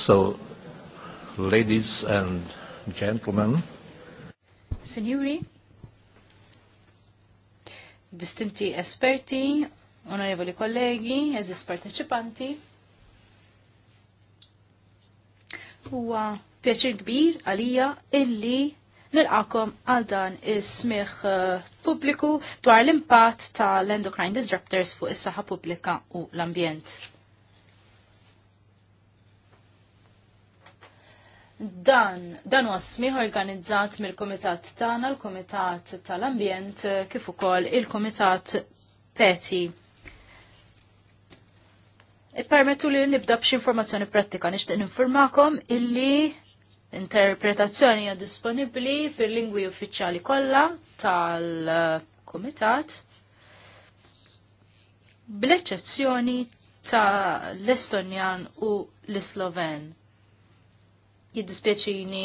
So, ladies and gentlemen. Signori, distinti esperti, onorevoli kollegi, eżis partecipanti, huwa pjaċir kbir għalija illi nilqakom għal dan is-smiħ uh, pubbliku dwar l-impatt tal-endocrine disruptors fuq is-saħħa pubblika u l-ambjent. dan dan huwa smih organizzat mill-Kumitat tagħna, l-Kumitat tal-Ambjent eh, kif ukoll il-Kumitat Peti. Ippermettu e li nibda b'x'informazzjoni prattika nixtieq ninformakom illi interpretazzjoni hija disponibbli fil-lingwi uffiċjali kollha tal-Kumitat bl-eċċezzjoni tal-Estonjan u l-Sloven jiddispjaċini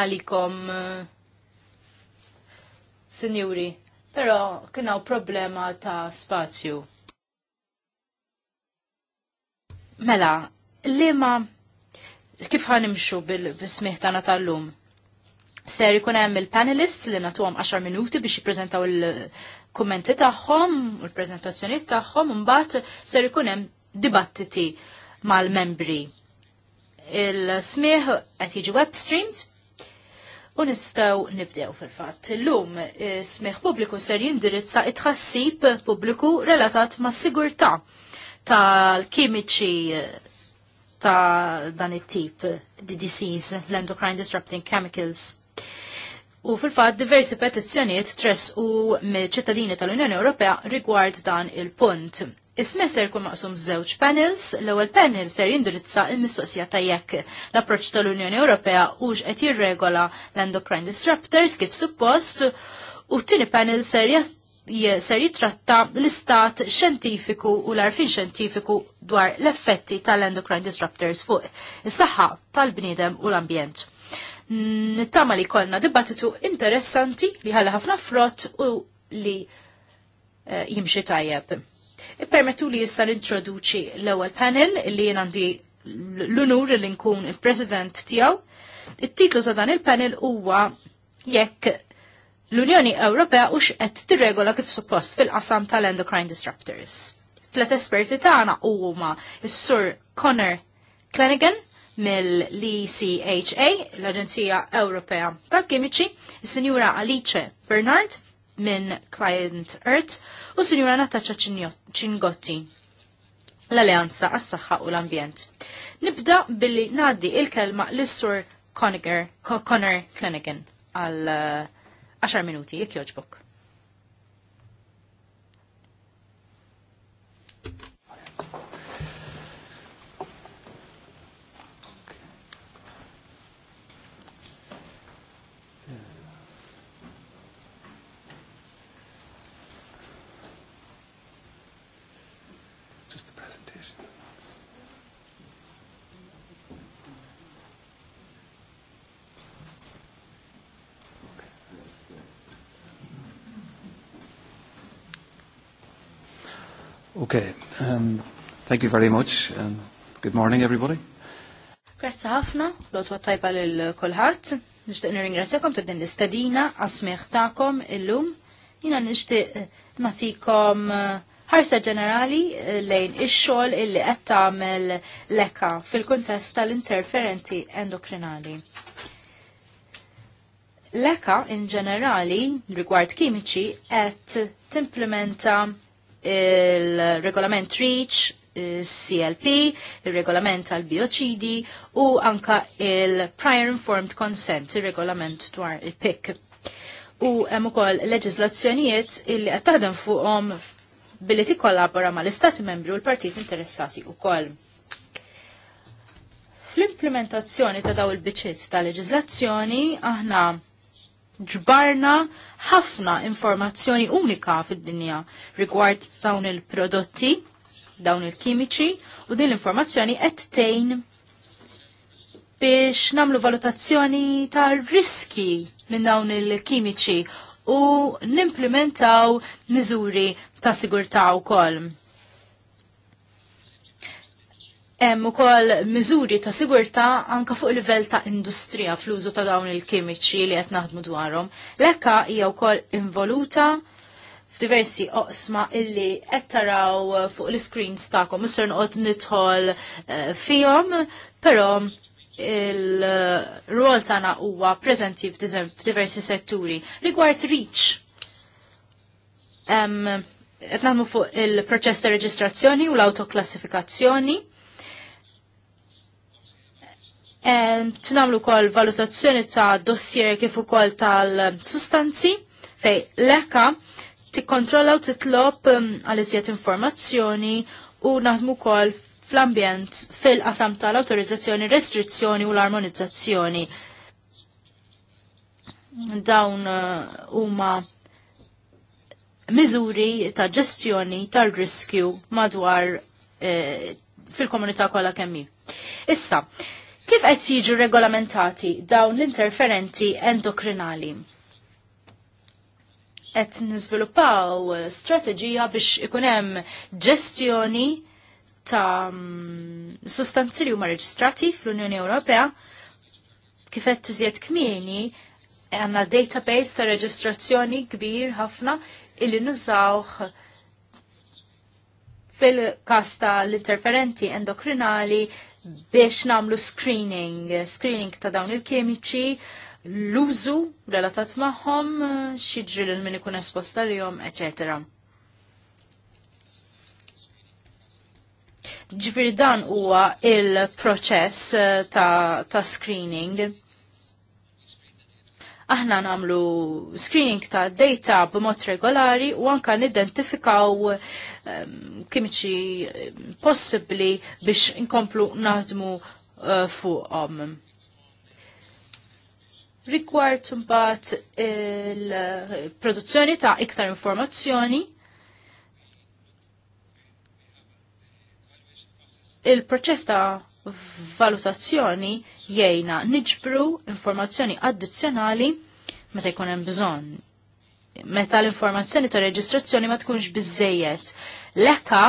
għalikom eh, sinjuri, pero kienaw problema ta' spazju. Mela, li ma kif ħanimxu bil bismih ta' tal-lum? ser ikun hemm il-panelists li nagħtuhom 10 minuti biex jippreżentaw il-kummenti tagħhom u l-preżentazzjonijiet tagħhom imbagħad mbagħad ser ikun hemm dibattiti mal-membri il-smieħ qed jiġi web streamed u nistgħu nibdew fil-fatt. Illum smieħ pubbliku ser jindirizza it-ħassib pubbliku relatat ma' sigurtà tal-kimiċi ta' dan it-tip di disease, l-endocrine disrupting chemicals. U fil-fat diversi petizzjoniet tress u ċittadini tal-Unjoni Ewropea rigward dan il-punt. Isme ser kun maqsum żewġ panels, l-ewwel panel ser jindirizza l-mistoqsija ta' jekk l-approċċ tal-Unjoni Ewropea hux qed jirregola l-endocrine disruptors kif suppost, u t-tieni panel ser ser jitratta l-istat xentifiku u l-arfin xentifiku dwar l-effetti tal-endocrine disruptors fuq is-saħħa tal-bniedem u l-ambjent. Nittama li kollna dibattitu interessanti li ħalla ħafna frott u li eh, jimxi tajjeb. Permettu li jissa nintroduċi l ewwel panel li jien għandi l-unur li nkun il-president tijaw. Il-titlu ta' dan il-panel huwa jekk l-Unjoni Ewropea u qed tirregola kif suppost fil-qasam tal-endocrine disruptors. Tlet esperti tagħna huma s-sur Connor Clanigan mill-ECHA, l-Aġenzija Ewropea tal-Kimiċi, is-Sinjura Alice Bernard minn Client Earth u Sinjura Nataċa Cingotti l-Alleanza għas-Saħħa u l-Ambjent. Nibda billi naddi il-kelma l-Sur Connor Flanagan għal 10 eh, minuti, jek joġbok. Okay, um, thank you very much. Um, good morning, everybody. Grazzi ħafna, l-otwa tajba lil kolħat Nishtiq nirringrazzjakom ta' din l-istadina, għasmiħ ta'kom illum. Jina nishtiq natikom uh, ħarsa ġenerali uh, lejn ix-xogħol illi qed tagħmel leka fil-kuntest tal-interferenti endokrinali. Leka in ġenerali rigward kimiċi qed timplementa il-regolament REACH, CLP, il-regolament tal biocidi u anka il-Prior Informed Consent, il-regolament dwar il-PIC. U hemm ukoll leġiżlazzjonijiet illi qed taħdem fuqhom billi tikkollabora mal-Istati membri u l-partit interessati wkoll. Fl-implementazzjoni ta' daw il-biċiet ta' leġiżlazzjoni aħna ġbarna ħafna informazzjoni unika fid-dinja rigward dawn il-prodotti, dawn il-kimiċi u din l-informazzjoni qed tejn biex namlu valutazzjoni ta' riski minn dawn il-kimiċi u nimplementaw miżuri ta' sigurtà wkoll. Hemm ukoll miżuri ta' sigurtà anka fuq livell ta' industrija fl-użu ta' dawn il-kimiċi li qed naħdmu dwarhom. L-ekka hija wkoll involuta f'diversi oqsma illi qed taraw fuq l-screens tagħkom isser noqgħod nidħol eh, fihom, però il-rol tagħna huwa preżenti f'diversi setturi. Rigward reach, qed nagħmlu fuq il-proċess ta' reġistrazzjoni u l-autoklassifikazzjoni Tinamlu kol valutazzjoni ta' dossier kif ukoll tal-sustanzi fej leka tikkontrolla u titlob um, għal iżjed informazzjoni u naħdmu kol fl-ambjent fil-qasam tal-autorizzazzjoni, restrizzjoni u l-armonizzazzjoni. Dawn uh, huma miżuri ta' ġestjoni tal-riskju madwar eh, fil-komunità kollha kemmi. Issa, Kif qed jiġu regolamentati dawn l-interferenti endokrinali? Qed niżviluppaw strateġija biex ikun hemm ġestjoni ta' mm, sustanzi li huma reġistrati fl-Unjoni Ewropea kif qed tiżjed kmieni għandna database ta' reġistrazzjoni kbir ħafna illi nużawh fil kasta l-interferenti endokrinali biex namlu screening, screening ta' dawn il-kemiċi, l-użu relatat maħom, xieġri l-min ikun esposta li jom, etc. Ġifir dan huwa il-proċess eh, ta', ta screening Aħna namlu screening ta' data b'mod regolari u anka nidentifikaw ehm, kimċi possibli biex inkomplu naħdmu eh, fuqhom. Rigward mbagħad il-produzzjoni ta' iktar informazzjoni, il-proċess ta' valutazzjoni jgħina niġbru informazzjoni addizzjonali meta jkun hemm bżonn. Meta l-informazzjoni ta' reġistrazzjoni ma tkunx biżejjed. Lekka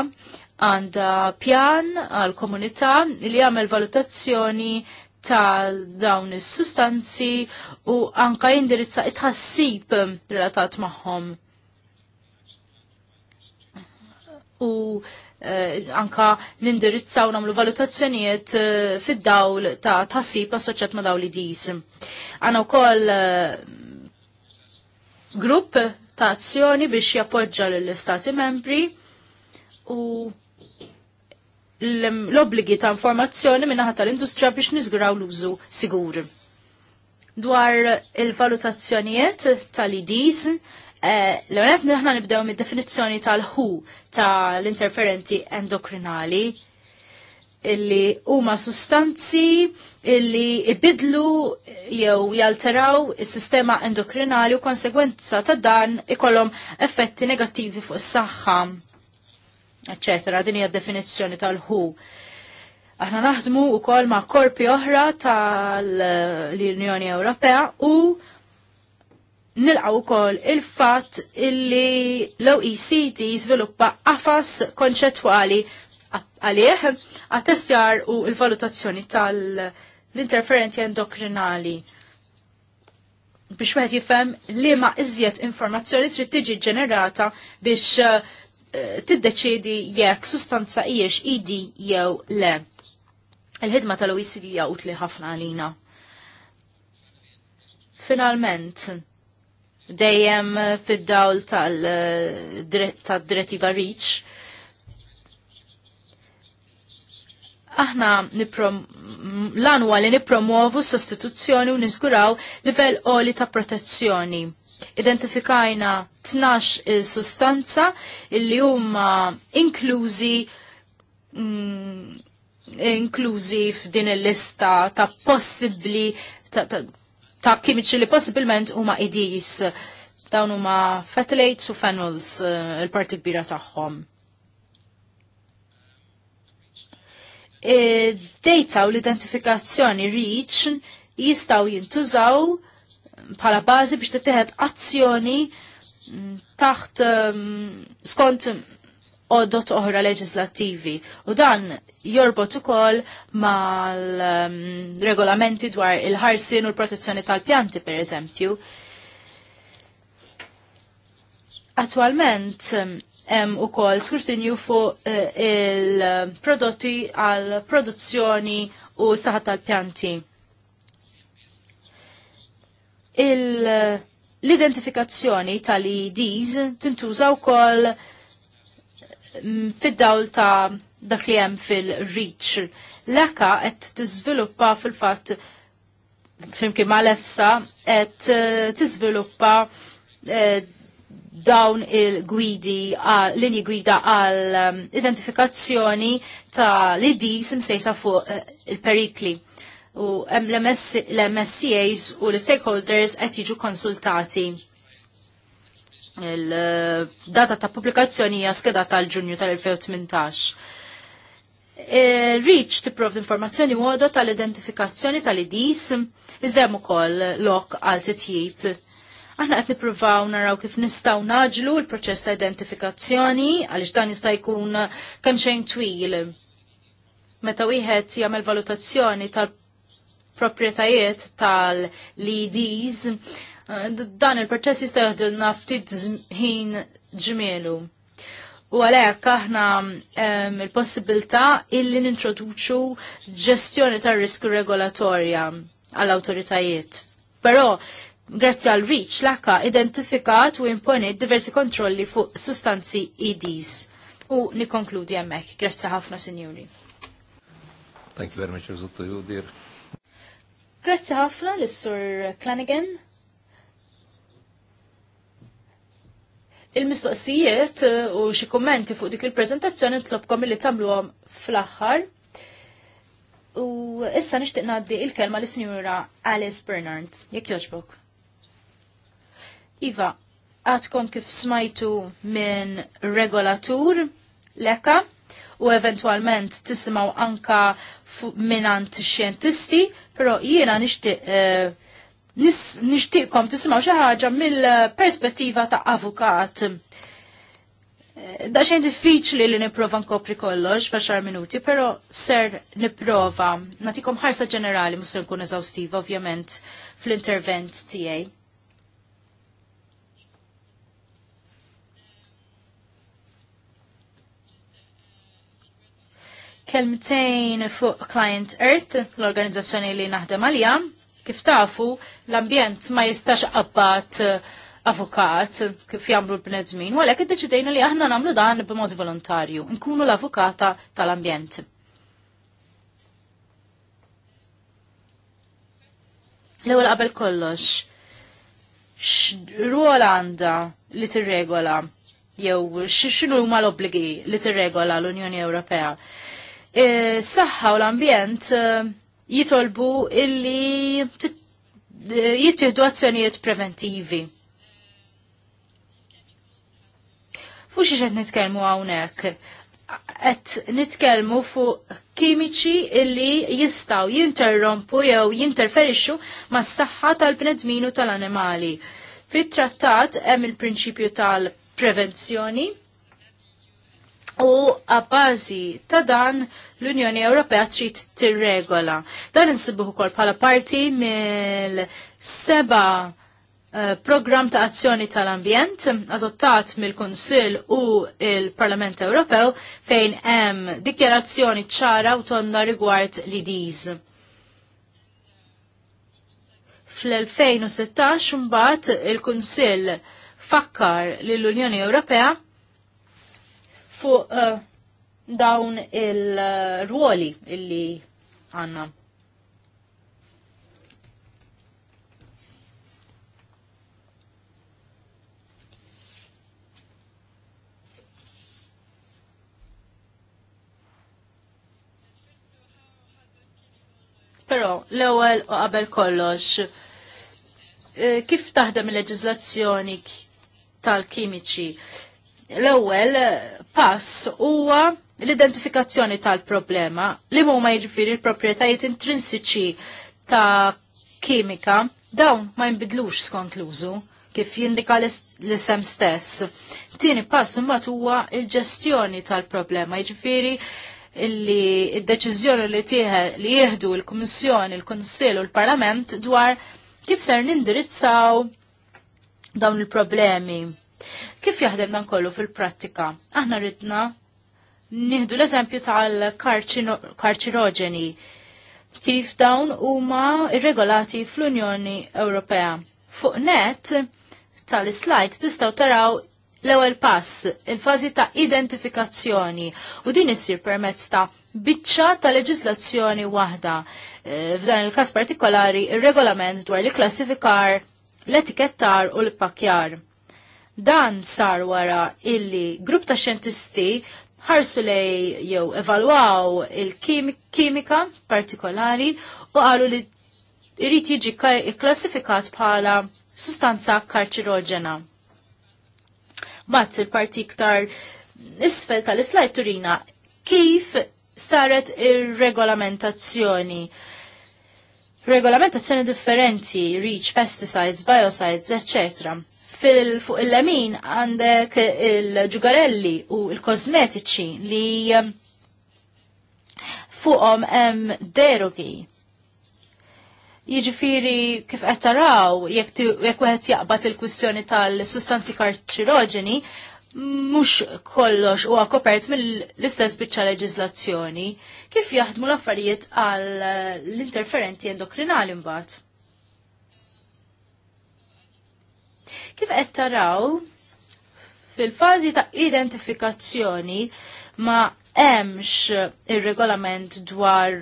għanda pjan għal komunità li jagħmel valutazzjoni ta' dawn is-sustanzi u anka jindirizza it-ħassib relatat magħhom. U Eh, anka nindirizzaw namlu valutazzjonijiet eh, fid-dawl ta' tassib assoċjat ma' dawl dis. Għana u koll eh, grupp ta' azzjoni biex jappoġġa l-Istati membri u l-obligi ta' informazzjoni minnaħat tal-industrija biex nizguraw l-użu sigur. Dwar il-valutazzjonijiet tal-IDs, Eh, l-għonet nħna nibdew mid-definizzjoni tal-ħu tal-interferenti endokrinali illi huma sustanzi illi ibidlu jew jalteraw is-sistema endokrinali u konsegwenza ta' dan ikollhom effetti negattivi fuq is-saħħa. Eċetera, din hija definizzjoni tal-ħu. Aħna naħdmu wkoll ma' korpi oħra tal-Unjoni Ewropea u nilqaw ukoll il-fatt illi l-OECD jiżviluppa qafas konċettwali għalih għat-testjar u l-valutazzjoni tal-interferenti endokrinali biex wieħed jifhem li ma iżjed informazzjoni trid tiġi ġenerata biex eh, tiddeċiedi jekk sustanza hijiex ID e jew le. Il-ħidma tal-OECD hija utli ħafna għalina. Finalment, dejjem eh, fid-dawl tal-direttiva eh, Reach. Aħna l-anwa li nipromuovu sostituzzjoni u niżguraw livell oli ta' protezzjoni. Identifikajna 12 il-sustanza li huma inklużi mm, inklużi f'din il-lista ta' possibbli ta, ta' ta' kimiċi li possibilment huma idis dawn huma fatalates u phenols eh, il-parti kbira tagħhom. E, data u l-identifikazzjoni reach jistaw jintużaw bħala bażi biex titteħed azzjoni mm, taħt mm, skont oddot oħra leġislattivi u dan jorbot ukoll mal-regolamenti um, dwar il-ħarsin u l-protezzjoni tal-pjanti per eżempju. Attualment um, hemm ukoll skrutinju fuq uh, il-prodotti għal produzzjoni u saħat tal-pjanti. Il- uh, l-identifikazzjoni tal-IDs tintuża wkoll Mm, fid-dawl ta' dak li hemm fil-reach. L-eka qed tiżviluppa fil-fatt flimkien ma' lefsa efsa qed eh, tiżviluppa eh, dawn il-gwidi, linji gwida għal ehm, identifikazzjoni ta' l-idis msejsa fuq eh, il-perikli. U l-MSCAs u l-stakeholders qed jiġu konsultati il-data ta' pubblikazzjoni hija skedata tal ġunju tal-2018. E, Reach tipprovd informazzjoni modo tal-identifikazzjoni tal-IDs iżda hemm ukoll lok għal titjib. Aħna qed nippruvaw naraw kif nistgħu naġlu l-proċess ta' identifikazzjoni għaliex dan jista' jkun kemm xejn twil. Meta wieħed jagħmel valutazzjoni tal-proprjetajiet tal-IDs, Eh, dan il-proċess jista' jieħdilna ftit ħin ġmielu. U għalhekk aħna il-possibilità illi nintroduċu ġestjoni tar risk regolatorja għall-awtoritajiet. Però grazzi għal reach l-akka identifikat u imponiet diversi kontrolli fuq sustanzi EDs. U nikonkludi għemmek. Grazzi ħafna, sinjuri. Thank you very much, Judir. Grazzi ħafna l-Sur Clanigan. Il-mistoqsijiet eh, u xi kummenti fuq dik il-preżentazzjoni tlobkom li tagħmluhom fl-aħħar. U issa nixtieq ngħaddi il-kelma lis sinjura Alice Bernard, jekk jogħġbok. Iva, għadkom kif smajtu minn regolatur leka u eventualment tisimgħu anka minant xjentisti, però jiena nixtieq eh, nishtiqkom tisimgħu xi ħaġa mill-perspettiva ta' avukat. Eh, da xejn diffiċli li nipprova nkopri kollox xar minuti, però ser nipprova natikom ħarsa ġenerali mhux se nkun eżawstiva ovvjament fl-intervent tiegħi. Kelmtejn fuq Client Earth, l-organizzazzjoni li naħdem għalija, Kif tafu, l-ambjent ma jistax qabbat eh, avukat kif jagħmlu l-bnedmin, u id-deċidejna li aħna nagħmlu dan b'mod volontarju, nkunu l-avukata tal-ambjent. L-ewwel qabel kollox, x'rwol għandha li tirregola jew x-xinu l-obbligi li tirregola l-Unjoni Ewropea. Eh, Saħħa u l-ambjent eh, jitolbu illi jittieħdu azzjonijiet preventivi. Fu xi qed nitkellmu hawnhekk. Qed nitkellmu fuq kimiċi illi jistgħu jinterrompu jew jinterferixxu mas-saħħa tal bnedminu tal-annimali. Fit-trattat hemm il-prinċipju tal-prevenzjoni U għabazi ta' dan l-Unjoni Ewropea trid tirregola. Dan insibuh ukoll bħala parti mill-seba eh, program ta' azzjoni tal-ambjent adottat mill-Kunsill u il-Parlament Ewropew fejn hemm dikjarazzjoni ċara u tonna rigward l-IDs. Fl-2016 mbagħad il-Kunsill fakkar lill-Unjoni Ewropea fuq uh, dawn il-ruoli illi għanna. Pero, l-ewel u għabel kollox, eh, kif taħdem il-leġizlazzjoni tal-kimiċi? L-ewel, pass huwa l-identifikazzjoni tal-problema li huma jiġifieri l-proprjetajiet intrinsiċi ta' kimika dawn ma jinbidlux skont l-użu kif jindika l-isem stess. Tieni pass huma huwa l-ġestjoni tal-problema, jiġifieri illi id-deċiżjoni li tieħed li jieħdu l-Kummissjoni, l-Kunsill u l-Parlament dwar kif ser nindirizzaw dawn il-problemi Kif jaħdem dan kollu fil-prattika? Aħna ridna nieħdu l-eżempju tal-karċinogeni kif dawn huma irregolati fl-Unjoni Ewropea. Fuq net tal-slide tistgħu taraw l-ewwel pass, il-fażi ta' identifikazzjoni u din issir permezz ta' biċċa ta' leġislazzjoni waħda. E, f'dan il-każ partikolari ir-regolament dwar li klassifikar l-etikettar u l-pakjar. Dan sar wara illi grupp ta' xentisti ħarsu lej jew evalwaw il-kimika partikolari u qalu li irrit jiġi klassifikat bħala sustanza karċiroġena. Mat il-parti iktar isfel tal-islajt turina kif saret ir-regolamentazzjoni. Regolamentazzjoni differenti, reach, pesticides, biocides, eccetera fil fuq il-lemin għandek il-ġugarelli u il-kosmetiċi li um, fuqhom hemm derogi. Jiġifieri kif qed taraw jekk wieħed jaqbad il-kwistjoni tal-sustanzi karċiroġeni, mhux kollox huwa kopert mill-istess biċċa leġiżlazzjoni kif jaħdmu l-affarijiet għall interferenti endokrinali mbagħad. Kif qed taraw fil-fażi ta' identifikazzjoni ma hemmx ir-regolament dwar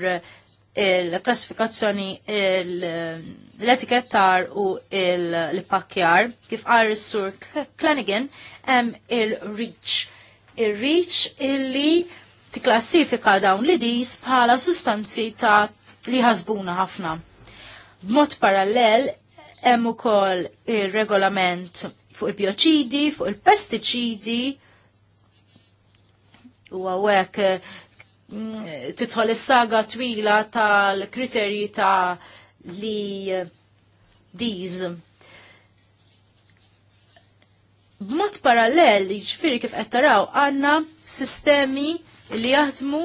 il-klassifikazzjoni l-etikettar u l-pakjar kif għar sur Klanigan hemm il-reach. Il-reach illi tiklassifika dawn li dis bħala sustanzi ta' li ħasbuna ħafna. B'mod parallel, hemm ukoll ir-regolament fuq il-bioċidi, fuq il-pestiċidi, u għawek mm, titħol is-saga twila tal-kriterji ta' li diz. B'mod parallel, ġifiri kif qed taraw, għandna sistemi li jaħdmu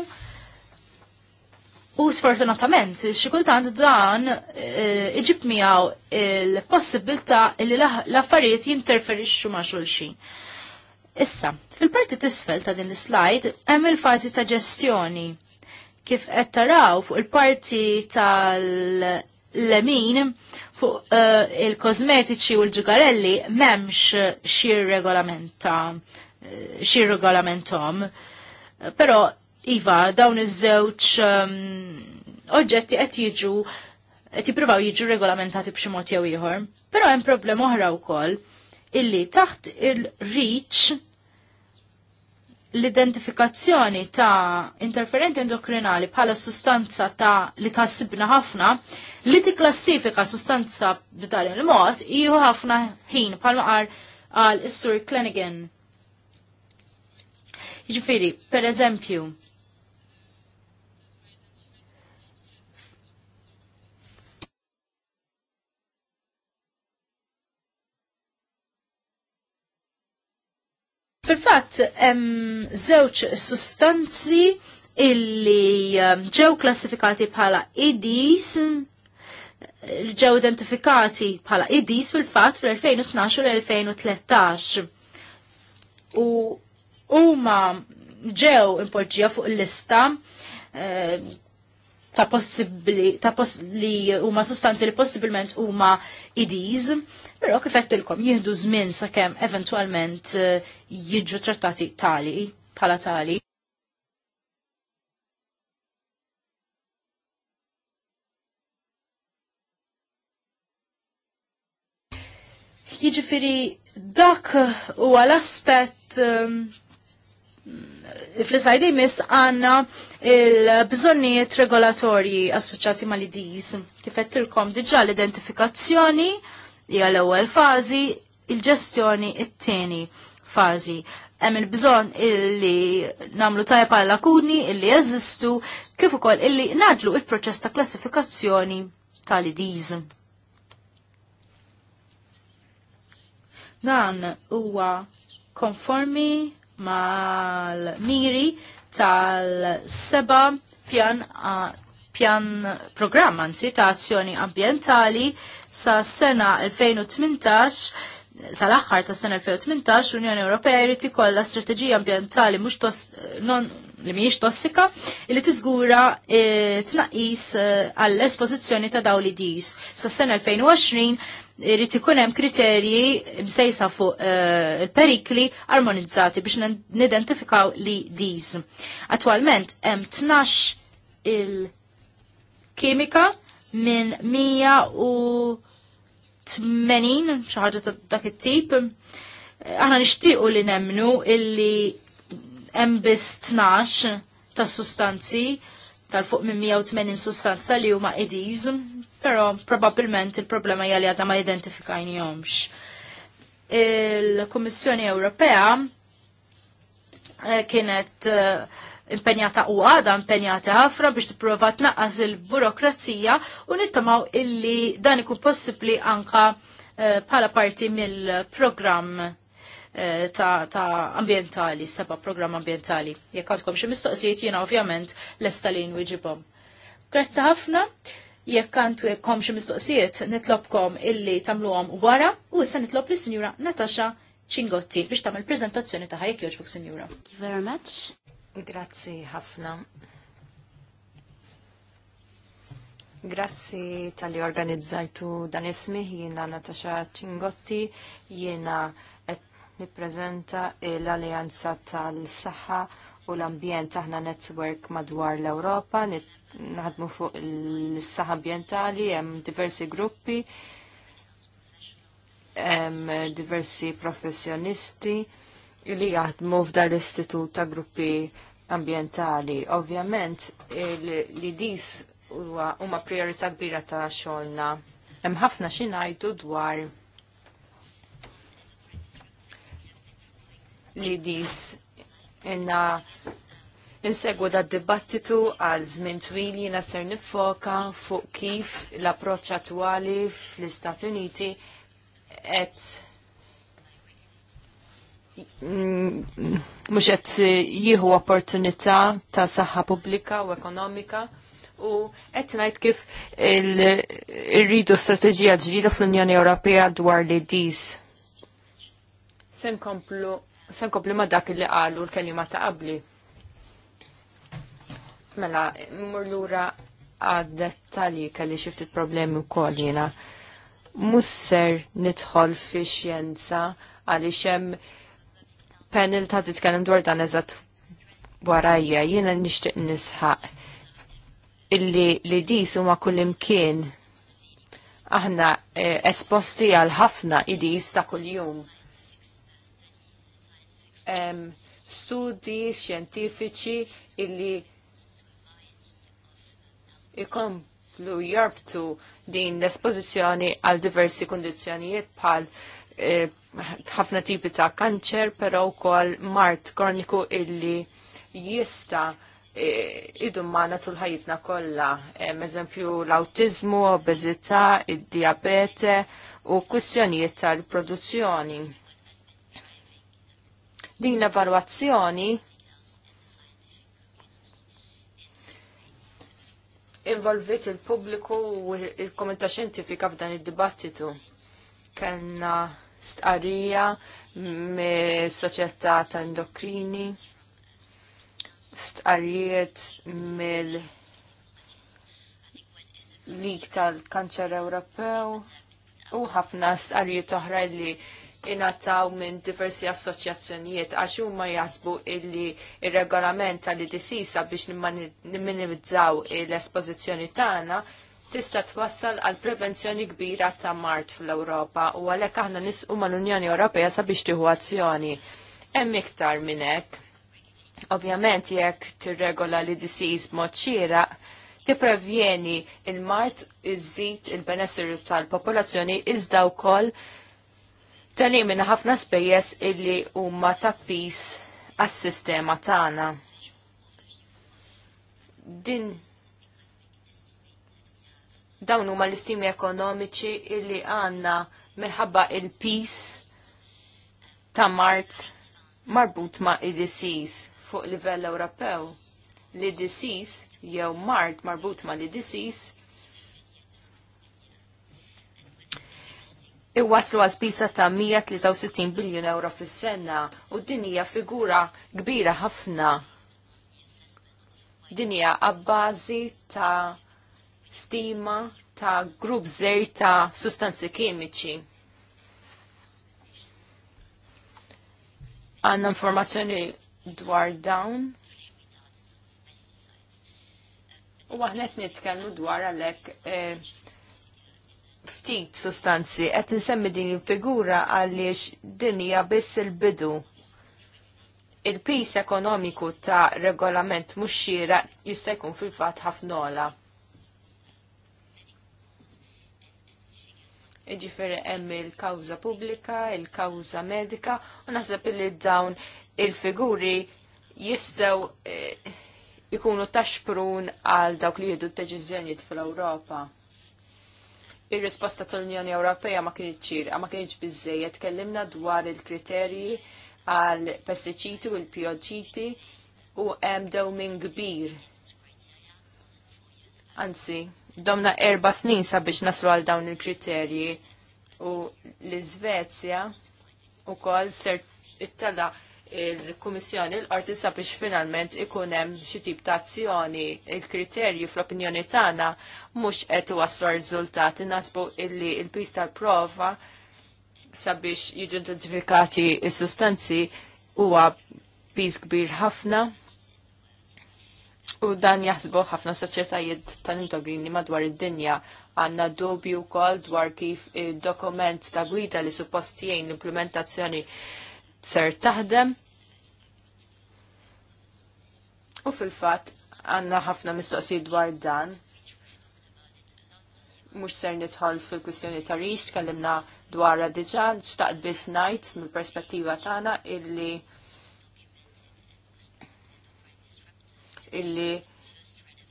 U sfortunatament, xi kultant dan eh, iġib miegħu il possibilta li l-affarijiet jinterferixxu ma' xulxin. Issa, fil-parti tisfel ta' din l-slide hemm il-fażi ta' ġestjoni. Kif qed taraw fuq il-parti tal-lemin fuq eh, il-kosmetiċi u l-ġugarelli m'hemmx xi regolamenta eh, xir regolamentom. Però Iva, dawn iż-żewġ um, oġġetti qed jiġu qed jippruvaw jiġu regolamentati b'xi mod jew ieħor. Però hemm problema oħra wkoll illi taħt il-reach l-identifikazzjoni ta' interferenti endokrinali bħala sustanza ta' li tassibna ħafna li tiklassifika sustanza b'dan il-mod jieħu ħafna ħin bħalma qal għal is-sur Klenigen. Ġifiri, per eżempju, Fil-fatt, zewċ żewġ sustanzi illi ġew klassifikati bħala IDs e eh, ġew identifikati bħala IDs e fil-fatt fl-2012 u l-2013. U huma ġew impoġġija fuq il-lista eh, ta' possibli, ta' possibli, huma sustanzi li possibilment huma kifett però kif jihdu jieħdu żmien sakemm eventwalment eh, jiġu trattati tali bħala tali. Jiġifieri dak huwa l-aspett um, fl-isajdi mis għanna il-bżonniet regolatorji assoċjati ma' l-IDs. il-kom diġa l-identifikazzjoni hija l-ewwel fażi, il-ġestjoni it-tieni fażi hemm il-bżonn illi namlu tajja bħal lakuni illi jeżistu kif ukoll illi naġlu il-proċess ta' klassifikazzjoni tal-IDs. Dan huwa konformi mal-miri tal-seba pjan pjan programm anzi ta' azzjoni ambientali sa' sena 2018 sal-aħħar ta' sena 2018 l-Unjoni Ewropea jrid ikollha strateġija ambientali mhux non li mhijiex tossika li tiżgura eh, tnaqis eh, għall-espożizzjoni ta' dawli DIS. Sa' s sena 2020 rrit ikun hemm kriterji msejsa fuq eh, il-perikli armonizzati biex nidentifikaw li DIS. Attualment hemm 12 il-kimika minn 180 xi ħaġa ta' dak it-tip aħna nixtiequ li nemnu illi embis biss 12 ta' sustanzi tal-fuq minn 180 sustanza li huma EDs, però probabbilment il-problema hija li għadna ma jomx. Il-Kummissjoni Ewropea eh, kienet eh, impenjata u għada impenjata ħafra biex tipprova tnaqqas il-burokrazija u nittamaw illi dan ikun possibbli anka eh, bħala parti mill-programm Eh, ta', ta ambientali, seba program ambientali. Jekk għandkom xi mistoqsijiet jiena ovvjament lesta li nwiġibhom. Grazzi ħafna. Jekk għandkom xi mistoqsijiet nitlobkom illi tagħmluhom wara u issa nitlob lis-Sinjura Natasha Cingotti biex tagħmel preżentazzjoni ta' jekk joġbuk Sinjura. Thank you very much. Grazzi ħafna. Grazzi tal-li organizzajtu dan ismi, jiena Natasha Cingotti, jiena nippreżenta l-Alleanza tal-Saħħa u l-Ambjent aħna network madwar l-Ewropa, naħdmu fuq l-saħħa ambjentali, hemm diversi gruppi, hemm diversi professjonisti li jaħdmu f'dan l-istitut ta' gruppi ambjentali. Ovvjament li dis huma priorità kbira ta' xogħolna. Hemm ħafna xi ngħidu dwar li dis inna Insegwu da dibattitu għal żmien twil jiena ser nifoka fuq kif l-approċċ attwali fl-Istati Uniti qed mm, mhux qed jieħu opportunità ta' saħħa pubblika u ekonomika u qed ngħid kif irridu strateġija ġdida fl-Unjoni Ewropea dwar li dis. Se nkomplu Sen kopli ma dak li qalu l-kelima ta' qabli. Mela, murlura għad dettalji kelli xiftit problemi u kol jena. Musser nitħol fi xjenza għalli hemm panel ta' titkellem dwar dan eżatt warajja jiena nixtieq nisħaq illi li dis huma kullimkien aħna eh, esposti għal ħafna idis ta' kuljum studji xjentifiċi illi ikomplu jarbtu din l-espożizzjoni għal diversi kondizjonijiet bħal eh, ħafna eh, tipi ta' kanċer, pero wkoll mart kroniku illi jista eh, idum idu maħna tul ħajitna kollha. E, Eżempju l-autizmu, obezita, id-diabete u kwistjonijiet tal-produzzjoni din l-evalwazzjoni involvit il-pubbliku u il-komunità xjentifika f'dan id-dibattitu. Kenna stqarrija me soċjetà ta' endokrini, stqarrijiet mill lig tal-kanċer Ewropew u ħafna stqarrijiet oħra li inattaw minn diversi assoċjazzjonijiet għax huma jasbu illi ir-regolament tal disisa biex nimminimizzaw l-espożizzjoni tagħna tista' twassal għal prevenzjoni kbira ta' mart fl-Ewropa u għalhekk aħna nisqu mal-Unjoni Ewropea sabiex tieħu azzjoni. Hemm iktar minn hekk. Ovvjament jekk tirregola li disis b'mod xieraq, tipprevjeni il-mart iżid il-benessir tal-popolazzjoni iżda wkoll Tani minna ħafna spejjes illi huma tappis għas-sistema tagħna. Din dawn huma l-istimi ekonomiċi illi għandna minħabba il-pis ta' Mart marbut ma' id disease fuq livell Ewropew. l disease jew Mart marbut ma' l disease iwaslu għazbisa ta' 163 biljon euro fis-sena u dinija figura kbira ħafna. Dinija għabbażi ta' stima ta' grupp zer ta' sustanzi kimiċi. Għanna informazzjoni dwar dawn. U għahnet nitkellmu dwar għalek eh, ftit sustanzi qed insemmi din il-figura għaliex din hija biss il-bidu. Il-pis ekonomiku ta' regolament mhux xira jista' jkun fil-fatt ħafnola. Iġifieri hemm il-kawża pubblika, il-kawża medika, u naħseb li dawn il-figuri jistgħu eh, ikunu taxprun għal dawk li jieħdu t deċiżjonijiet fl-Ewropa. Ir-risposta tal-Unjoni Ewropea ma kienx ċira, ma kienx biżejjed tkellimna dwar il-kriterji għal pestiċiti u l-pjoċiti u hemm dewmin kbir. Anzi, domna erba snin sabiex naslu għal dawn il-kriterji u l iżvezja u kol ser it-tala il-Kummissjoni l-qorti sabiex finalment ikun hemm xi tip ta' azzjoni il-kriterji fl-opinjoni tagħna mhux qed iwasslu riżultati nasbu illi l-pis tal-prova sabiex jiġu identifikati s-sustanzi huwa pis kbir ħafna u dan jaħsbu ħafna soċjetajiet tal-intobrini madwar id-dinja għanna dubju kol dwar kif dokument ta' gwida li suppost jgħin l-implementazzjoni ser taħdem U fil-fat, għanna ħafna mistoqsijiet dwar dan. Mux ser nitħol fil-kwistjoni ta' rix, tkellimna dwar diġa, xtaqt biss najt mill-perspettiva tagħna illi illi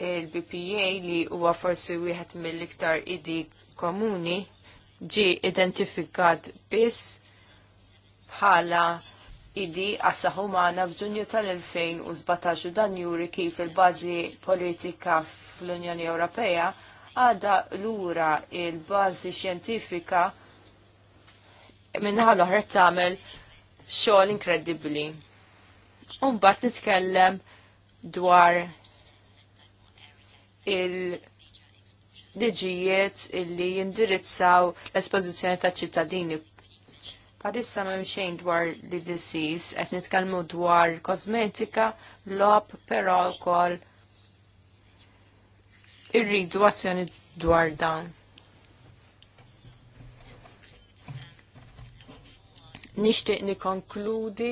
il-BPA li huwa forsi wieħed mill-iktar idi komuni ġi identifikat biss bħala idi għassaħu maħna f'ġunju tal-2017 dan juri kif il-bazi politika fl-Unjoni Ewropea għada l-ura il-bazi xjentifika minnaħal oħra tagħmel xogħol inkredibbli. Mbagħad nitkellem dwar il- liġijiet illi jindirizzaw l-espożizzjoni ta' ċittadini Palissa ma mxejn dwar li disease, qed nitkellmu dwar kosmetika, lob, però wkoll irridu azzjoni dwar dan. Nixtieq nikkonkludi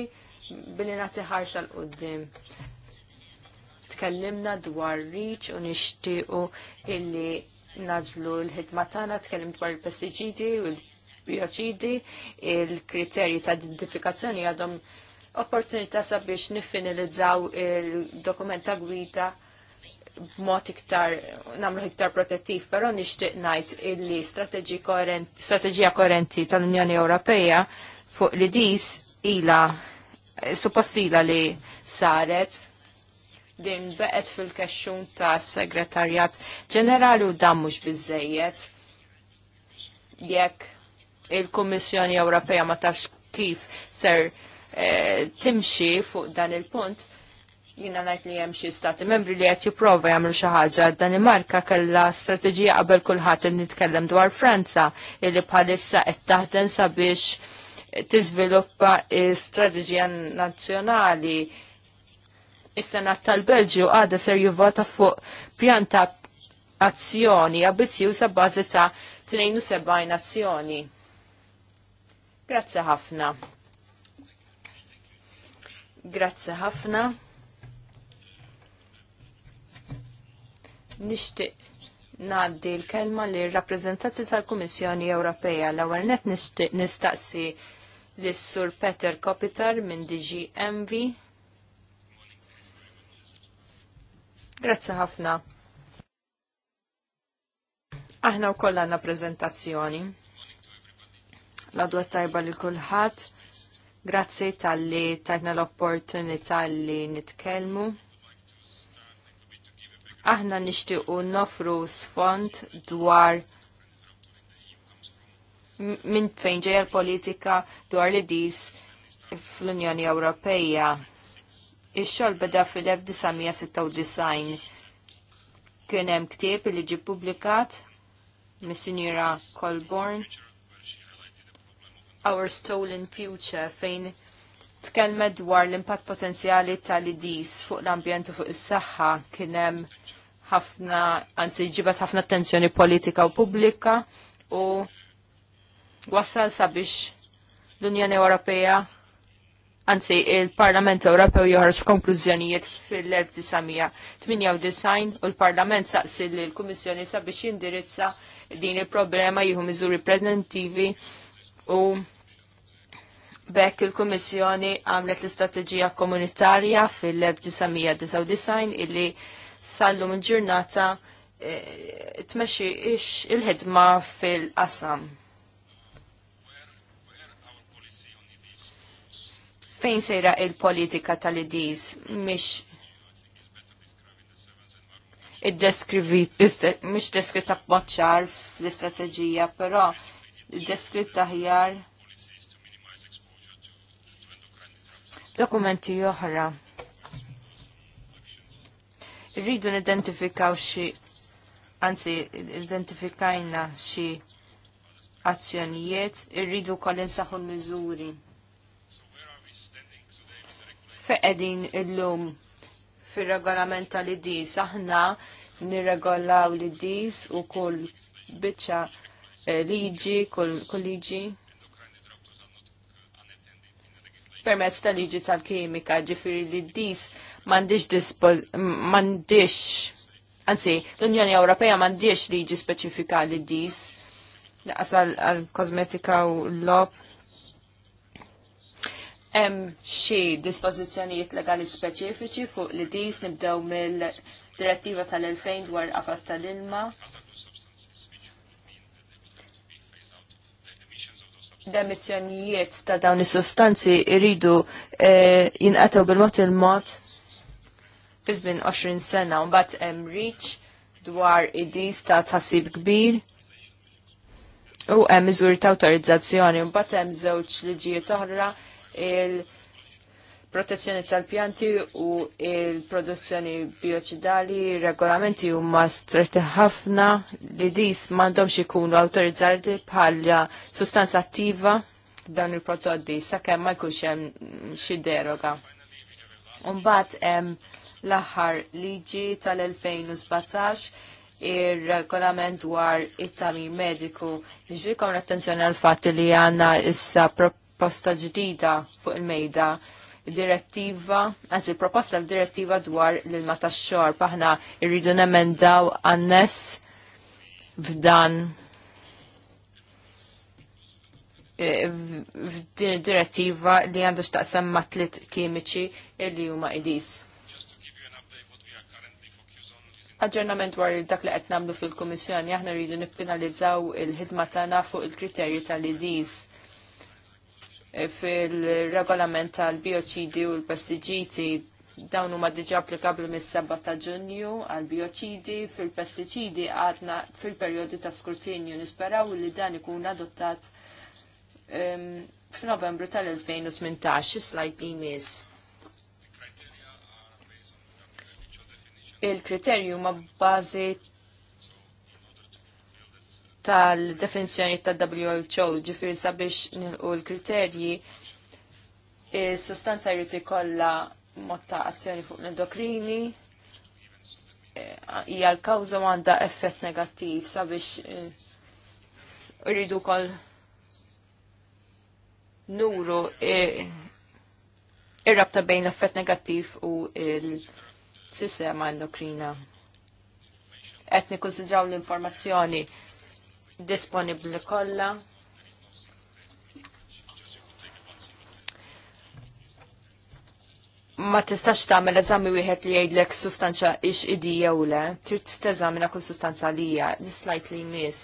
billi nagħti ħarxa l qudiem Tkellimna dwar reach u nixtiequ illi naġlu l-ħidma tagħna tkellim dwar il pestiġidi u l bioċidi, il-kriterji ta' identifikazzjoni għadhom opportunità sabiex niffinilizzaw il ta' gwita b'mod iktar, namlu iktar protettiv, però nixtieq ngħid illi strateġija korrenti tal-Unjoni Ewropea fuq li dis ila, suppost li saret din beqet fil-kexxun ta' segretarjat ġenerali u dan mhux biżejjed jekk il-Kummissjoni Ewropea ma tafx kif ser eh, timxi fuq dan il-punt, jina najt li jemxi stati membri li għet prova jamlu xaħġa Danimarka kalla strategija qabel kullħat il nitkellem dwar Franza illi bħalissa qed taħdem sabiex tiżviluppa strategija nazzjonali. Is-Senat tal-Belġju għada ser jivvota fuq pjanta azzjoni ambizzjuża bażi ta' 72 azzjoni. Grazzi ħafna. Grazzi ħafna. Nixtieq Naddi l-kelma li r-rappreżentanti tal-Kummissjoni Ewropea l-ewwel net nistaqsi lis-Sur Peter Kopitar minn DG MV. Grazzi ħafna. Aħna wkoll għandna preżentazzjoni l-għadwa tajba li kullħat. Grazzi tal-li tajna l-opportunità li nitkelmu. Aħna nishtiqu nofru sfond dwar minn fejn ġeja l-politika dwar li dis fl-Unjoni Ewropeja. Ix-xogħol beda fil-1996 kien hemm ktieb li ġi publikat mis-Sinjura Colborn Our Stolen Future fejn tkellmet dwar l-impatt potenzjali tal-IDs fuq l-ambjent u fuq is-saħħa kien hemm ħafna anzi ġibet ħafna attenzjoni politika u pubblika u wasal sabiex l-Unjoni Ewropea Anzi, il-Parlament Ewropew joħarġ konklużjonijiet fil-1998 u l-Parlament saqsi l-Kummissjoni sabiex jindirizza din il-problema jieħu miżuri preventivi U bekk il-Kummissjoni għamlet l-istrateġija komunitarja fil-1999 illi sallu minn ġurnata e, tmexxi ix il-ħidma fil-qasam. Fejn sejra il-politika tal-IDs Mhix id-deskrivi, miex deskritta b'moċċar fl-istrateġija, però deskritta ħjar dokumenti oħra. Rridu nidentifikaw xi anzi identifikajna xi azzjonijiet, irridu kol insaħu l-miżuri. Feqedin illum fir-regolament tal-IDIS aħna nirregolaw l-IDIS u kull biċċa Eh, liġi, kolliġi. Permezz ta' liġi tal-kimika, ġifiri li dis mandiġ dispoz... mandiġ... Anzi, l-Unjoni Ewropea mandiġ liġi speċifika li dis. Naqas għal-kosmetika u l-lob. Hemm xi dispożizzjonijiet legali speċifiċi fuq li dis nibdew mill-direttiva tal-2000 dwar qafas tal-ilma l-emissjonijiet ta' dawn is-sostanzi iridu eh, jinqataw bil-mod il-mod fi żmien 20 sena u mbagħad hemm reach dwar id-dis ta' tasib kbir u hemm miżuri ta' awtorizzazzjoni u mbagħad hemm żewġ liġijiet oħra il- protezzjoni tal-pjanti u il-produzzjoni bioċidali, regolamenti huma stretti ħafna li dis m'għandhomx ikunu awtorizzati bħalja sustanza attiva dan il-prodotti sakemm ma jkunx hemm xi deroga. Mbagħad hemm l-aħħar liġi tal-2017 ir-regolament dwar it tami mediku. Niġrikom l-attenzjoni għal fat li għanna issa proposta ġdida fuq il-mejda direttiva, anzi proposta l-direttiva dwar l-ilma xor, paħna irridu nemendaw għannes f'dan e, f'din direttiva li għandu xtaqsam ma' tlit kimiċi illi huma idis. Aġġornament dwar dak li qed nagħmlu fil-Kummissjoni aħna rridu nippinalizzaw il-ħidma tagħna fuq il-kriterji tal-IDs fil-regolament tal-bioċidi u l-pestiġiti dawn huma diġà applikabbli mis-7 ta' Ġunju għal bioċidi fil-pestiċidi għadna fil-perjodu ta' skrutinju nisperaw li dan ikun adottat um, f'Novembru tal-2018 li imis. Il-kriterju ma' bażi tal-definizjoni ta' who ġifir sabiex nilqu l-kriterji il-sostanza jrid ikollha mod ta' azzjoni fuq l-endokrini eh, hija l-kawża għandha effett negattiv sabiex eh, rridu kol nuru eh, ir-rabta bejn l-effett negattiv u l sistema endokrina. Qed konsidraw l-informazzjoni disponibli kollha. Ma tistax tagħmel eżami wieħed li jgħidlek sustanza ix idi jew le, trid teżamina kull sustanza li hija slightly miss.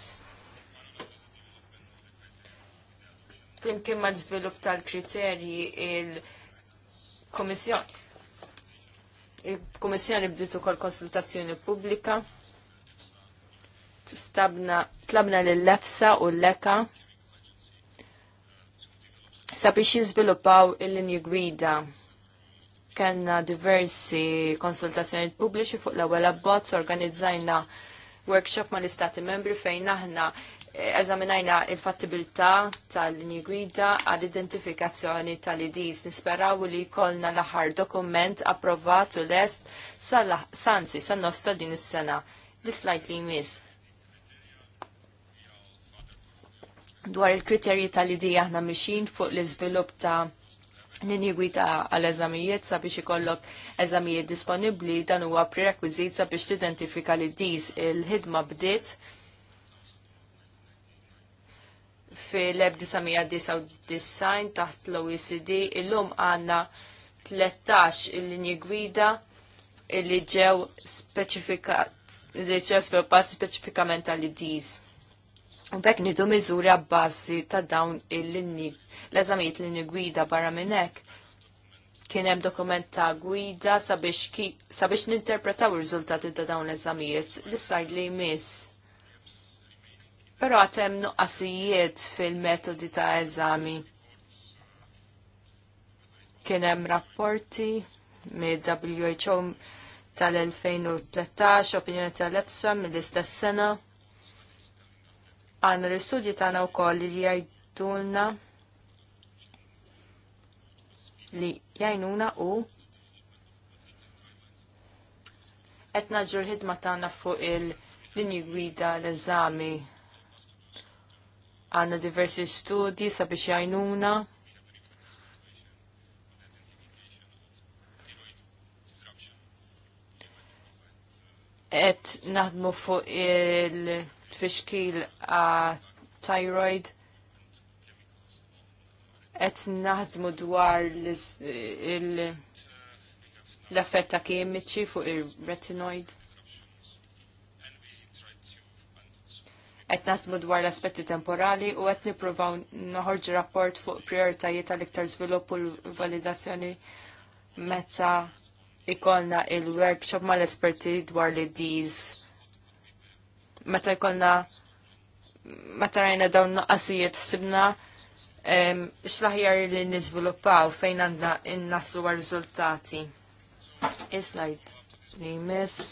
Flimkien ma' żvilupp tal-kriterji il-Komissjoni. Il-Komissjoni bdiet ukoll konsultazzjoni pubblika stabna, tlabna l-lefsa u l-leka sabiex jizviluppaw il-linju gwida. Kellna diversi konsultazzjoni pubbliċi fuq l-ewwel abbozz organizzajna workshop ma l-istati membri fejn aħna eh, eżaminajna il-fattibilità tal-linji gwida għall-identifikazzjoni tal-IDs. Nisperaw li kolna l-aħħar dokument approvat u lest sansi san nostra din is-sena. l li jmiss. dwar il-kriterji tal-idi aħna mixin fuq l-izvilup ta' ninigwita għal eżamijiet sabiex ikollok eżamijiet disponibli dan huwa prerequisit sabiex tidentifika li dis il-ħidma bdiet fil-1999 taħt l-OECD illum għanna 13 il-linji gwida li ġew speċifikat li ġew speċifikament għal-IDs. U bekk nidu mizuri għabbażi ta' dawn il-linni, l-eżamijiet l-linni gwida barra minnek. Kien hemm dokument ta' gwida sabiex, ninterpretaw ir-riżultati ta' dawn l-eżamijiet l-islajd li jmiss. Però għatem hemm nuqqasijiet fil-metodi ta' eżami. Kien hemm rapporti me WHO tal-2013, opinjoni tal-EFSA mill-istess sena għanna l-istudji tagħna wkoll li jgħidulna li jajnuna u qed naġġu l-ħidma tagħna fuq il-linji gwida l-eżami għanna diversi studji sabiex jajnuna. qed naħdmu fuq il- a thyroid et naħdmu dwar l effetta ta' kemiċi fuq ir-retinoid. Qed naħdmu dwar l-aspetti temporali u qed nippruvaw noħorġu rapport fuq prioritajiet tal-iktar żvilupp u l-validazzjoni meta ikolna il-workshop mal-esperti dwar l-diz meta jkollna meta rajna dawn naqasijiet ħsibna x'laħjar li niżviluppaw fejn għandna innaslu għar-riżultati. is li jmiss.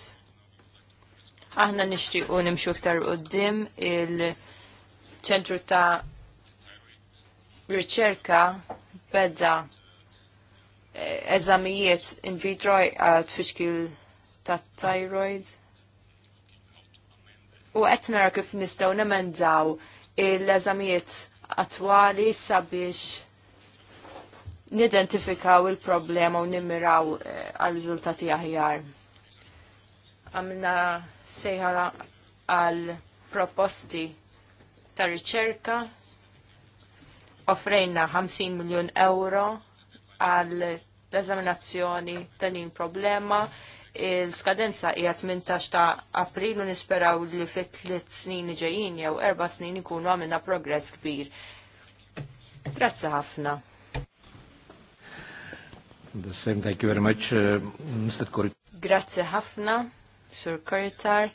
Aħna nixtiequ nimxu iktar qudiem il-ċentru ta' riċerka beda eh, eżamijiet in vitro għal tfixkil ta' thyroid u qed nara kif nistgħu nemendaw il-eżamijiet attwali sabiex nidentifikaw il-problema u nimmiraw eh, għal riżultati aħjar. Għamna sejħala għal proposti ta' riċerka offrejna 50 miljon euro għal l-eżaminazzjoni ta' din problema il-skadenza hija 18 ta' April u nisperaw li fit tliet snin ġejjin jew erba' snin ikunu għamilna progress kbir. Grazzi ħafna. The same, thank you very much, uh, Mr. Kurt. Grazzi ħafna, Sur Kuritar.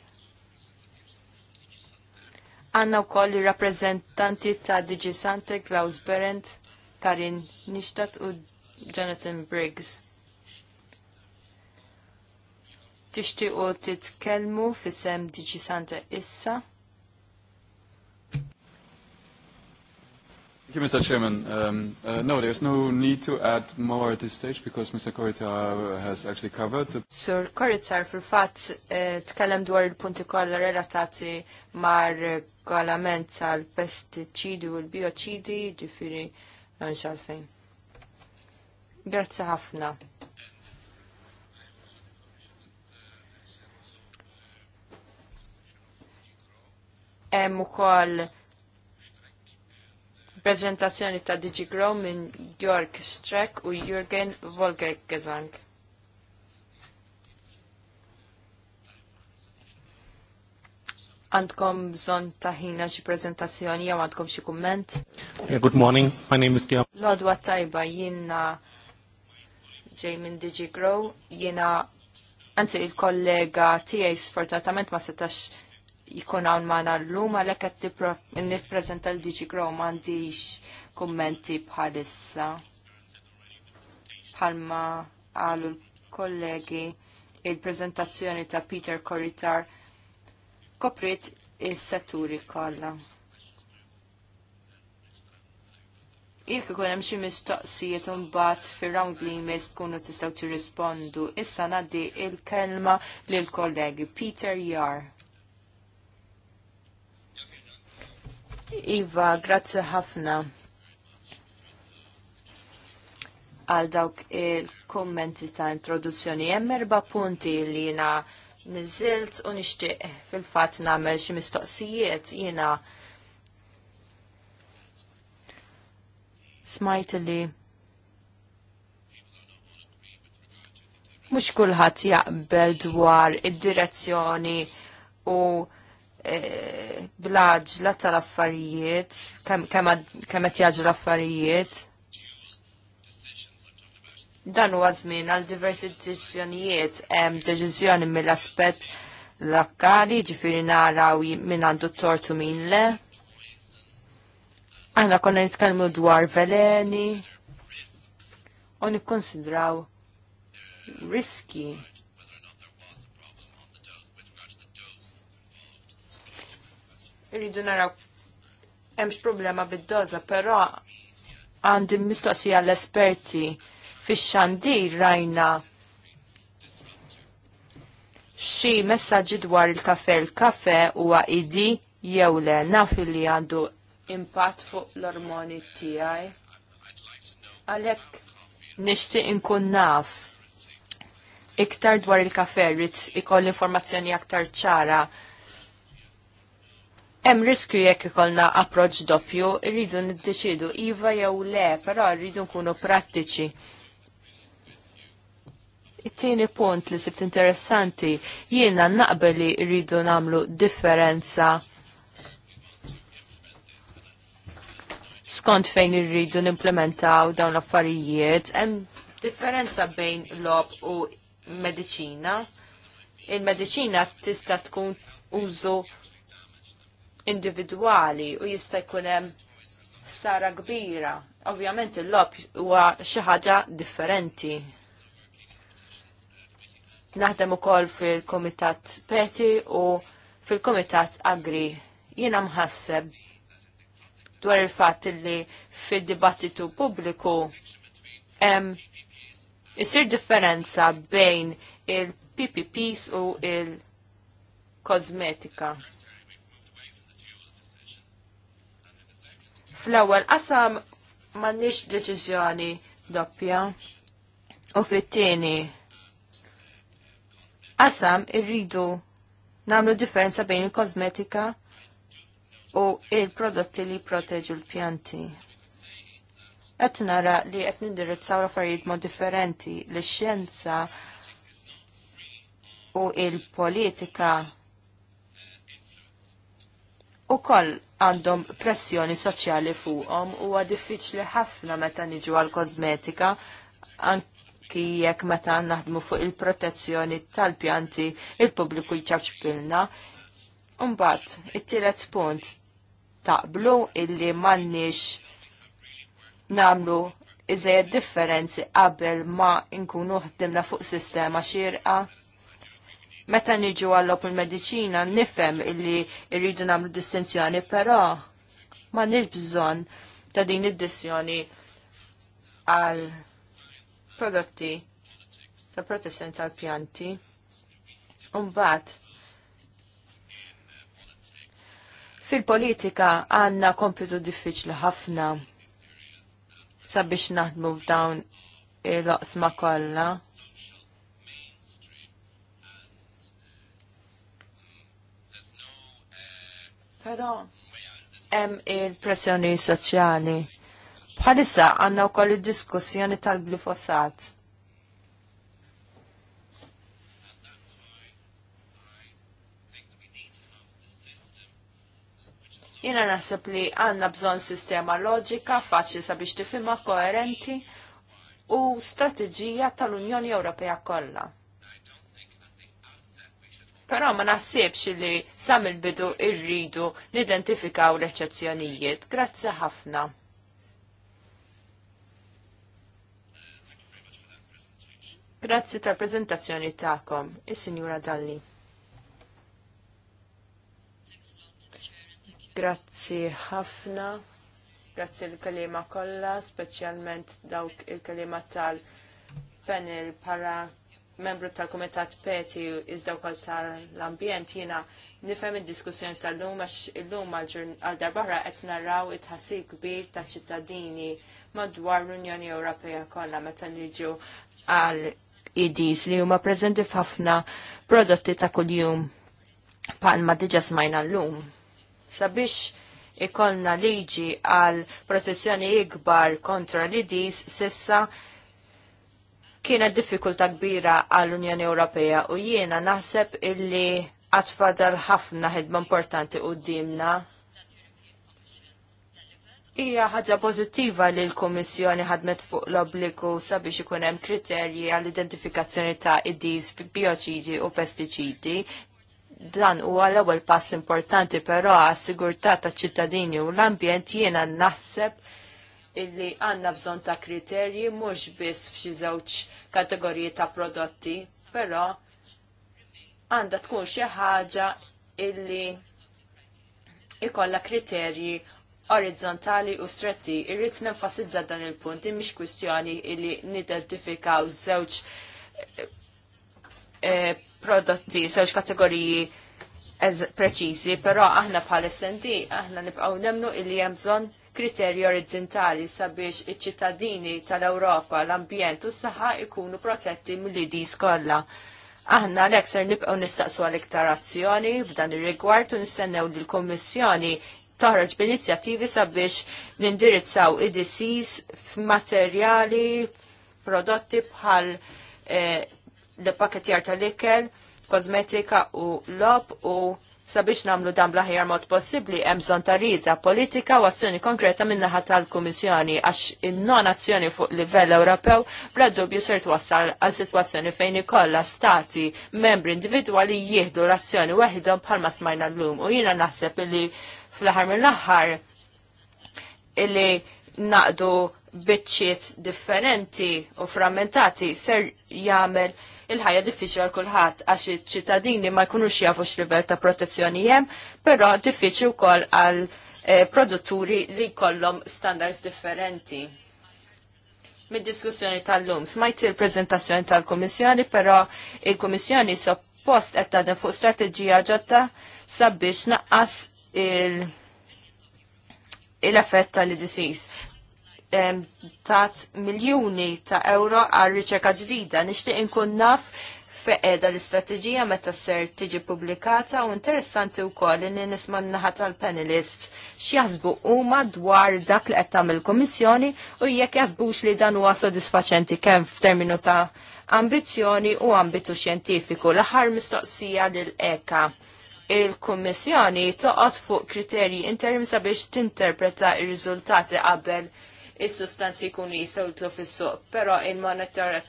Għanna u koll rappresentanti ta' Digi Sante, Klaus Berend, Karin Nishtat u Jonathan Briggs tixtiequ titkellmu fis-sem Diġi Santa issa. Thank you, Mr. Chairman. Um, uh, no, there's no need to add more at this stage because Mr. Korita has actually covered. The... Sir Korita, for fat eh, uh, tkellem dwar il-punti kolla relatati mar regolament tal-pesticidi u l-bioċidi, ġifiri, għan xalfejn. Grazie ħafna. hemm ukoll prezentazzjoni ta' DigiGrow minn Jörg Streck u Jürgen Volgergesang. Għandkom bżon ta' ħina xi prezentazzjoni jew għandkom xi kumment? good morning, my name is l Lodwa tajba jiena ġej minn DigiGrow, jiena anzi il-kollega tiegħi sfortunatament ma setax jikun għawn maħna l-lum għalek għat nipprezenta l-DG Grow mandiġ kommenti bħalissa. Bħalma għalu l-kollegi il-prezentazzjoni ta' Peter Koritar. koprit il-setturi kolla. Jek ikun hemm xi mistoqsijiet imbagħad fir-round li jmiss tkunu tistgħu tirrispondu, issa ngħaddi il-kelma lil kollegi Peter Jar. Iva, grazzi ħafna għal dawk il-kommenti ta' introduzzjoni. Hemm erba' punti li jiena niżilt u nixtieq fil-fatt nagħmel xi mistoqsijiet jiena smajt li mhux kulħadd jaqbel dwar id-direzzjoni u Eh, blaġla tal-affarijiet, kemm qed l affarijiet. Dan huwa żmien għal diversi deċiżjonijiet hemm deċiżjoni mill-aspett lokali, ġifieri naraw min għandu tortu min le. Aħna konna nitkellmu dwar veleni u nikkonsidraw riski. Irridu naraw hemmx problema bid-doża, però għandi mistoqsija l-esperti fix-xandir rajna xi messaġġi dwar il-kafe il-kafe huwa idi jew le naf li għandu impatt fuq l-ormoni tiegħi. Għalhekk nixtieq inkun naf iktar dwar il-kafe rrid ikoll informazzjoni aktar ċara Hemm riskju jekk ikollna approċ doppju, rridu niddeċidu iva jew le, però rridu nkunu prattiċi. It-tieni punt li sibt interessanti jiena naqbel li rridu nagħmlu differenza skont fejn irridu nimplementaw dawn l-affarijiet, hemm differenza bejn lob u mediċina. Il-mediċina tista' tkun użu individwali u jista' jkun hemm sara kbira. Ovvjament il-lob huwa xi ħaġa differenti. Naħdem ukoll fil-Kumitat Peti u fil-Kumitat Agri. Jiena mħasseb dwar il-fatt li fid-dibattitu pubbliku hemm isir differenza bejn il-PPPs u il-kozmetika. Fl-ewwel qasam m'għandniex deċiżjoni doppja. U fit-tieni qasam irridu nagħmlu differenza bejn il-kosmetika u il-prodotti li proteġu l-pjanti. Qed nara li qed nindirizzaw affarijiet mod differenti l xjenza u il-politika u koll għandhom pressjoni soċjali fuqhom u diffiċli ħafna meta niġu għal kosmetika anki jekk meta naħdmu fuq il-protezzjoni tal-pjanti il-pubbliku jċaċpilna. Umbat, it-tielet punt taqblu illi m'għandniex namlu iżejjed differenzi qabel ma nkunu ħdimna fuq sistema xirqa Meta niġu għallop il-medicina nifem illi irridu namlu distinzjoni, però ma nix bżon ta' din id-dissjoni għal prodotti ta' protezzjoni tal-pjanti. Umbat, fil-politika għanna kompitu diffiċli ħafna sabiex naħdmu f'dawn il-oqsma kollha. Però hemm il-pressjoni soċjali. Bħalissa għandna wkoll id-diskussjoni tal-glifosat. Jena nasib li għanna bżon sistema loġika, faċli sabiex tifimha koerenti u strateġija tal-Unjoni Ewropea kollha. Però ma naħsibx li sam il bidu irridu nidentifikaw l-eċċezzjonijiet. Grazzi ħafna. Grazzi tal-prezentazzjoni ta'kom, is-Sinjura Dalli. Grazzi ħafna, grazzi l-kalima kollha, speċjalment dawk il-kalima tal-panel para membru tal-Kumitat Peti iżda wkoll tal-Ambjent jiena nifhem id-diskussjoni tal-lum għax illum għal darbara qed narraw it-ħassib kbir ta' ċittadini madwar l-Unjoni Ewropea kollha meta niġu għal IDs e li huma preżenti f'ħafna prodotti ta' kuljum palma diġa smajna l-lum. Sabiex ikollna liġi għal protezzjoni ikbar kontra l-IDs e sissa kienet diffikulta kbira għall-Unjoni Ewropea u jiena naħseb illi għatfadal ħafna ħidma importanti u dimna. Ija ħaġa pozittiva li l-Komissjoni ħadmet fuq l-obbligu sabiex ikun hemm kriterji għall-identifikazzjoni ta' id-dis bioċidi u pestiċidi. Dan huwa l-ewwel pass importanti però għas-sigurtà taċ-ċittadini u l-ambjent jiena naħseb illi għanna bżon ta' kriterji mhux biss f'xi żewġ kategoriji ta' prodotti, però għandha tkun xi ħaġa illi ikolla kriterji orizzontali u stretti. Irrid nenfasizza dan il-punt mhix kwistjoni illi nidentifikaw żewġ eh, prodotti, żewġ kategoriji preċisi, però aħna bħal SND aħna nibqgħu nemnu illi hemm bżonn kriterji orizzontali sabiex iċ-ċittadini tal-Ewropa, l-ambjent u s-saħħa ikunu protetti mill-lidi skolla. Aħna l-ekser nibqgħu nistaqsu għal iktar azzjoni f'dan ir-rigward u nistennew l kummissjoni toħroġ b'inizjattivi sabiex nindirizzaw id-disis f'materjali prodotti bħal eh, l-pakketjar tal-ikel, kosmetika u lob u Sabiex namlu dan bl-aħjar mod possibbli hemm bżonn ta' rida politika u azzjoni konkreta min-naħa tal-Kummissjoni għax in-non azzjoni fuq livell Ewropew bla dubju ser twassal għal sitwazzjoni fejn ikollha stati membri individwali jieħdu l-azzjoni waħedhom bħalma smajna llum u jiena naħseb illi fl-aħħar mill-aħħar illi naqdu biċċiet differenti u frammentati ser jagħmel il-ħajja diffiċli għal kulħadd għax iċ-ċittadini ma jkunux jafu x'livell ta' protezzjoni hemm, però diffiċli wkoll għal eh, produtturi li kollhom standards differenti mid-diskussjoni tal-lum. Smajt il-prezentazzjoni tal kummissjoni però il kummissjoni suppost qed tagħdem fuq strateġija ġodda sabiex naqqas il- il-effett tal disease tat miljuni ta' euro għal riċerka ġdida. Nixtieq inkun naf feqeda l-istrateġija meta ser tiġi publikata u interessanti wkoll li nisma' naħa tal-panelists x'jaħsbu huma dwar dak li qed tagħmel kummissjoni u jekk jaħsbux li dan huwa sodisfaċenti kemm f'terminu ta' ambizzjoni u ambitu xjentifiku l-aħħar mistoqsija lil eka il-Kummissjoni toqgħod fuq kriterji interim sabiex tinterpreta r-riżultati qabel is-sustanzi li jisawtlu fis-suq, però il monitorat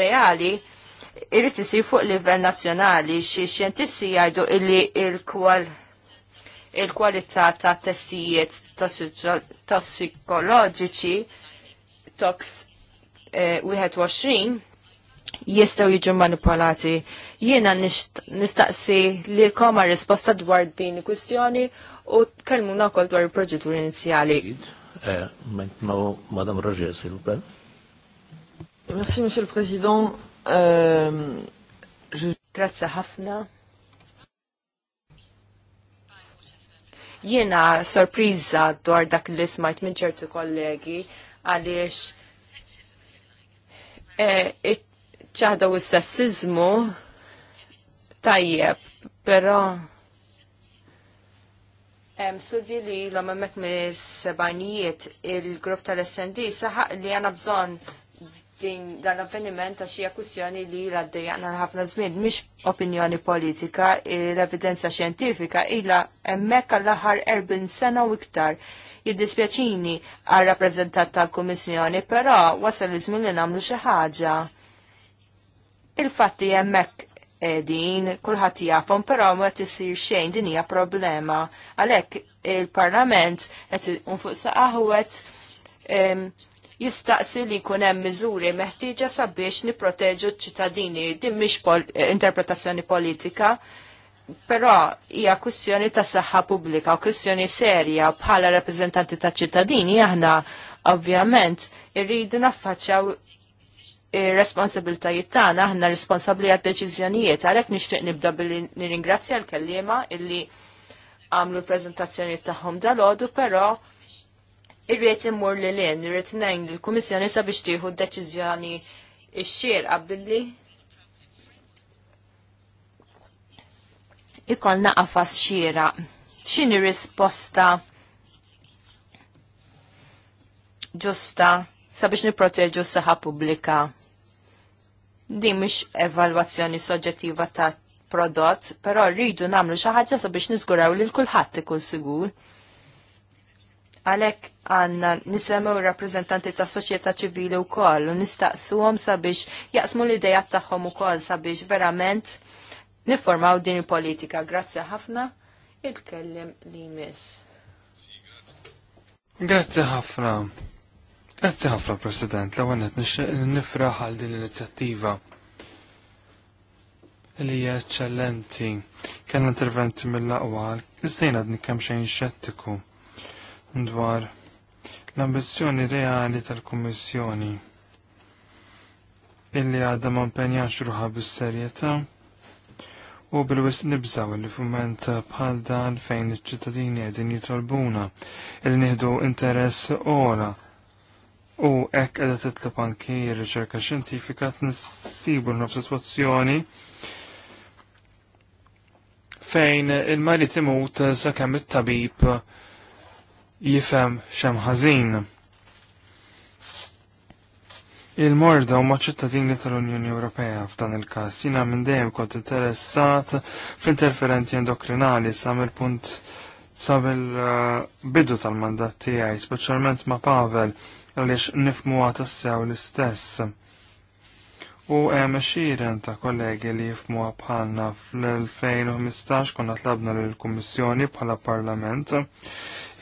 reali irrit isir fuq livell nazzjonali xie xientissi jgħidu illi il-kwalità ta' testijiet tossikoloġiċi tox 21 eh, jistgħu jiġu manipolati. Jiena nistaqsi li koma risposta dwar din kwistjoni u tkellmuna wkoll dwar il-proċeduri inizjali. Euh, maintenant, Madame Roger, s'il vous plaît. Merci, Monsieur le Président. Euh, je... Grazie, Hafna. Jiena sorpriża dwar dak li smajt minn ċertu kollegi għaliex ċaħda e, u s-sassizmu tajjeb, pero Studji li l-omemmek mis-sebanijiet il-grupp tal-SND saħaq li għana bżon din dan l-avveniment ta' xija kwistjoni li l-għaddejjaqna l-ħafna żmien mhix opinjoni politika, l-evidenza xjentifika ilha hemmhekk għall-aħħar erbin sena u iktar. Jiddispjaċini għal rappreżentant tal-Kummissjoni, però wasal iż-żmien li nagħmlu xi ħaġa. Il-fatti hemmhekk din kullħat jafhom, però ma tisir xejn din hija problema. Għalhekk il-Parlament qed fuq saqaħwet jistaqsi li jkun hemm miżuri meħtieġa sabiex nipproteġu ċ-ċittadini din mhix pol interpretazzjoni politika. Però hija kwistjoni ta' saħħa pubblika u kwistjoni serja bħala rappreżentanti ta' ċittadini aħna ovvjament irridu naffaċċaw responsabiltajiet tagħna aħna responsabbli għad deċiżjonijiet għalhekk nixtieq nibda billi nirringrazzja l-kellima illi għamlu l-preżentazzjoni tagħhom dal-għodu, però irrid immur lil in, irrid ngħin lill-Kummissjoni sabiex tieħu d-deċiżjoni x-xierqa billi ikolna naqafas xiera. X'inhi risposta ġusta sabiex niprotegġu s saħa pubblika. Din mhix evalwazzjoni soġġettiva ta' prodott, però rridu nagħmlu xi ħaġa sabiex niżguraw lil kulħadd ikun sigur. Għalhekk għandna nisemmu rappreżentanti tas soċjetà ċivili wkoll u nistaqsuhom sabiex jaqsmu l-idejat tagħhom ukoll sabiex verament niformaw din il-politika. Grazzi ħafna il kellem li mis. Grazzi ħafna. Grazie ħafna President, l-ewwel qed nifraħ għal din l-inizjattiva li hija eċċellenti. Kien interventi mill-aqwa, iżdejn għadni kemm xejn xettiku dwar l-ambizzjoni reali tal-Kummissjoni illi għadha ma mpenjax ruħa bis-serjetà u bil-wis nibżaw li fument bħal dan fejn iċ-ċittadini qegħdin jitolbuna il nieħdu interess ora U hekk qiegħda titlob anki riċerka xjentifika tnissibu nofs situazzjoni fejn il-mali timut sakemm it-tabib jifhem xemm ħażin il-morda u ċittadini tal-Unjoni Ewropea f'dan il-kas jina minn dejjem kont interessat fl-interferenti endokrinali sa mill-punt sa mill-bidu eh, tal-mandat tiegħi, speċjalment ma' Pavel għaliex nifmu sew l-istess. U hemm eh, xiren ta' kollegi li jifmu bħalna fl-2015 konna tlabna lill kummissjoni bħala Parlament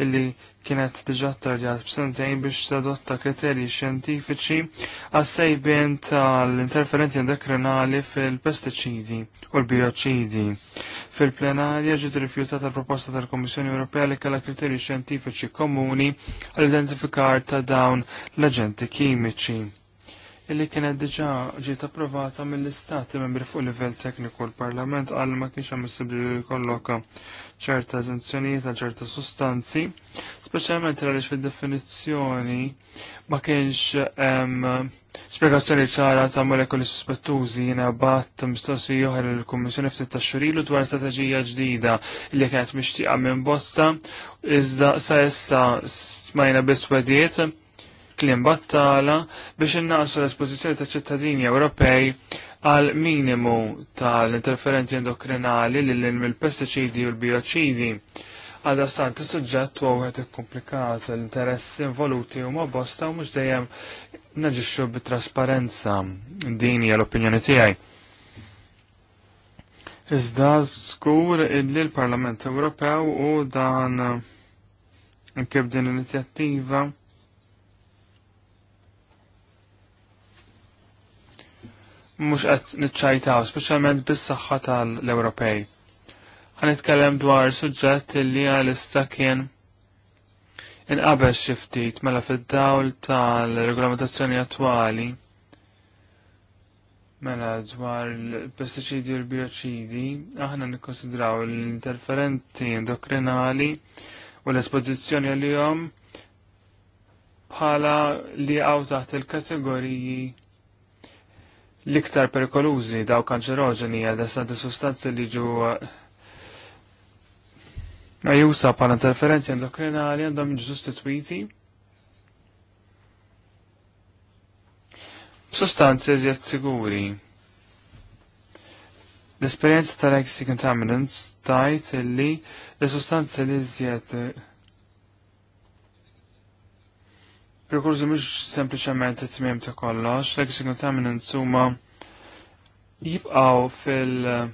illi kienet diġa ttarjat b'sentejn biex tadotta kriterji xjentifiċi għas-sejbien tal-interferenti endokrinali fil-pestiċidi u l-bioċidi. Fil-plenarja ġiet rifjutata proposta tal komissjoni Ewropea li kellha kriterji xjentifiċi komuni għall-identifikar ta' dawn l-aġenti kimiċi illi kienet diġa ġiet approvata mill-istati membri fuq livell tekniku l-Parlament għal ma kienx ammissibbli li jkolloka ċerta eżenzjonijiet għal ċerta sustanzi, speċjalment għaliex fid-definizzjoni ma kienx hemm spjegazzjoni ċara ta' molekoli suspettużi jiena bat mistoqsi joħel il-Kummissjoni ftit ta' xurilu dwar strateġija ġdida li kienet mixtieqa minn bosta iżda sa issa smajna bis wedijiet kliem battala biex innaqsu l-espożizzjoni ta' ċittadini Ewropej għal minimu tal-interferenzi endokrinali li l-ilm il-pesticidi u l-bioċidi. Għada stant il u għet komplikat l-interessi involuti u bosta u mux dejjem naġiċu bit-trasparenza dini għal-opinjoni tijaj. Iżda skur illi l-Parlament Ewropew u dan eh, kif din l-inizjattiva mhux qed niċċajtaw, speċjalment bis-saħħa tal-Ewropej. itkellem dwar suġġett li għalissa kien inqabel xi ftit mela fid-dawl tal-regolamentazzjoni attwali mela dwar l-pestiċidi u l-bioċidi, aħna nikkonsidraw l-interferenti endokrinali u l-espożizzjoni għalihom bħala li għaw taħt il-kategoriji l-iktar perikolużi daw kanċeroġeni għal dastanti sustanzi li ġu ma eh, jusa pala interferenti endokrinali għandhom ġustitwiti. Sostanzi eżjed siguri. L-esperienza tal-exi contaminants tajt illi l-sostanzi li eżjed eh, Prekurżu mux sempliciment it-tmim ta' kollox, l contaminants huma jibqaw fil- eh,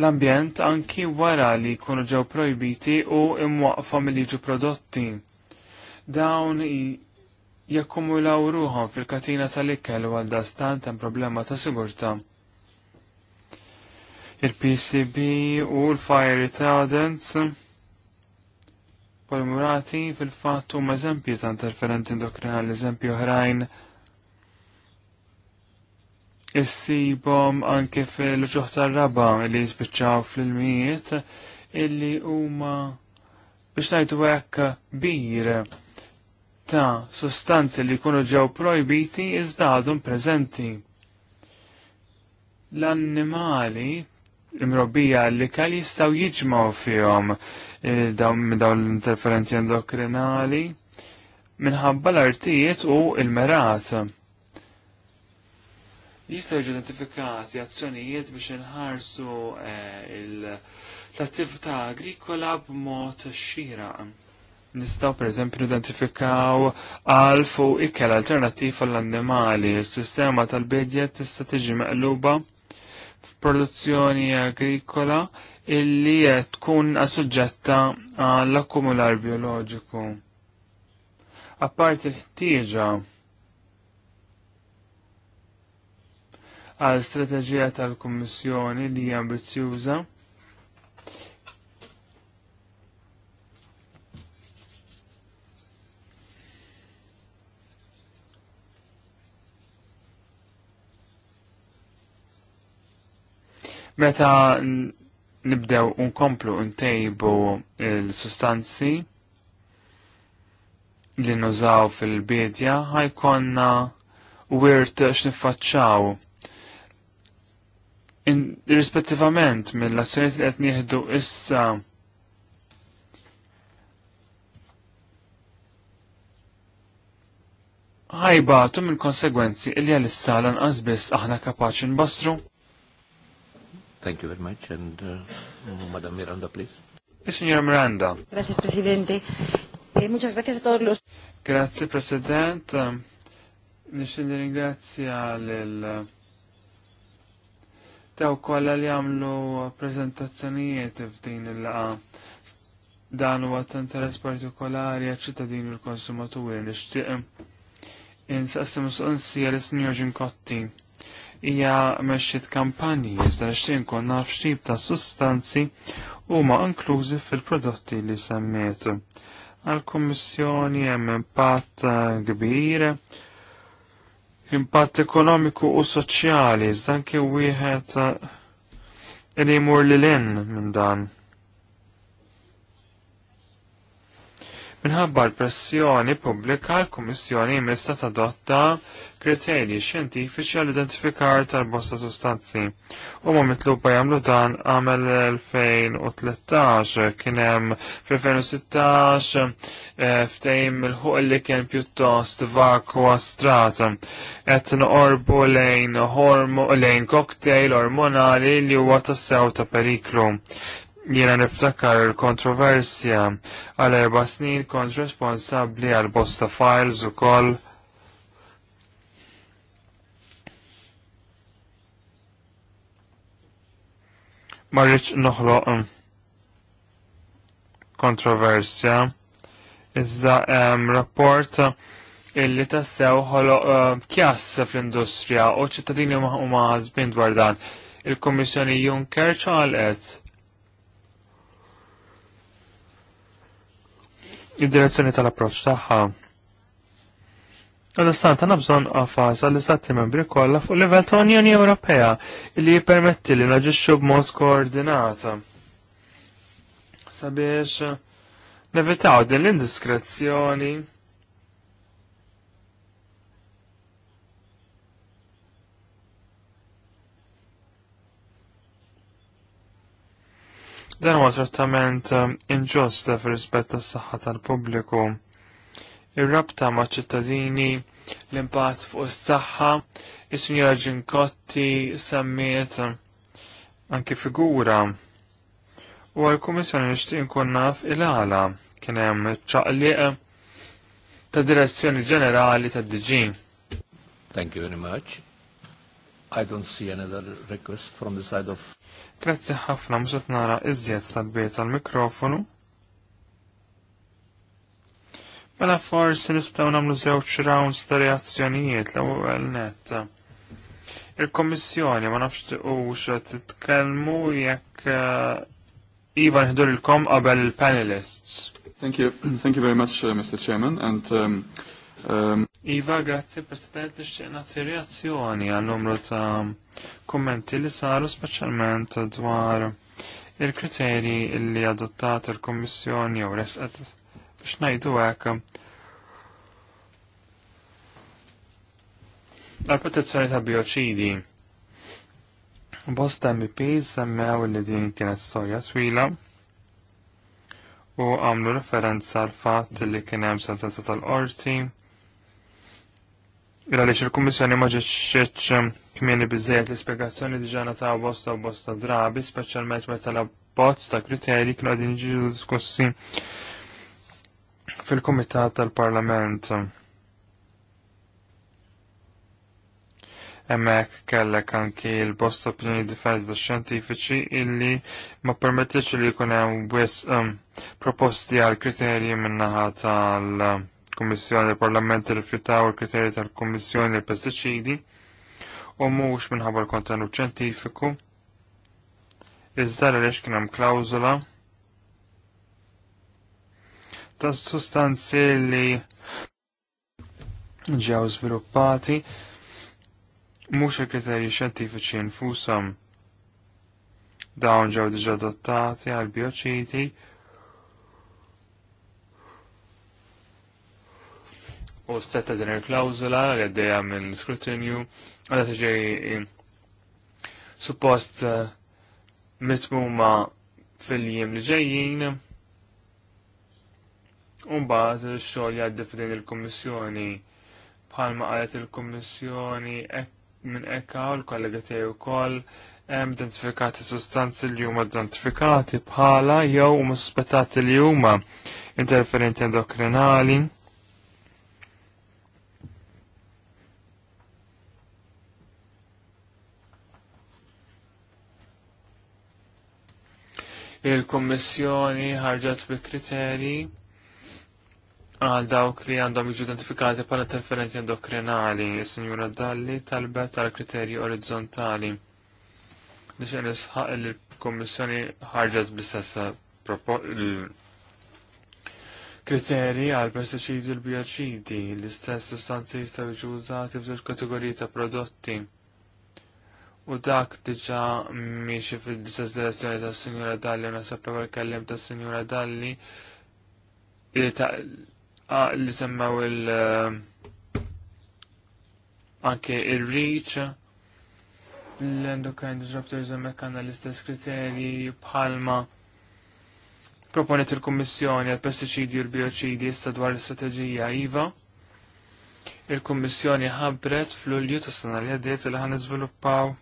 l-ambjent anki wara li jkunu ġew projbiti u imwaqfa mill-liġu prodotti. Dawn jakkumulaw ruħom fil-katina tal-ikkel u għal-dastan hemm problema ta' sigurta. Il-PCB u l-fire retardants murati fil-fatt huma eżempji ta' interferenti endokrinali, eżempju oħrajn issibhom anke fil-ġuħ tal raba li jispiċċaw fil miet illi huma biex ngħidu hekk bir ta' sostanzi li jkunu ġew projbiti iżda prezenti. preżenti. L-annimali imrobija li kal jistaw jiġmaw fihom eh, dawn dawn l-interferenzi endokrinali minħabba l-artijiet u il-merat. Jistaw identifikati azzjonijiet biex inħarsu eh, l-attività agrikola b'mod xira. Nistaw per eżempju identifikaw għalf ikkel alternativ għall-annimali. Il-sistema tal bidjet tista' tiġi meqluba f'produzzjoni agrikola illi tkun assuġġetta għall-akkumular bioloġiku. Apparti l-ħtieġa għal strateġija tal-Kummissjoni li hija ambizzjuża Meta nibdew unkomplu ntejbu il-sustanzi li nużaw fil-bidja ħajkonna wirt x'niffaċċaw rispettivament mill-azzjonijiet li qed nieħdu issa ħajbatu minn konsegwenzi li għal-issa lanqas biss aħna kapaċi nbassru. Thank you very much. And uh, Madam Miranda, please. Eh, signora Miranda. Gracias, Presidente. Eh, muchas gracias a todos los... Grazie, President. Nixin ringrazia l Taw kolla li għamlu prezentazzjonijiet f'din il-laqa. Dan huwa ta' interess partikolari għaċ-ċittadini u l-konsumaturi nixtieq. Insaqsim s-qonsija l-Sinjor hija mexxiet kampanji iżda nixtieq nkun naf x'tip ta' sustanzi huma inklużi fil-prodotti li semmiet. Għal-Kummissjoni hemm impatt eh, kbir impatt ekonomiku u soċjali, zanki wieħed eh, li jmur li l minn dan. Minħabba l-pressjoni pubblika l-Kummissjoni mista tadotta kriterji xjentifiċi għal identifikar tal-bosta sostanzi. U ma mitluba jamlu dan għamel 2013 kienem fl-2016 eh, ftejm il-ħuq li kien pjuttost vakwa strat, qed noqorbu lejn lejn cocktail ormonali li huwa tassew ta' periklu jiena niftakar il-kontroversja għal erba snin kont responsabli għal bosta files u koll marriċ noħloq mm, kontroversja. Iżda um, rapport illi tassew ħoloq uh, fl-industrija u ċittadini huma ħażbin dwar dan. il komissjoni Juncker ċalqet. Id-direzzjoni tal-approċċ tagħha. Għal-istant għanna bżon għafas għal-istati membri kolla fuq livell ta' Unjoni Ewropea li jipermetti li naġiċu b'mod koordinata. Sabiex nevitaw din l-indiskrezzjoni. Dan huwa trattament inġust fir rispett tas-saħħa tal-pubbliku ir-rabta ma' ċittadini l-impatt fuq is-saħħa, is-Sinjora Ġinkotti semmiet anki figura. U għal-Kummissjoni nixtieq nkun naf il-għala kien hemm ċaqliq ta' direzzjoni ġenerali ta' DG. Thank you very much. I don't see another request from the side of. Grazzi ħafna mhux qed nara iżjed tal-bejt tal-mikrofonu. Mela forsi nistgħu nagħmlu żewġ rounds ta' reazzjonijiet l-ewwel net. Il-Kommissjoni ma nafx tiqux titkellmu jekk eh, iva nħidulkom qabel il-panelists. Thank you. Thank you very much, uh, Mr. Chairman. And, um, um... Iva, grazie, President, nixtieq nagħti reazzjoni al numero ta' kummenti li saru speċjalment dwar il criteri li adottat il commissioni jew resqet biex najdu għak. Um, għal-protezzjoni ta' bioċidi. Bosta MP semmew li din kienet storja twila u għamlu referenza għal fatt li kien hemm sentenza tal-qorti. Għaliex il kommissjoni ma xieċ um, kmieni bizzejt l-ispjegazzjoni diġana ta' bosta u bosta drabi, speċjalment meta l-abbozz ta' kriterji kienu qegħdin jiġu diskussi fil-Kumitat tal-Parlament. Emmek kellek anki l-bost opinjoni differenti xjentifiċi illi ma permettiex li jkun hemm wis um, proposti għal kriterji minnaħa tal-Kummissjoni tal parlament irrifjutaw il-kriterji tal-Kummissjoni l-Pestiċidi u mhux minħabba l-kontenut xjentifiku. Iżda li kien hemm klawżola ta' sustanzi li ġew sviluppati mhux il-kriterji xjentifiċi nfushom dawn ġew diġà adottati għal bioċiti u stetta din il-klawzula li għaddejja minn skrutinju għadha tiġi suppost eh, mitmuma fil-jiem li ġejjin Umbaħt il-xol jaddi f'din il-Kommissjoni bħalma qalet il-Kommissjoni minn eka u l-kollega tiegħi wkoll hemm identifikati sustanzi li huma identifikati bħala jew huma suspettati li huma interferenti endokrinali. il-Kommissjoni ħarġet bi kriterji għal dawk li għandhom jiġu identifikati bħala interferenti endokrinali, is-Sinjura Dalli talbet għal kriterji orizzontali. Nix nisħaq il kommissjoni ħarġet bl-istessa kriterji għal pesticidi u l-bioċidi, l-istess sostanzi jistaw jiġu użati f'żewġ kategoriji ta' prodotti. U dak diġa miexi fil-distess direzzjoni tas-Sinjura Dalli u nasab l-ewwel kellem tas-Sinjura Dalli Ah, li semmew il- eh, anke il-reach l-endocrine disruptors hemmhekk għanna l-istess kriterji bħalma proponet il-Kummissjoni għal pestiċidi u l-bioċidi issa dwar l-istrateġija IVA. Il-Kummissjoni ħabbret fl-Ulju tas-sena li għaddiet li ħan iżviluppaw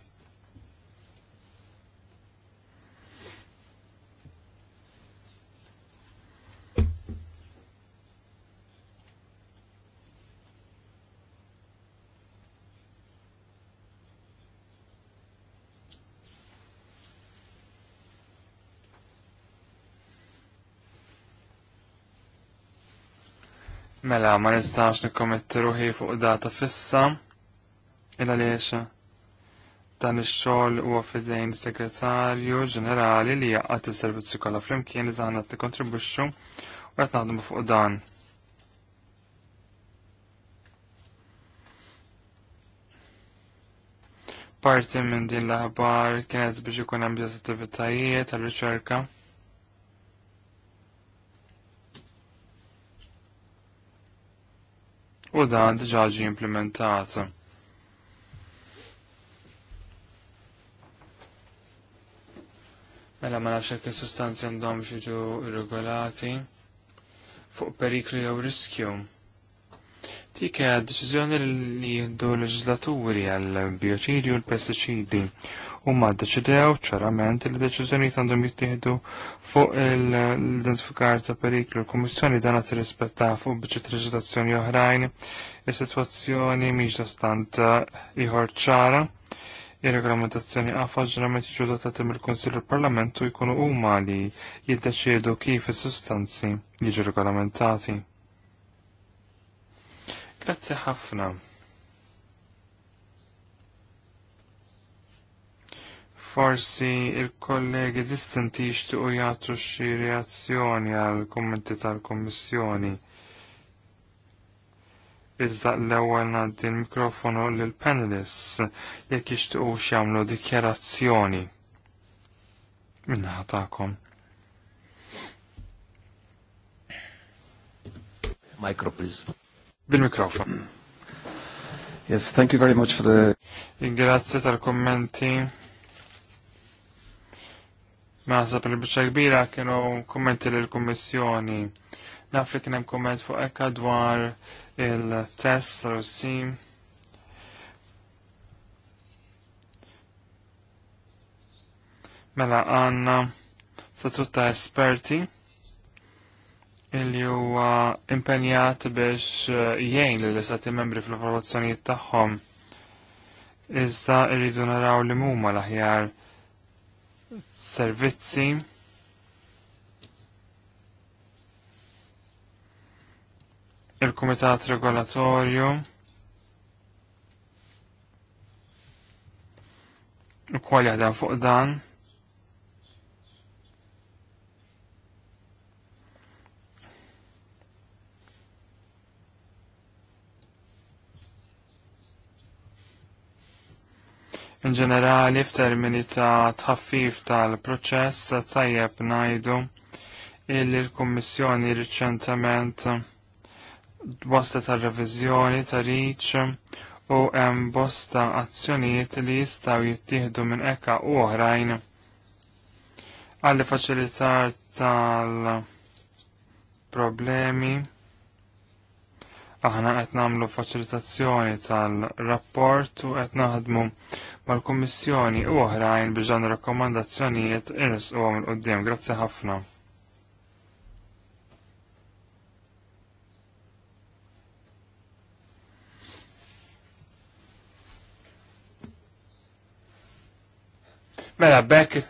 Mela, ma nistax nikkommetti ruħi fuq data fissa. Illa liex dan ix-xogħol huwa fidejn segretarju ġenerali li jaqgħad is-servizzi kollha flimkien li aħna qed u qed naħdmu fuq dan. Parti minn din l-aħbar kienet biex ikun hemm attivitajiet tal-riċerka. u dan diġà ġie implementat. Mela ma nafx hekk is-sustanzi għandhom jiġu irregolati fuq periklu jew riskju. Tika, hija deċiżjoni li jieħdu l-leġislaturi għal bioċidi u l-pestiċidi huma ddeċidew ċarament li deċiżjonijiet għandhom jittieħdu fuq l-identifikar ta' periklu. L-Kummissjoni dan qed rispetta fuq biċċiet leġislazzjoni oħrajn is-sitwazzjoni da stant eh, ieħor ċara. Ir-regolamentazzjoni għafa ġeneralment jiġu ta' mill konsil il-Parlamentu parlament u jkunu huma li jiddeċiedu kif is-sustanzi jiġu regolamentati. Grazzi ħafna. Forsi il-kollegi distinti jixtiequ jagħtu xi reazzjoni għal kummenti tal-Kummissjoni. Iżda l-ewwel ngħaddi l-mikrofonu lil panelists jekk jixtiequ jagħmlu dikjarazzjoni. Minnaħa tagħkom. Micro, please bil-mikrofon. Yes, thank you very much for the... Grazie tal-kommenti. Ma nasab il-bicċa kbira kienu kommenti l-Kommissjoni. Naf li kienem komment fuq ekka dwar il-test tal-sim. Mela għanna sa' tutta esperti illi huwa impenjat biex eh, jgħin li l-istati membri fl-evaluazzjonijiet tagħhom. Iżda rridu naraw li mhuma l-aħjar servizzi il-Kumitat Regolatorju u kwal jaħdem fuq dan. In ġenerali, f'termini ta' tħaffif tal-proċess, tajjeb najdu illi l-Kommissjoni riċentement wasta ta' revizjoni ta' riċ u hemm bosta azzjonijiet li jistgħu jittieħdu minn eka u oħrajn għalli faċilitar tal-problemi aħna qed nagħmlu faċilitazzjoni tal-rapport u qed naħdmu mal-Kummissjoni u oħrajn biex rakkomandazzjonijiet irs u l qoddim. Grazzi ħafna. Mela, bekk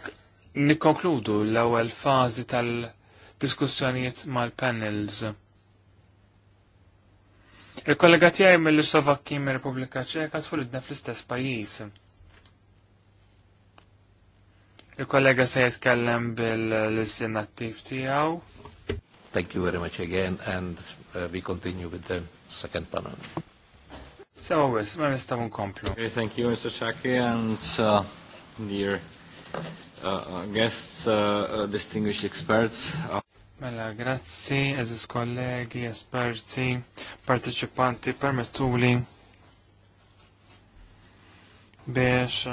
nikkonkludu l-ewwel fażi tal-diskussjonijiet mal-panels. Il-kollega tiegħi mill-Slovakki mir-Repubblika Ċeka tħulidna fl-istess pajjiż. Il-kollega se jitkellem bil attiv tijaw. Thank you very much again and uh, we continue with the second panel. So, always, ma nistaw nkomplu. Okay, thank you, Mr. Chaki, and uh, dear uh, uh guests, uh, uh, distinguished experts. Uh... Mela, grazzi, eżis kollegi, esperti, partecipanti, permettuli biex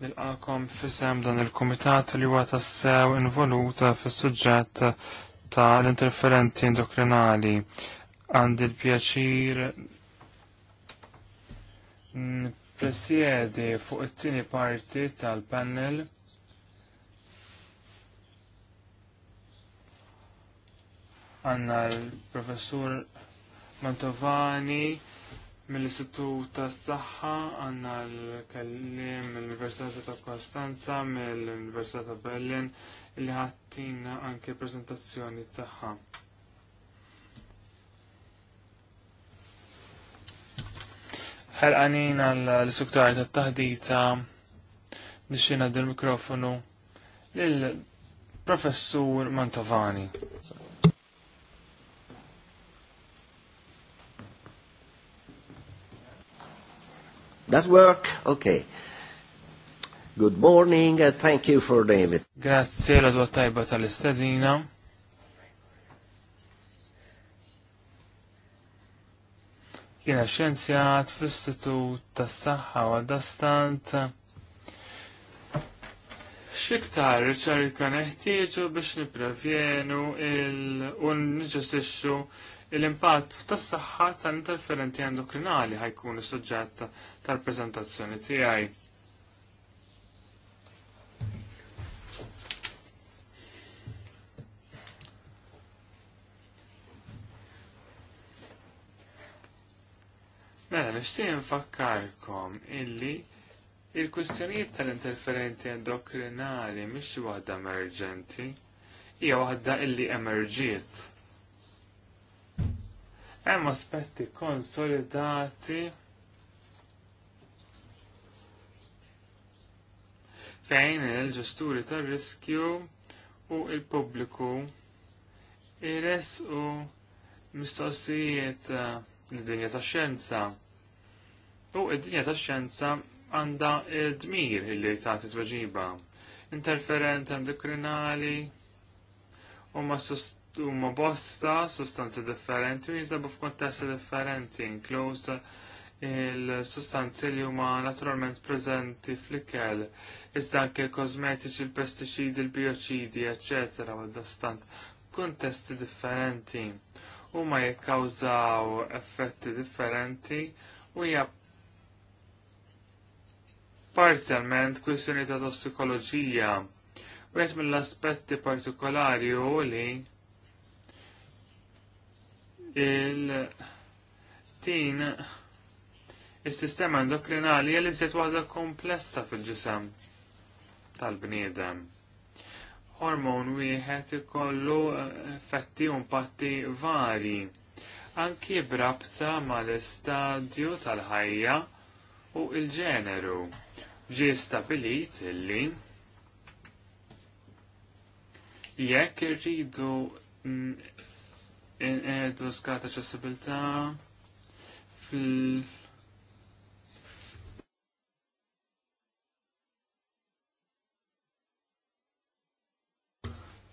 Nilqakom fissem dan il-komitat li huwa tassew involuta fis-suġġett ta' l-interferenti endokrinali. Għandi l-pjaċir presjedi fuq it-tieni parti tal-panel. Għanna l-professur Mantovani mill-Istitut tas saħħa għanna l-kellim mill-Università ta' Kostanza, mill-Università ta' Berlin, li ħattina anke prezentazzjoni tagħha. għal għall-istruktar ta' taħdita nixxina il mikrofonu lill professur Mantovani. Does work? Okay. Good morning, uh, thank you for invitation. Grazie la tua tajba tal-istadina. Jena xenzjat fl-Istitut tas-Saħħa u għadastant xiktar riċerka neħtieġu biex niprevjenu il-un l-impatt tas-saħħa tal-interferenti endokrinali ħajkun is-suġġett tal-preżentazzjoni tiegħi. Mela, nixtieq infakkarkom illi il-kwistjonijiet tal-interferenti endokrinali mhix waħda emerġenti, hija waħda illi emerġiet Hemm aspetti konsolidati fejn il-ġesturi tar-riskju u il-pubbliku ires u mistoqsijiet eh, id-dinja tax-xjenza. U id-dinja tax-xjenza l dmir illi tagħti tweġiba. Interferent endokrinali u ma sust huma bosta sustanzi differenti u jinsabu f'kontesti differenti, inkluż il-sustanzi li huma naturalment preżenti fl-ikel, iżda anke kosmetiċi, il-pestiċidi, il eccetera, eċetera, d dastant kontesti differenti. Huma jikkawżaw effetti differenti u hija parzialment kwistjoni ta' tossikoloġija. Wieħed mill-aspetti partikolari u li il-tin il-sistema endokrinali għal iżjed waħda komplessa fil-ġisem tal-bniedem. Hormon wieħed ikollu eh, effetti u patti vari, anki brabta mal-istadju tal-ħajja u il-ġeneru. Ġi stabilit illi jekk irridu inqedu skata ċessibilità fil-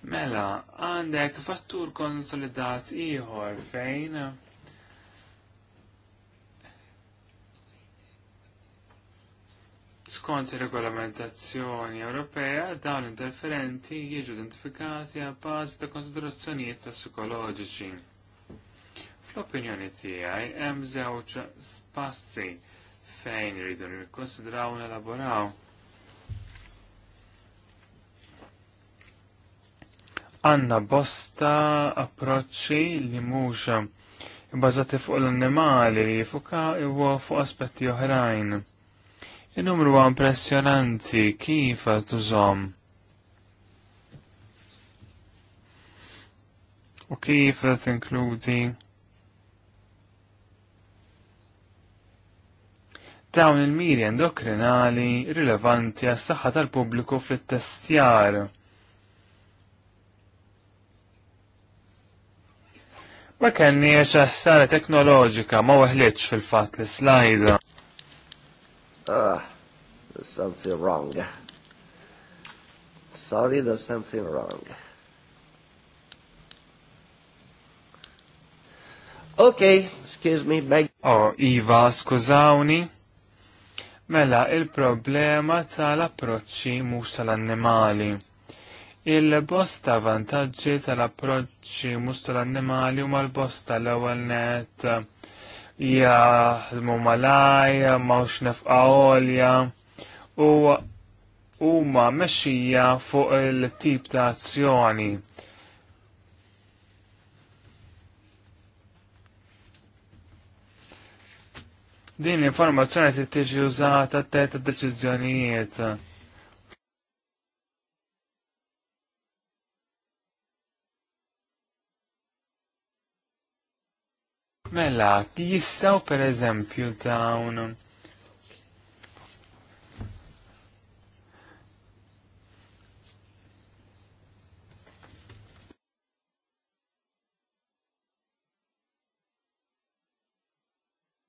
Mela, għandek fattur konsolidat ieħor fejn skont regolamentazzjoni Ewropea dawn interferenti jiġu identifikati għal bażi ta' konsiderazzjonijiet psikoloġiċi. Fl-opinjoni tiegħi hemm żewġ spassi fejn iridu nikkonsidraw nelaboraw. elaboraw. Għanna bosta approċċi li mhux bbażati fuq l-annimali li jifuka fuq aspetti oħrajn Il-numru għu impressionanti kif tużom u kif tinkludi dawn il-miri endokrinali rilevanti għas saħħa tal-pubbliku fl-testjar. Ma kenniex ħsara teknoloġika ma weħliċ fil-fat l-slajda. Ah, there's something wrong. Sorry, there's something wrong. Okay, excuse me, beg. Oh, Iva, skużawni. Mela, il-problema tal-approċċi mhux tal-annimali. Il-bosta vantaġġi tal-approċċi mhux tal-annimali huma l-bosta l-ewwel net jaħdmu malaj, mawx nefqa għolja u huma mexxija fuq il-tip ta' azzjoni. Din l-informazzjoni t tiġi użata t-tet deċiżjonijiet. Mela, jistaw per eżempju dawn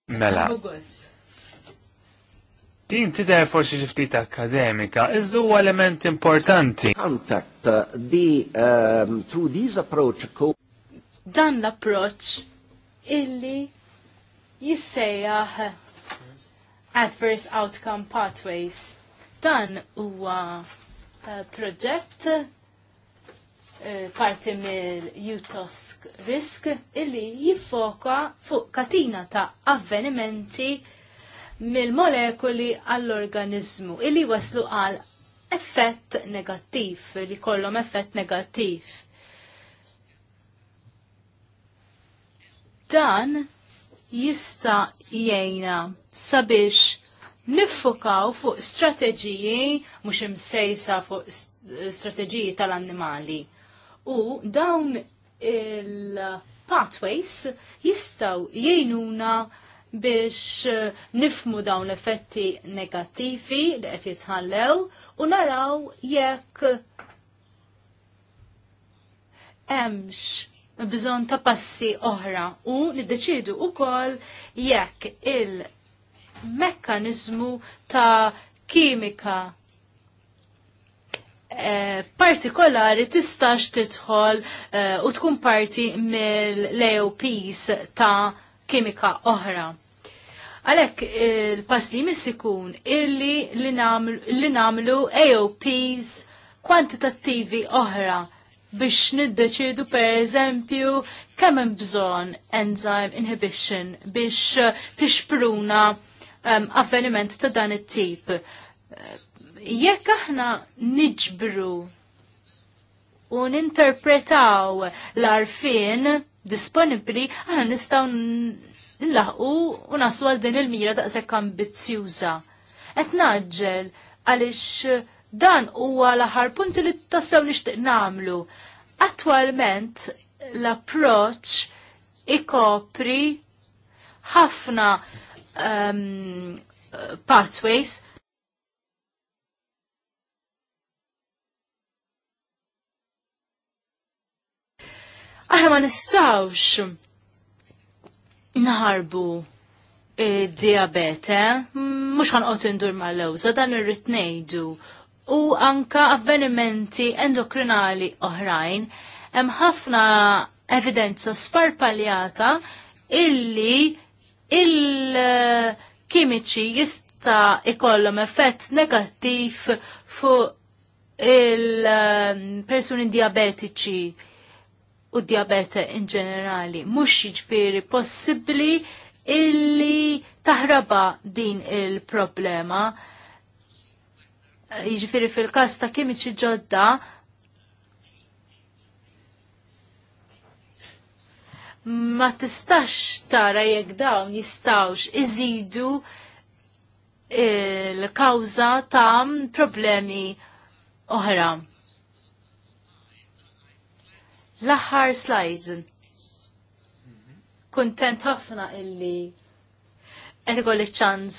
Mela. Din tidher forsi xi ftit akademika, iżda huwa element importanti. Contact um, through this approach Dan l approċċ illi jissejjaħ Adverse Outcome Pathways. Dan huwa uh, proġett eh, parti mill utosk Risk illi jiffoka fuq katina ta' avvenimenti mill-molekuli għall-organizmu illi waslu għal effett negattiv, li kollom effett negattiv. Dan jista' jgħinna sabiex niffokaw fuq strateġiji mhux imsejsa fuq strateġiji tal-annimali. U dawn il-pathways jistaw jgħinuna biex eh, nifmu dawn l-effetti negattivi li qed jitħallew u naraw jekk hemmx bżon ta' passi oħra u niddeċidu wkoll jekk il-mekkanizmu ta' kimika eh, partikolari tistax titħol eh, u tkun parti mill-leopis ta' kimika oħra. Għalek il-pass li jmiss ikun illi li namlu AOPs kwantitattivi oħra biex niddeċidu per eżempju kemm hemm bżonn enzyme inhibition biex eh, tixpruna um, avveniment ta' dan it-tip. Eh, jekk aħna niġbru u ninterpretaw l-arfin disponibli, aħna nistaw nlaħqu u naslu għal din il-mira daqshekk ambizzjuża. Qed naġġel għaliex Dan huwa l-aħħar punti li tassew nixtieq nagħmlu. Attwalment l-approċċ ikopri ħafna um, pathways Aħna ma nistawx naħarbu diabete, eh? mux ħanqot indur mal-lewza, dan irrit ngħidu u anka avvenimenti endokrinali oħrajn. Hemm ħafna evidenza sparpaljata illi il-kimiċi jista' ikollhom effett negattiv fuq il-persuni diabetiċi u diabete in ġenerali. Mux jiġifieri possibbli illi taħraba din il-problema jiġifieri fil-każ ta' iċi ġodda ma tistax tara jekk dawn jistawx iżidu il-kawza ta' problemi oħra. L-aħħar slide. Kuntent ħafna illi qed ikolli ċans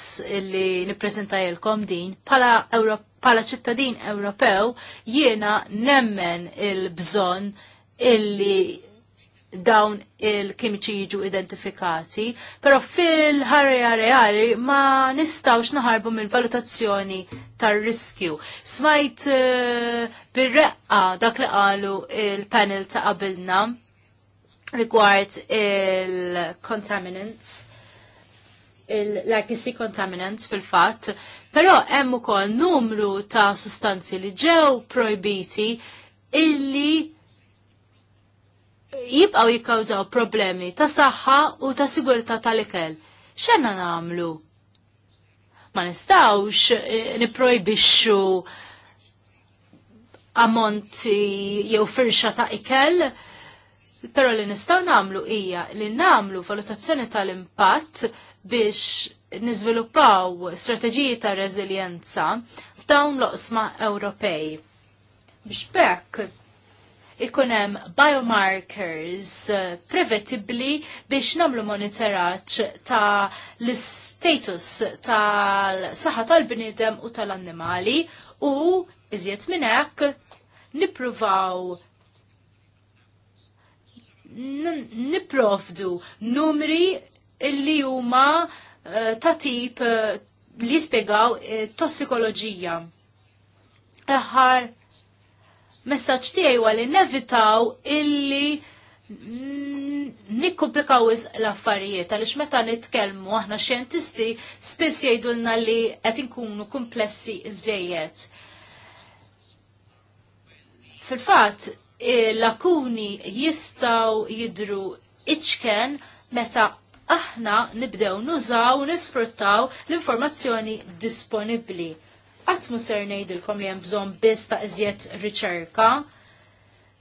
li nippreżentajlkom din bħala Ewrop pala ċittadin Ewropew jiena nemmen il-bżon illi dawn il kimiċi jiġu identifikati, pero fil-ħarja reali ma nistawx naħarbu mill-valutazzjoni tar-riskju. Smajt uh, bir-reqqa dak li qalu il-panel ta' qabilna rigward il-contaminants l-legacy contaminants fil-fatt, però hemm ukoll numru ta' sustanzi li ġew projbiti illi jibqaw jikkawżaw problemi ta' saħħa u ta' sigurtà tal-ikel. X'għandna nagħmlu? Ma nistgħux eh, nipprojbixxu ammonti jew firxa ta' ikel Però li nistaw namlu hija li namlu valutazzjoni tal-impatt biex nizviluppaw strateġiji ta' reżiljenza f'dawn l-oqsma Ewropej. Biex bekk ikun hemm biomarkers eh, prevetibbli biex namlu monitoraġġ ta' l-status tal-saħħa tal-bniedem u tal-annimali u iżjed minn hekk nippruvaw niprofdu numri illi huma eh, ta' tip eh, li spiegaw eh, tossikoloġija. Aħħar messaċ tiegħi huwa li nevitaw illi nikkomplikaw l-affarijiet għaliex meta nitkellmu aħna xjentisti spiss jgħidulna li qed inkunu komplessi żejjed Fil-fatt lakuni jistaw jidru iċken meta aħna nibdew nużaw nisfruttaw l-informazzjoni disponibli. Għat muser nejdilkom li jembżon biss ta' iżjed riċerka,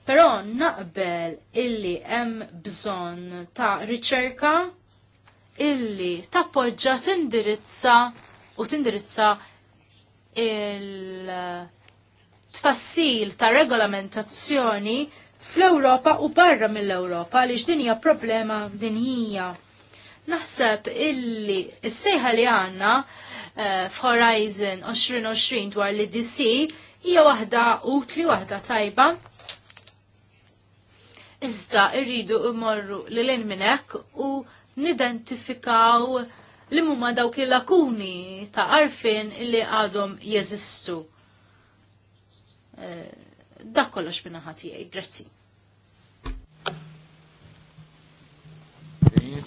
pero naqbel illi hemm bżonn ta' riċerka illi tappoġġa tindirizza u tindirizza il- tfassil ta' regolamentazzjoni fl-Ewropa u barra mill-Ewropa li x'dinja problema dinjija. Naħseb illi s-sejħa li għanna eh, f'Horizon 2020 dwar li DC hija waħda utli waħda tajba. Iżda irridu immorru li lejn minnek u nidentifikaw li mumma dawk il-lakuni ta' arfin li għadhom jeżistu. Eh, dak kollox minna ħati Grazzi.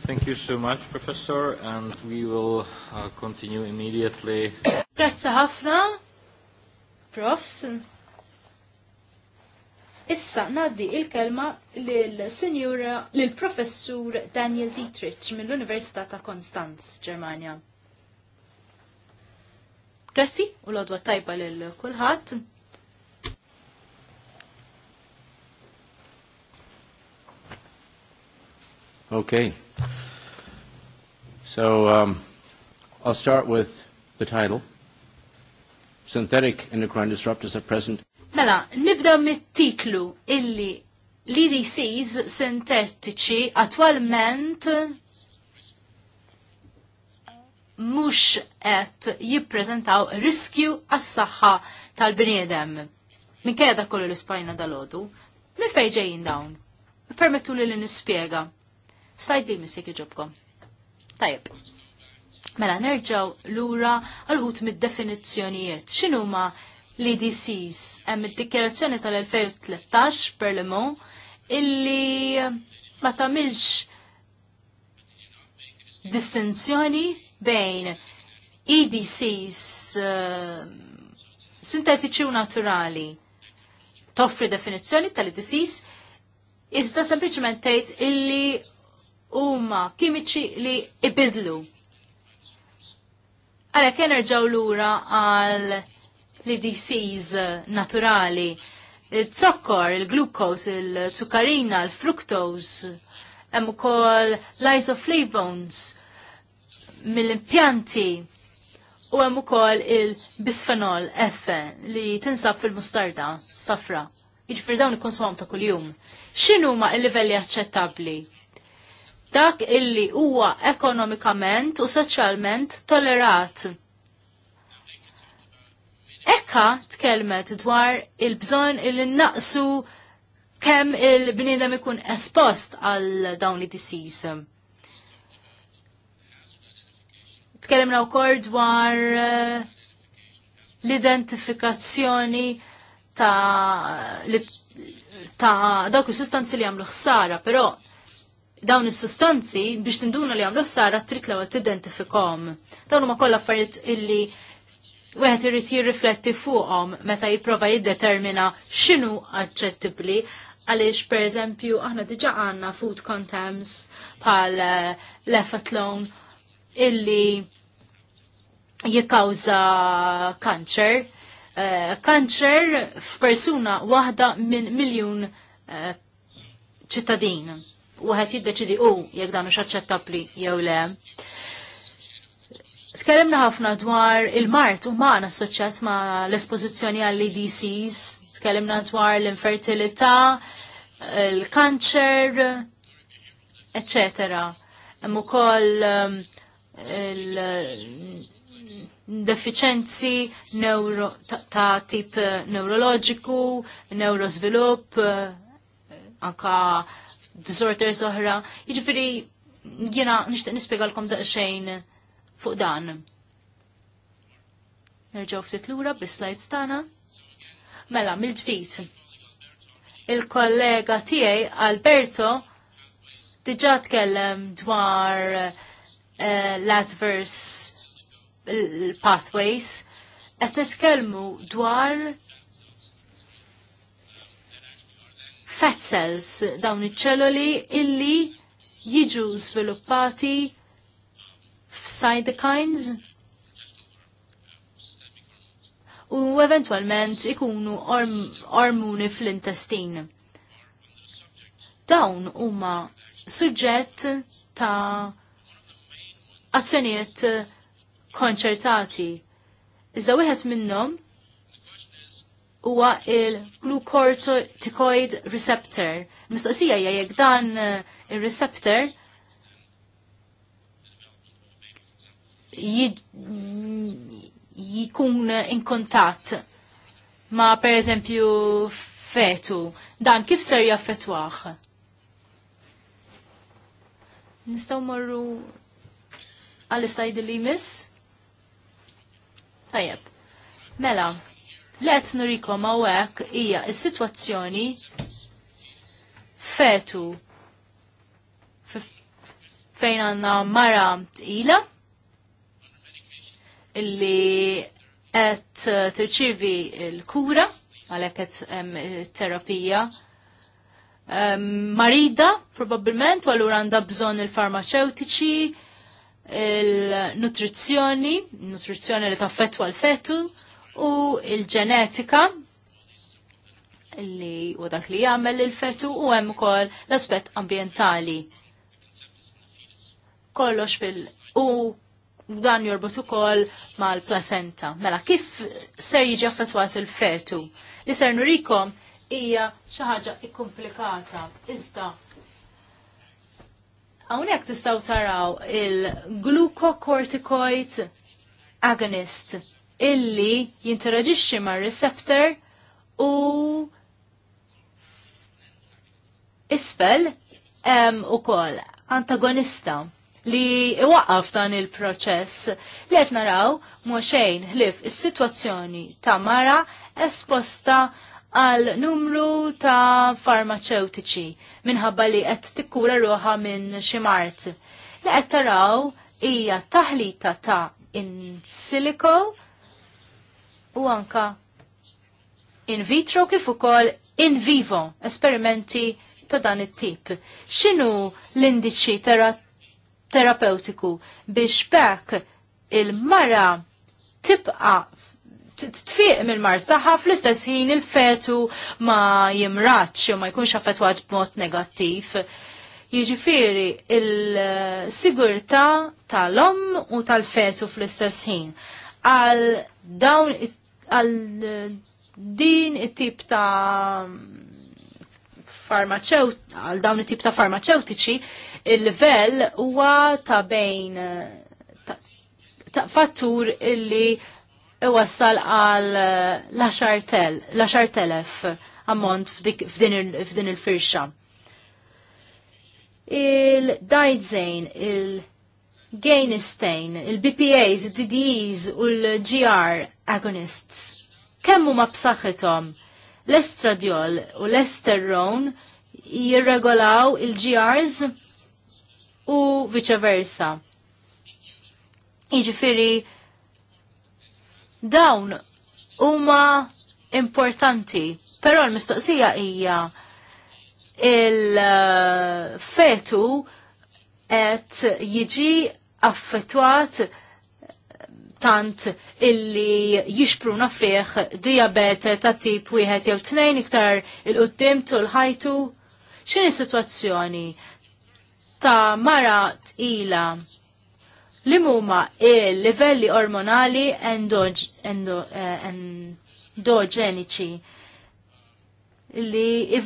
Thank you so much, Professor, and we will uh, continue immediately. Grazie ħafna, Profs. Issa naddi il-kelma lil senjura lil-Professur Daniel Dietrich mill-Università ta' Konstanz, Germania. Grazzi u l-odwa tajba lil kulħadd. Okay. So um, I'll start with the title. Synthetic endocrine disruptors at present. Mela, nibda mit-titlu illi l-EDCs sintetiċi attualment mux qed jippreżentaw riskju għas-saħħa tal-bniedem. Minkejja da kollu l-Ispajna dal odu mi fejn ġejjin dawn? Permettu li l-nispjega. Slajdi missik iġobkom. Tajib. Mela nerġaw lura għal-ħut mid-definizzjonijiet. X'inhu ma l-IDCs hemm id-dikjerazzjoni tal-2013 per Lemon illi ma tagħmilx distinzjoni bejn EDCs uh, eh, sintetiċi u naturali. Toffri definizzjoni tal-EDCs iżda sempliċement tgħid illi huma kimiċi li ibidlu. Għalhekk kien l lura għal li DCs naturali. Il-zokkor, il-glucose, il-zuccarina, il-fructose, hemm ukoll l-isoflavones mill-impjanti u hemm ukoll il-bisfenol F li tinsab fil-mustarda safra. Jiġifier dawn ikkonsumhom ta' kuljum. X'inhu ma' il-livelli aċċettabbli? dak illi huwa ekonomikament u soċjalment tolerat. Ekka tkellmet dwar il-bżon illi naqsu kemm il-bniedem ikun espost għal dawn li disis. Tkellimna wkoll dwar eh, l-identifikazzjoni ta' ta' dawk is-sustanzi li għamlu ħsara, però dawn is-sustanzi biex tinduna li għamlu ħsara trid l-ewwel tidentifikhom. Dawn huma kollha affarijiet illi wieħed irid jirrifletti fuqhom meta jipprova jiddetermina x'inhu aċċettibbli għaliex pereżempju aħna diġà għandna food contents bħal eh, lefatlon illi jikkawża kanċer. Kanċer eh, f'persuna waħda minn miljun eh, ċittadin u għet jiddeċidi u jek danu xaċċettabli jew le. Tkellimna ħafna dwar il-mart u ma assoċjat ma l-espozizjoni għall-EDCs, tkellimna dwar l-infertilità, l-kanċer, eccetera. Hemm ukoll um, deficienzi ta, tip neurologiku, neurosvilupp, anka disorders oħra. Jiġifieri jiena nixtieq nispjegalkom daqsxejn fuq dan. Nerġgħu ftit lura bis-slides tagħna. Mela, mill-ġdid. Il-kollega tiegħi Alberto diġà tkellem dwar eh, l-adverse pathways qed nitkellmu dwar fat cells, dawn iċ-ċelloli illi jiġu sviluppati f'cytokines u eventualment ikunu ormuni fl-intestin. Dawn huma suġġett ta' azzjonijiet konċertati. Iżda wieħed minnhom huwa il-glucorticoid receptor. Mistoqsija hija jekk dan eh, ir-receptor jikun in kontatt ma per eżempju fetu. Dan kif ser jaffetwaħ? Nistaw morru għal istajdi li mis? Tajjeb. Mela, Let nurikom għawek hija is-sitwazzjoni fetu fejn għanna mara tila illi qed tirċivi l-kura għalhekk għet terapija ehm, marida probabbilment għallur allura għandha bżonn il-farmaceutiċi il-nutrizzjoni, nutrizzjoni li taffettwa l-fetu, u il-ġenetika li u dak li jagħmel il-fetu u hemm ukoll l-aspett ambjentali. Kollox fil- u dan jorbot ukoll mal plasenta Mela, kif ser jiġi affettwat il-fetu? Li ser nurikom hija xi ħaġa ikkumplikata. Iżda hawnhekk tistgħu taraw il-glucocorticoid agonist illi jinteraġixxi mar receptor u isfel hemm ukoll antagonista li iwaqqaf dan il-proċess li qed naraw xejn ħlif is-sitwazzjoni ta' mara esposta għal numru ta' farmaceutiċi minħabba li qed tikkura ruħa minn xi mart. Li qed taraw hija taħlita ta' in silico u anka in vitro kif ukoll in vivo esperimenti ta' dan it-tip. X'inhu l-indiċi tera terapeutiku biex bekk il-mara tibqa tfiq mill mar taħħa fl-istess ħin il-fetu ma jimraċ u ma jkunx affettwat b'mod negattiv. Jiġifieri il-sigurtà tal-om u tal-fetu fl-istess ħin. Għal dawn it għal din it-tip ta' farmaceut għal dawn it-tip ta' farmaceutiċi il-livell huwa ta' bejn ta', fattur illi iwassal għal l-10,000 ammont f'din il-firxa. Il-Dajzejn, il-Gainstein, il-BPAs, il-DDEs u l-GR agonists. Kemmu ma b'saħħithom l-estradiol u l-esterron jirregolaw il-GRs u versa. Iġifiri, dawn huma importanti, però l-mistoqsija hija il-fetu qed jiġi affettwat tant illi jixpruna fih diabete ta' tip wieħed jew tnejn iktar il-qoddim tul ħajtu x'inhi situazzjoni ta' mara tqila li huma il-livelli ormonali endoġeniċi eh, li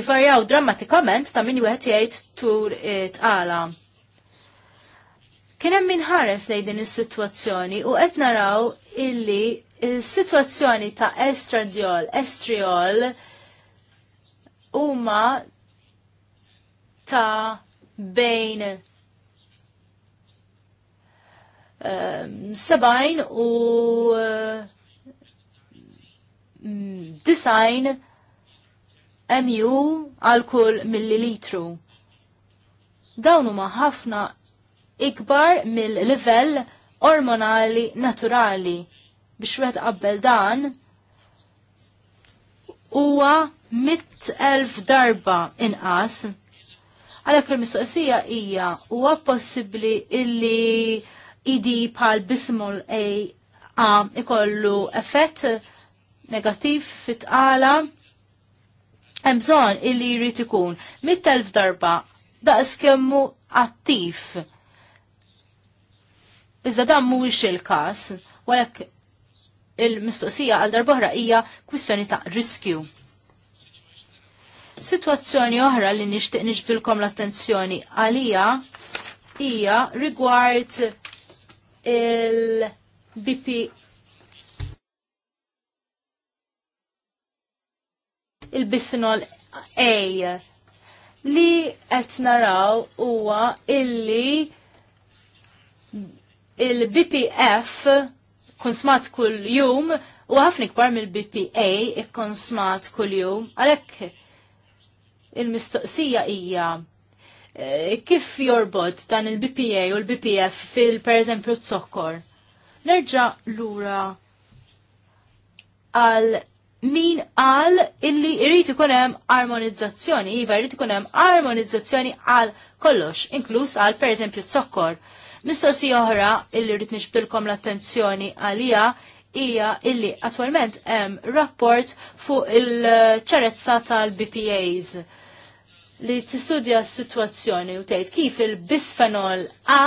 ivarjaw drammatikament ta' min wieħed jgħid tur tqala. Kien hemm minħares lejn din is-sitwazzjoni u qed naraw illi il sitwazzjoni ta' estradiol, estriol huma ta' bejn um, ehm, sebajn u disajn mm, design MU għal kull millilitru. Dawn huma ħafna ikbar mill-livell ormonali naturali biex wieħed qabbel dan huwa mit elf darba inqas. Għalhekk il-mistoqsija hija huwa possibbli illi idi bħal bismol A ikollu effett negattiv fit-tqala hemm bżonn illi jrid ikun mit-telf darba daqs kemmu attiv Iżda dan mhuwiex il-każ, walek il-mistoqsija għal darbohra hija kwistjoni ta' riskju. Situazzjoni oħra li nixtieq nixbilkom l-attenzjoni għalija hija rigward il-BP il-bisinol A li qed naraw huwa illi il-BPF kun smat kull jum u ħafna kbar mill-BPA ikkun smat kull jum. Għalhekk il-mistoqsija hija eh, kif jorbod dan il-BPA u l-BPF fil pereżempju t-sokkor. Nerġa' lura għal min għal illi irrit ikun hemm armonizzazzjoni, iva irrit ikun hemm armonizzazzjoni għal kollox, inkluż għal pereżempju t-sokkor. Mistoqsija oħra illi rrid nixbilkom l-attenzjoni għalija hija illi attwalment hemm rapport fuq il-ċarezza tal-BPAs li tistudja s-situazzjoni u tgħid kif il-bisfenol A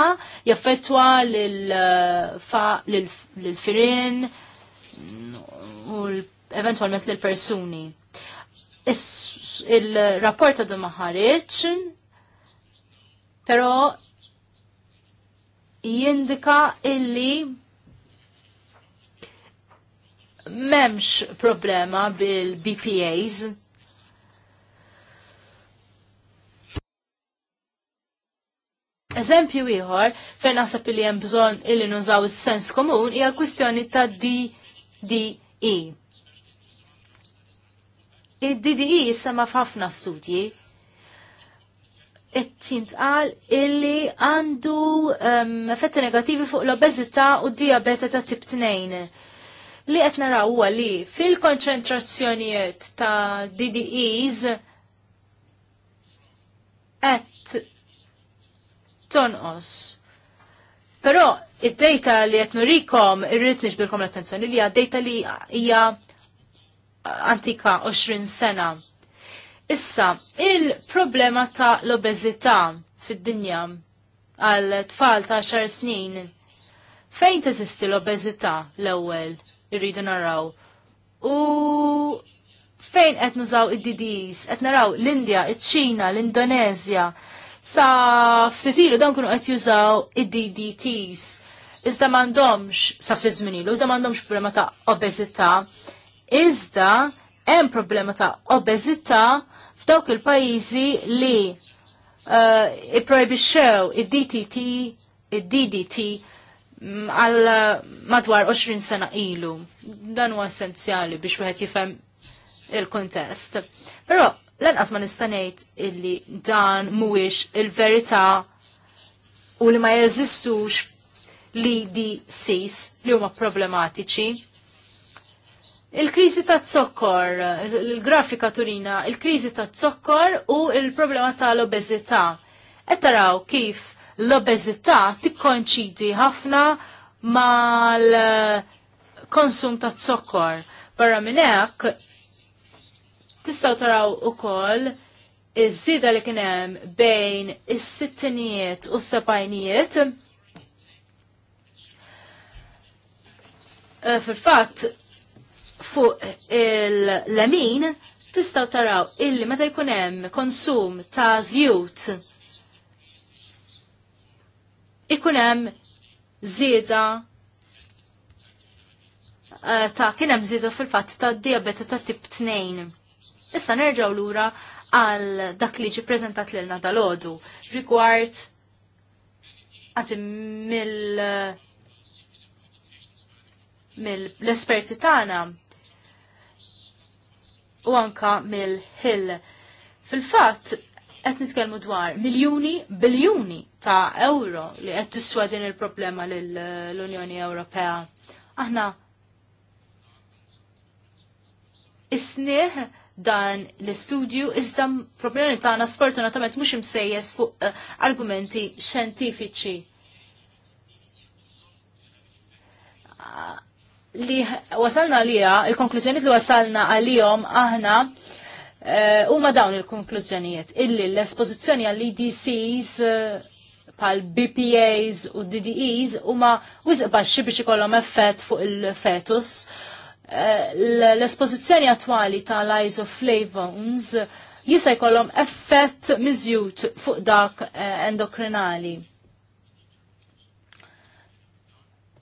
jaffettwa lil-firin uh, u eventualment lil-persuni. Il-rapport għadu maħarriċ, pero jindika illi memx problema bil-BPAs Eżempju ieħor fejn naħseb li hemm bżonn illi nużaw is-sens komun hija l-kwistjoni ta' DDE. Id-DDE jissema f'ħafna studji it-tintqal illi għandu um, effetti negativi fuq l-obezita u diabete ta' tip 2. Li qed raw li fil-konċentrazzjonijiet ta' DDEs qed tonqos. Però id-data li qed nurikom irrid nixbilkom l-attenzjoni li għad data li hija antika 20 sena Issa, il-problema ta' l obezita fid-dinja għal tfal ta' xar snin. Fejn teżisti l obezita l-ewwel irridu naraw? U fejn qed nużaw id-DDs, qed naraw l-Indja, iċ-Ċina, l-Indonezja. Sa ftitilu dawn kienu qed jużaw id-DDTs. Iżda m'għandhomx sa ftit żminilu, iżda m'għandhomx problema ta' obeżità, iżda hemm problema ta' obeżità f'dawk il-pajjiżi li uh, iprojbixxew id-DTT id-DDT mm, għal uh, madwar 20 sena ilu. Dan huwa essenzjali biex wieħed jifhem il kuntest Però lanqas ma nista' ngħid illi dan mhuwiex il-verità u li ma jeżistux li di sis li huma problematiċi Il-krizi ta' zokkor, il-grafika turina, il-krizi ta' zokkor u il-problema ta' l-obezita. Ettaraw kif l-obezita tikkonċidi ħafna mal-konsum ta' zokkor. Barra minnek, tistaw taraw u koll iż-żida li kienem bejn is-sittinijiet u s-sebajnijiet. E, fil-fatt, fuq il-lemin tistaw taraw illi meta jkun hemm konsum ta' zjut ikun hemm żieda eh, ta' kien hemm żieda fil-fatt ta' diabete ta' tip 2. Issa nerġaw lura għal dak li ġi preżentat lilna dal-għodu rigward għazim mill mill-esperti tagħna u anka mill-Hill. Fil-fatt, qed nitkellmu dwar miljuni, biljuni ta' euro li qed tiswa din il-problema lill unjoni Ewropea. Aħna isnieħ dan l-istudju iżda problemi tagħna sfortunatament mhux imsejjes fuq uh, argumenti xjentifiċi li wasalna għalija, il konklużjonijiet li wasalna għalihom aħna eh, huma dawn il-konklużjonijiet illi l-espożizzjoni għall edcs eh, pal BPAs u DDEs huma wisq baxxi biex ikollhom effett fuq il-fetus. Eh, l-espożizzjoni attwali tal-isoflavones jista' jkollhom effett miżjud fuq dak endokrinali.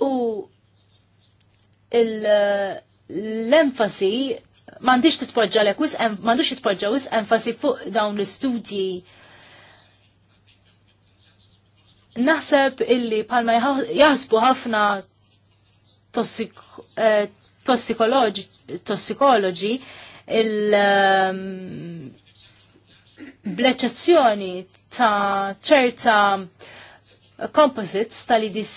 U l-enfasi m'għandix titpoġġa lek wis m'għandux titpoġġa wis enfasi fuq dawn l-istudji. Naħseb illi palma jaħsbu ħafna tossikoloġi eh, tossikologi, tossikologi il ehm, bleċazzjoni ta' ċerta composites tal edcs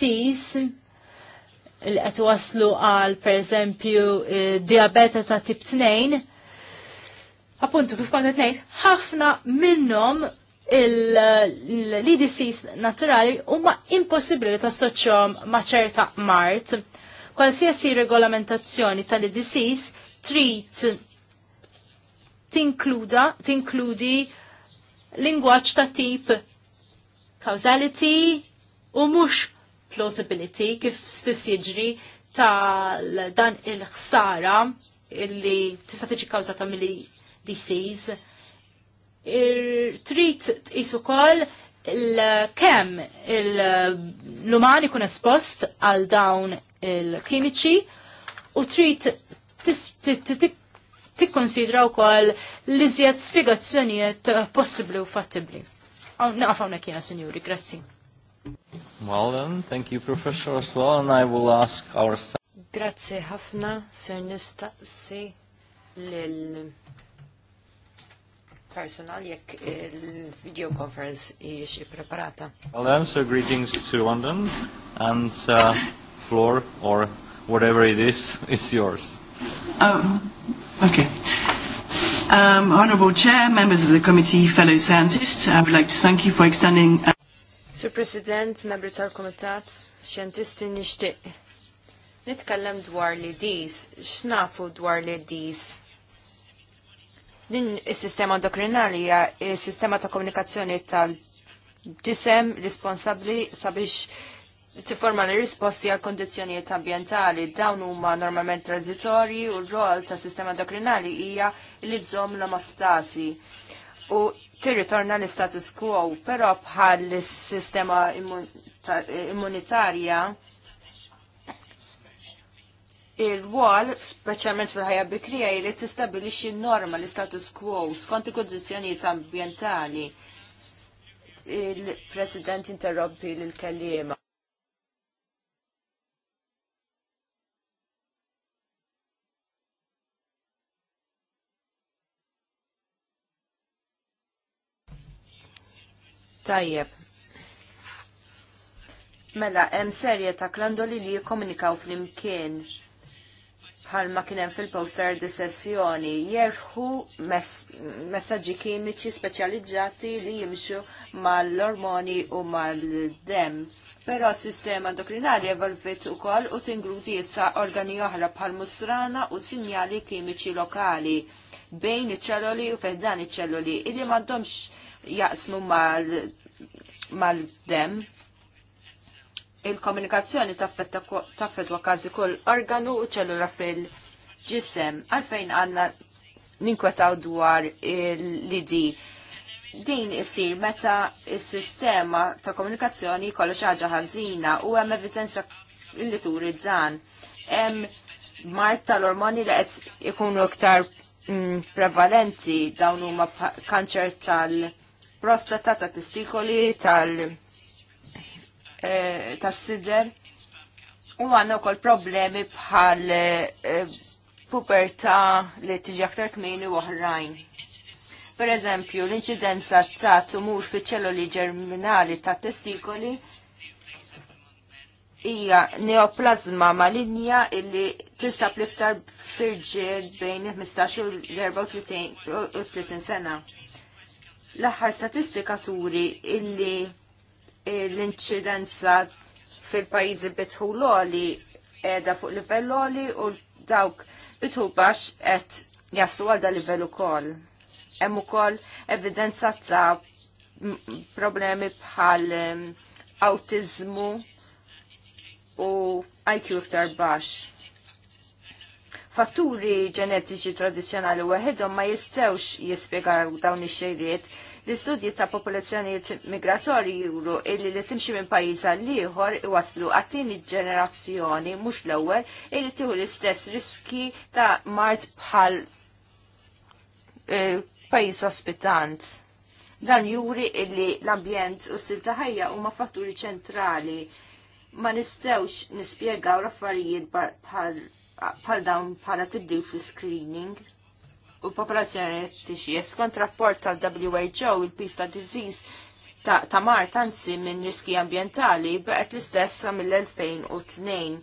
li qed waslu għal pereżempju eh, diabete ta' tip 2. Appuntu kif kont ngħid, ħafna minnhom l idcs naturali huma impossibbli li tassoċjom ma' ċerta mart. Qualsiasi regolamentazzjoni tal idcs trid tinkluda, tinkludi lingwaġġ ta' tip causality u mhux plausibility kif spiss jiġri tal dan il-ħsara illi tista' tiġi kawża ta' milli disease. Trid tqis ukoll kemm l-uman ikun espost għal dawn il-kimiċi u trid tikkonsidra wkoll l-iżjed spjegazzjonijiet possibbli u fattibbli. Naqaf hawnhekk jiena, Sinjuri, grazzi. Well then, thank you Professor as well, and I will ask our staff. Grazie ħafna, ser si lil personal jekk il-video conference ix preparata. Well then, so greetings to London, and uh, floor or whatever it is, is yours. Um, okay. Um, Honourable Chair, members of the committee, fellow scientists, I would like to thank you for extending Sur President, membri tal-Komitat, xjentisti nixtieq. Nitkellem dwar li dis, x'nafu dwar li dis. Din is-sistema endokrinali hija s-sistema ta' komunikazzjoni tal-ġisem responsabbli sabiex tifforma l risposti għal kondizzjonijiet ambjentali dawn huma normalment transitorji u r-rol ta' sistema endokrinali hija li tżomm l-omostasi u tirritorna l-status quo, però bħal sistema immunitarja il-wall, speċjalment fil-ħajja bikrija, jrid tistabilixxi norma l-status quo skont il-kondizzjonijiet ambjentali. Il-President interrompi l-kelliema. Tajjeb. Mela, hemm serje ta' klandoli li jikkomunikaw fl-imkien bħalma kien hemm fil-poster di sessjoni jerħu messaġġi kimiċi speċjalizzati li jimxu mal-ormoni u mal-dem. Però s-sistema endokrinali evolvit ukoll u tingruti issa organi oħra bħal musrana u sinjali kimiċi lokali bejn iċ-ċelloli u fejn dan iċ-ċelloli illi m'għandhomx jaqsmu mal-dem. Il-komunikazzjoni taffet wakazi kull organu u ċellura fil-ġisem għalfejn għanna ninkwetaw dwar l-lidi. Din isir meta il-sistema ta' komunikazzjoni kollu xaġa ħażina u hemm evidenza li turi dan. Hemm mart tal-ormoni li qed ikunu iktar mm, prevalenti dawn huma kanċer tal- prostata ta' testikoli tal- eh, tas-sider u għandna wkoll problemi bħal eh, pubertà li tiġi aktar kmini u oħrajn. Per eżempju, l-inċidenza ta' tumur fi ċelloli ġerminali ta' testikoli hija neoplasma malinja illi tista' pliftar firġiet firġiel bejn 15 u l-30 sena. L-aħħar statistika turi illi l-inċidenza fil-pajjiżi bitħul oli edha fuq livell oli u dawk bitħu baxx qed jassu għal da livell ukoll. Hemm ukoll evidenza ta' problemi bħal ehm, autizmu u IQ iktar baxx fatturi ġenetiċi tradizjonali waħedhom ma jistewx jispjegaw dawn ix-xejriet. L-istudji ta' popolazzjonijiet migratorji juru illi li timxi minn pajjiż għal ieħor iwaslu għattini ġenerazzjoni mhux l-ewwel illi tieħu l-istess riski ta' mart bħal e, pajjiż ospitant. Dan juri illi l-ambjent u stil ta' ħajja huma fatturi ċentrali ma nistewx nispjegaw l-affarijiet bħal bħal dawn bħala tibdil fil-screening u popolazzjoni tixie. Skont rapport tal-WHO il-pis ta' disease ta', ta mart anzi minn riski ambientali baqgħet l-istess sa mill-2002.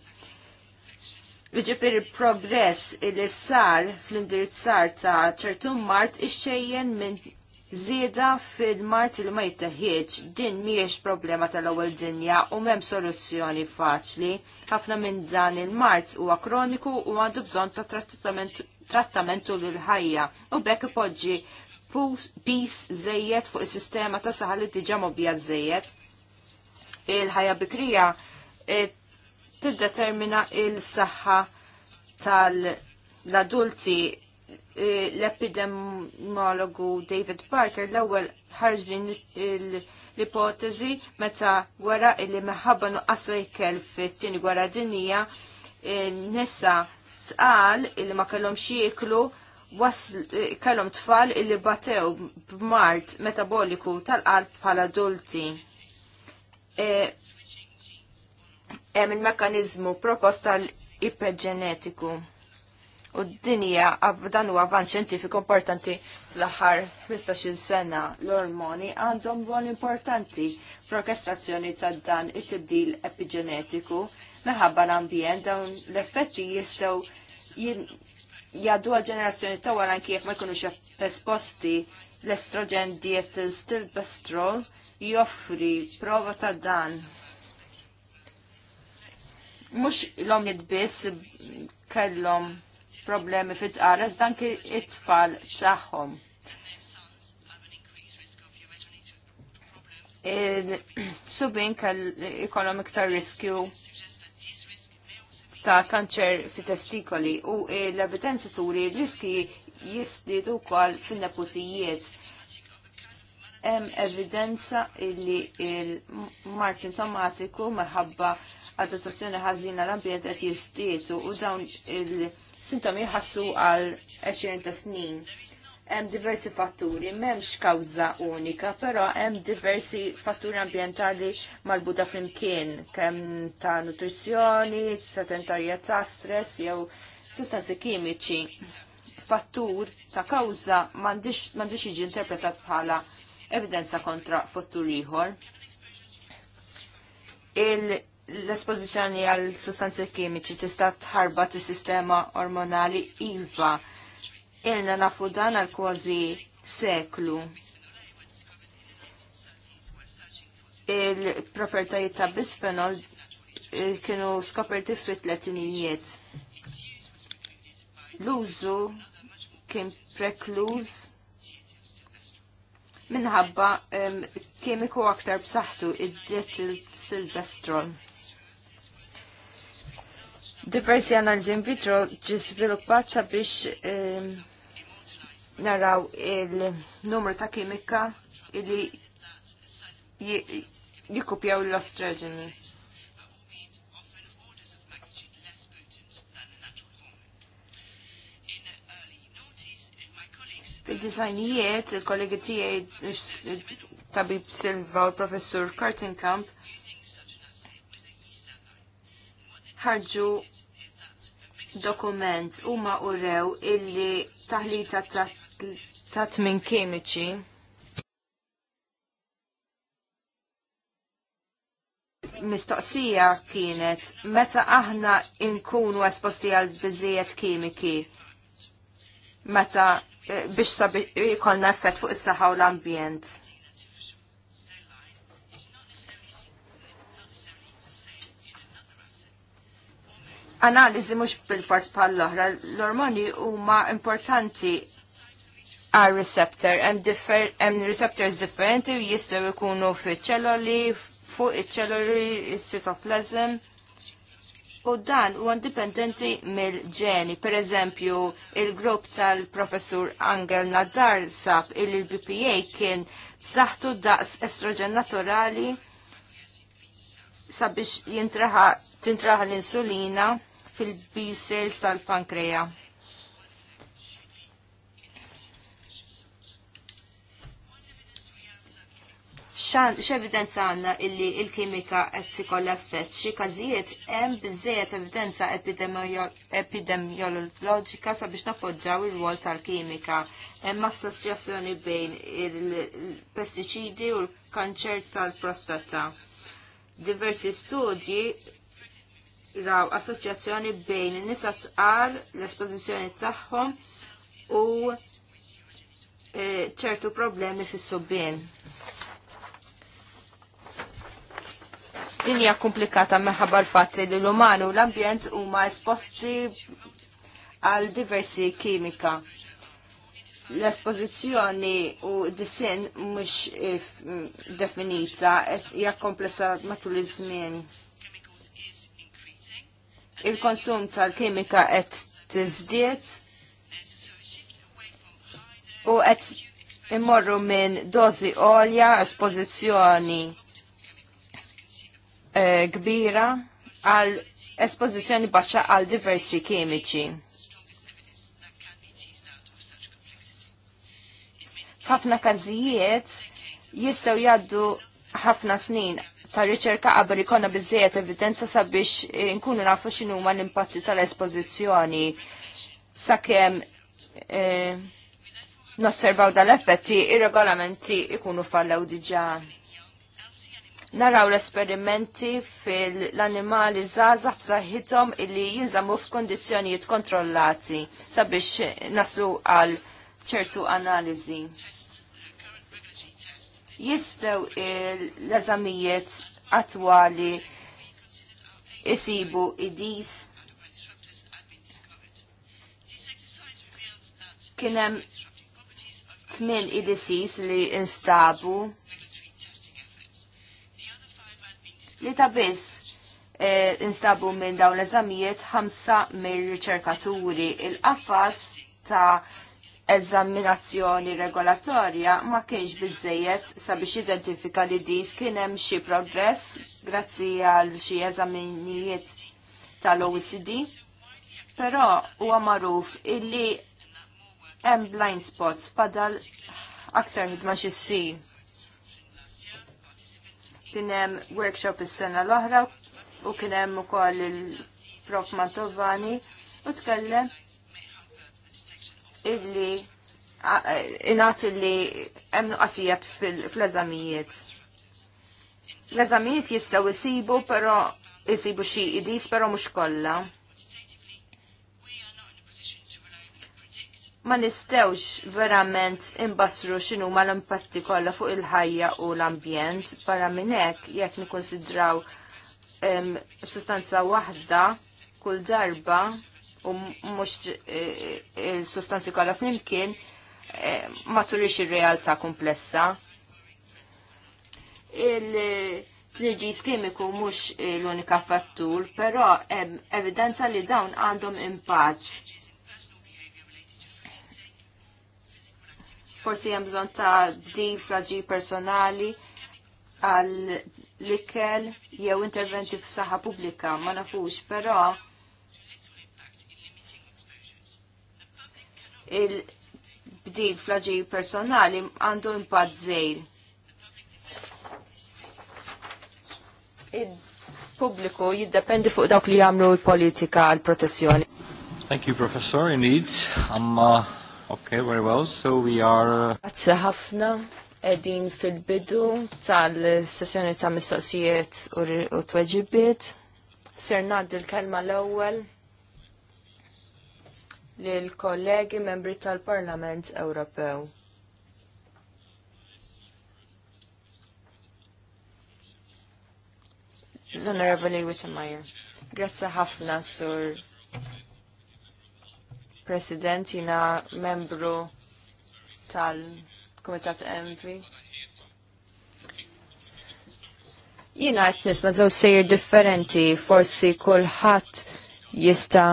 il progress il sar fl-indirizzar ta' ċertu mart ixxejjen minn Zieda fil-mart il ma jitteħieġ din miex problema tal-ewwel dinja u m'hemm soluzzjoni faċli. Ħafna minn dan il-mart huwa kroniku u għandu bżonn ta' trattamentu lil ħajja u bekk ipoġġi pis żejjed fuq is-sistema ta' saħa li diġà mobija żejjed. Il-ħajja bikrija tiddetermina il-saħħa tal-adulti l-epidemologu David Parker l-ewwel ħarġ l-ipotezi meta wara li meħabba nuqqasla ikel fit-tieni gwara dinija eh, nisa tqal illi ma kellhomx jieklu eh, kellhom tfal illi batew b'mart metaboliku tal-qalb bħala adulti. Eh, hemm il-mekkaniżmu proposta l-ipeġenetiku. U d-dinja dan huwa għavan xjentifiku importanti fl-aħħar 15 sena l-ormoni għandhom rol importanti fl-orkestrazzjoni ta' dan it-tibdil epigenetiku meħabba l-ambjent dawn l-effetti jistgħu jaddu għal ġenerazzjoni ta' wara anki jekk ma jkunux esposti l-estrogen dietil stilbestrol joffri prova ta' dan. Mhux l om biss kellhom problemi fit tqares danki it-tfal tagħhom. Subin kell ikollhom iktar riskju ta' kanċer fit testikoli u l-evidenza turi riski u wkoll fin-nepotijiet hemm evidenza li il marċin tomatiku meħabba adattazzjoni ħażina l-ambjent qed jistietu u dawn il- sintomi jħassu għal 20 ta' snin. Hemm diversi fatturi, m'hemmx kawża unika, però hemm diversi fatturi ambjentali marbuta flimkien, kemm ta' nutrizzjoni, sedentarjetà, ta' stress jew sostanzi kimiċi. Fattur ta' kawża m'għandix jiġi interpretat bħala evidenza kontra fattur ieħor l-esposizjoni għal sustanzi kimiċi tista' tħarbat is-sistema ormonali iva. Ilna nafu dan għal kważi seklu. Il-propertajiet ta' bisfenol eh, kienu skoperti fit-tletinijiet. L-użu kien prekluż minħabba kemiku aktar b'saħħtu id-detil silvestrol. Diversi analizi in vitro ġi sviluppata biex eh, naraw il-numru ta' kimika li jikupjaw l-ostrogeni. Fil-disajnijiet, il-kollegi tijiet, tabib Silva u professur Kartenkamp, ħarġu dokument huma urew illi taħlita ta' minn kimiċi mistoqsija kienet meta aħna inkunu esposti għal biżijiet kimiki meta eh, biex sabi jkollna effett fuq is-saħħa u l-ambjent. analiżi mhux bil-fors pal oħra L-ormoni huma importanti għal receptor. Hemm differ, receptors differenti u jistgħu jkunu fiċ-ċelloli, fuq iċ-ċelloli, is-sitoplasm. U dan u dipendenti mill-ġeni. Per eżempju, il-grupp tal-professur Angel Nadar sab il-BPA kien b'saħħtu daqs estrogen naturali sabiex jintraħa tintraħa l-insulina fil bisel tal-pankreja. x'evidenza għandna illi il-kimika qed tikoll effett xi każijiet hemm biżejjed evidenza epidemioloġika sabiex nappoġġaw ir-rwol tal-kimika. Hemm assoċjazzjoni bejn il-pestiċidi u l-kanċer tal-prostata. Diversi studji Raw assoċjazzjoni bejn in-nisa tqal l-espożizzjoni tagħhom u e, ċertu problemi fis subien Din hija komplikata meħabba l-fatt li l umanu u l-ambjent huma esposti għal diversi kimika. L-espożizzjoni u d disin mhux eh, definita hija komplessa matul iż-żmien il-konsum tal-kimika qed tiżdied u qed imorru minn dozi olja, espożizzjoni eh, kbira għal espożizzjoni baxxa għal diversi kimiċi. F'ħafna każijiet jistgħu jgħaddu ħafna snin ta' riċerka qabel ikonna bizzejet evidenza sabiex eh, nkunu nafu xinu ma l-impatti tal-espożizzjoni sakemm eh, nosservaw dal-effetti ir-regolamenti ikunu fallew diġà. Naraw l-esperimenti fil-animali zazah b'saħħithom illi jinżamu f'kondizzjonijiet kontrollati sabiex naslu għal ċertu analiżi jistaw l-eżamijiet attwali isibu id-dis kienem tmin id-disis li instabu li ta' biss eh, instabu minn dawn l-eżamijiet ħamsa mir riċerkaturi il-qafas ta' eżaminazzjoni regolatorja ma kienx biżejjed sabiex identifika li dis kien hemm xi progress grazzi għal xi eżaminijiet tal-OECD. Però huwa magħruf illi hemm blind spots fadal aktar ħidma xi ssir. Kien hemm workshop is-sena l-oħra u kien hemm ukoll il-Prof Mantovani u tkellem illi inat illi hemm qasijat fl-eżamijiet. L-eżamijiet jistgħu jsibu però jsibu xi idis però mhux kollha. Ma nistewx verament imbassru xinu ma l-impatti kollha fuq il-ħajja u l-ambjent para minn hekk jekk nikkonsidraw sustanza waħda kull darba u mux eh, eh, il-sustanzi kolla flimkien eh, ma turix il-realtà komplessa. Il-3G kimiku mux l-unika fattur, pero evidenza li dawn għandhom impatt. Forsi hemm bżonn ta' bdil fraġi personali għal l-ikel jew interventi f'saħħa pubblika, ma nafux, però il-bdil fl personali għandu impatt żejr. il publiku jiddependi fuq dawk li jagħmlu l-politika għal protezzjoni. Thank you, Professor. Indeed, I'm um, uh, okay, very well. So we are. Uh, Grazie ħafna. Edin fil-bidu tal-sessjoni ta' mistoqsijiet u t-weġibiet. Sir naddi l-kelma l-ewwel lill kollegi membri tal-Parlament Ewropew. L-Onorevoli Wittmeyer. Grazzi ħafna, Sur President, jina membru tal-Komitat Envi. Jina qed nisma' żew sejjer differenti, forsi kulħadd jista'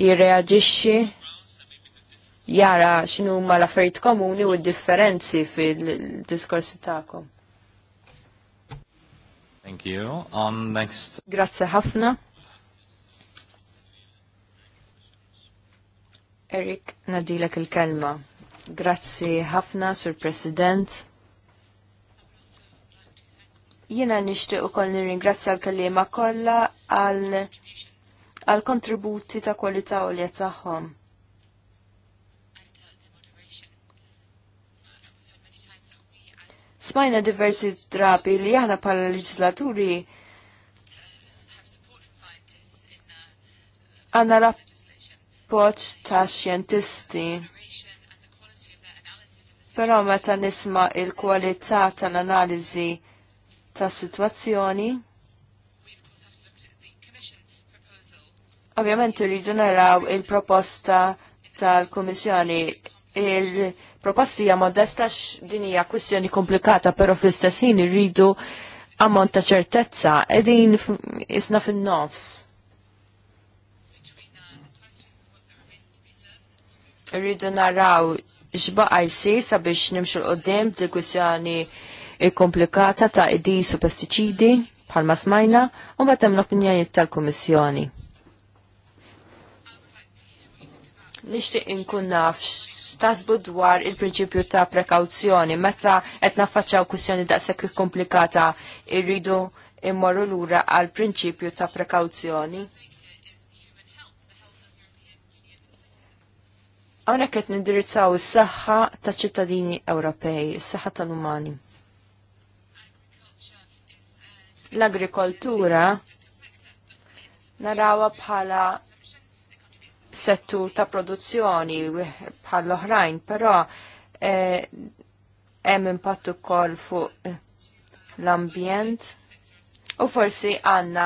jirreaġixxi jara xinu ma l-affarijiet komuni u d-differenzi fil-diskorsi tagħkom. Thank you. On um, next. Grazie ħafna. Erik, nadilek il-kelma. Grazzi ħafna, Sur President. Jiena nixtieq ukoll nirringrazzja l-kellima kollha għal kontributi ta' kwalità u li tagħhom. Smajna diversi drabi li aħna bħala leġislaturi għanna rapport ta' xjentisti. Però meta nisma il-kwalità tal-analiżi ta' situazzjoni, Ovvjament rridu naraw il-proposta tal-Kummissjoni il-, -proposta tal -kummissjoni, il proposta tal il proposti hija modesta din hija kwistjoni komplikata, però fl-istess ħin irridu ammont ta' ċertezza qegħdin isna fin-nofs. Irridu naraw x'baqa' jsir sabiex nimxu l-qudiem di kwistjoni komplikata ta' idis u pestiċidi bħalma smajna u mbagħad hemm l-opinjonijiet tal-Kummissjoni. Nixtieq inkun nafx tasbu dwar il-prinċipju ta' prekawzjoni. Meta qed naffaċċaw kwistjoni daqshekk komplikata irridu immorru lura għal prinċipju ta' prekawzjoni. Għonek qed nindirizzaw is-saħħa ta' ċittadini Ewropej, s saħħa tal-umani. L-agrikoltura narawa bħala settur ta' produzzjoni bħall-oħrajn, però eh, hemm eh, impatt ukoll fuq l-ambjent u forsi għandna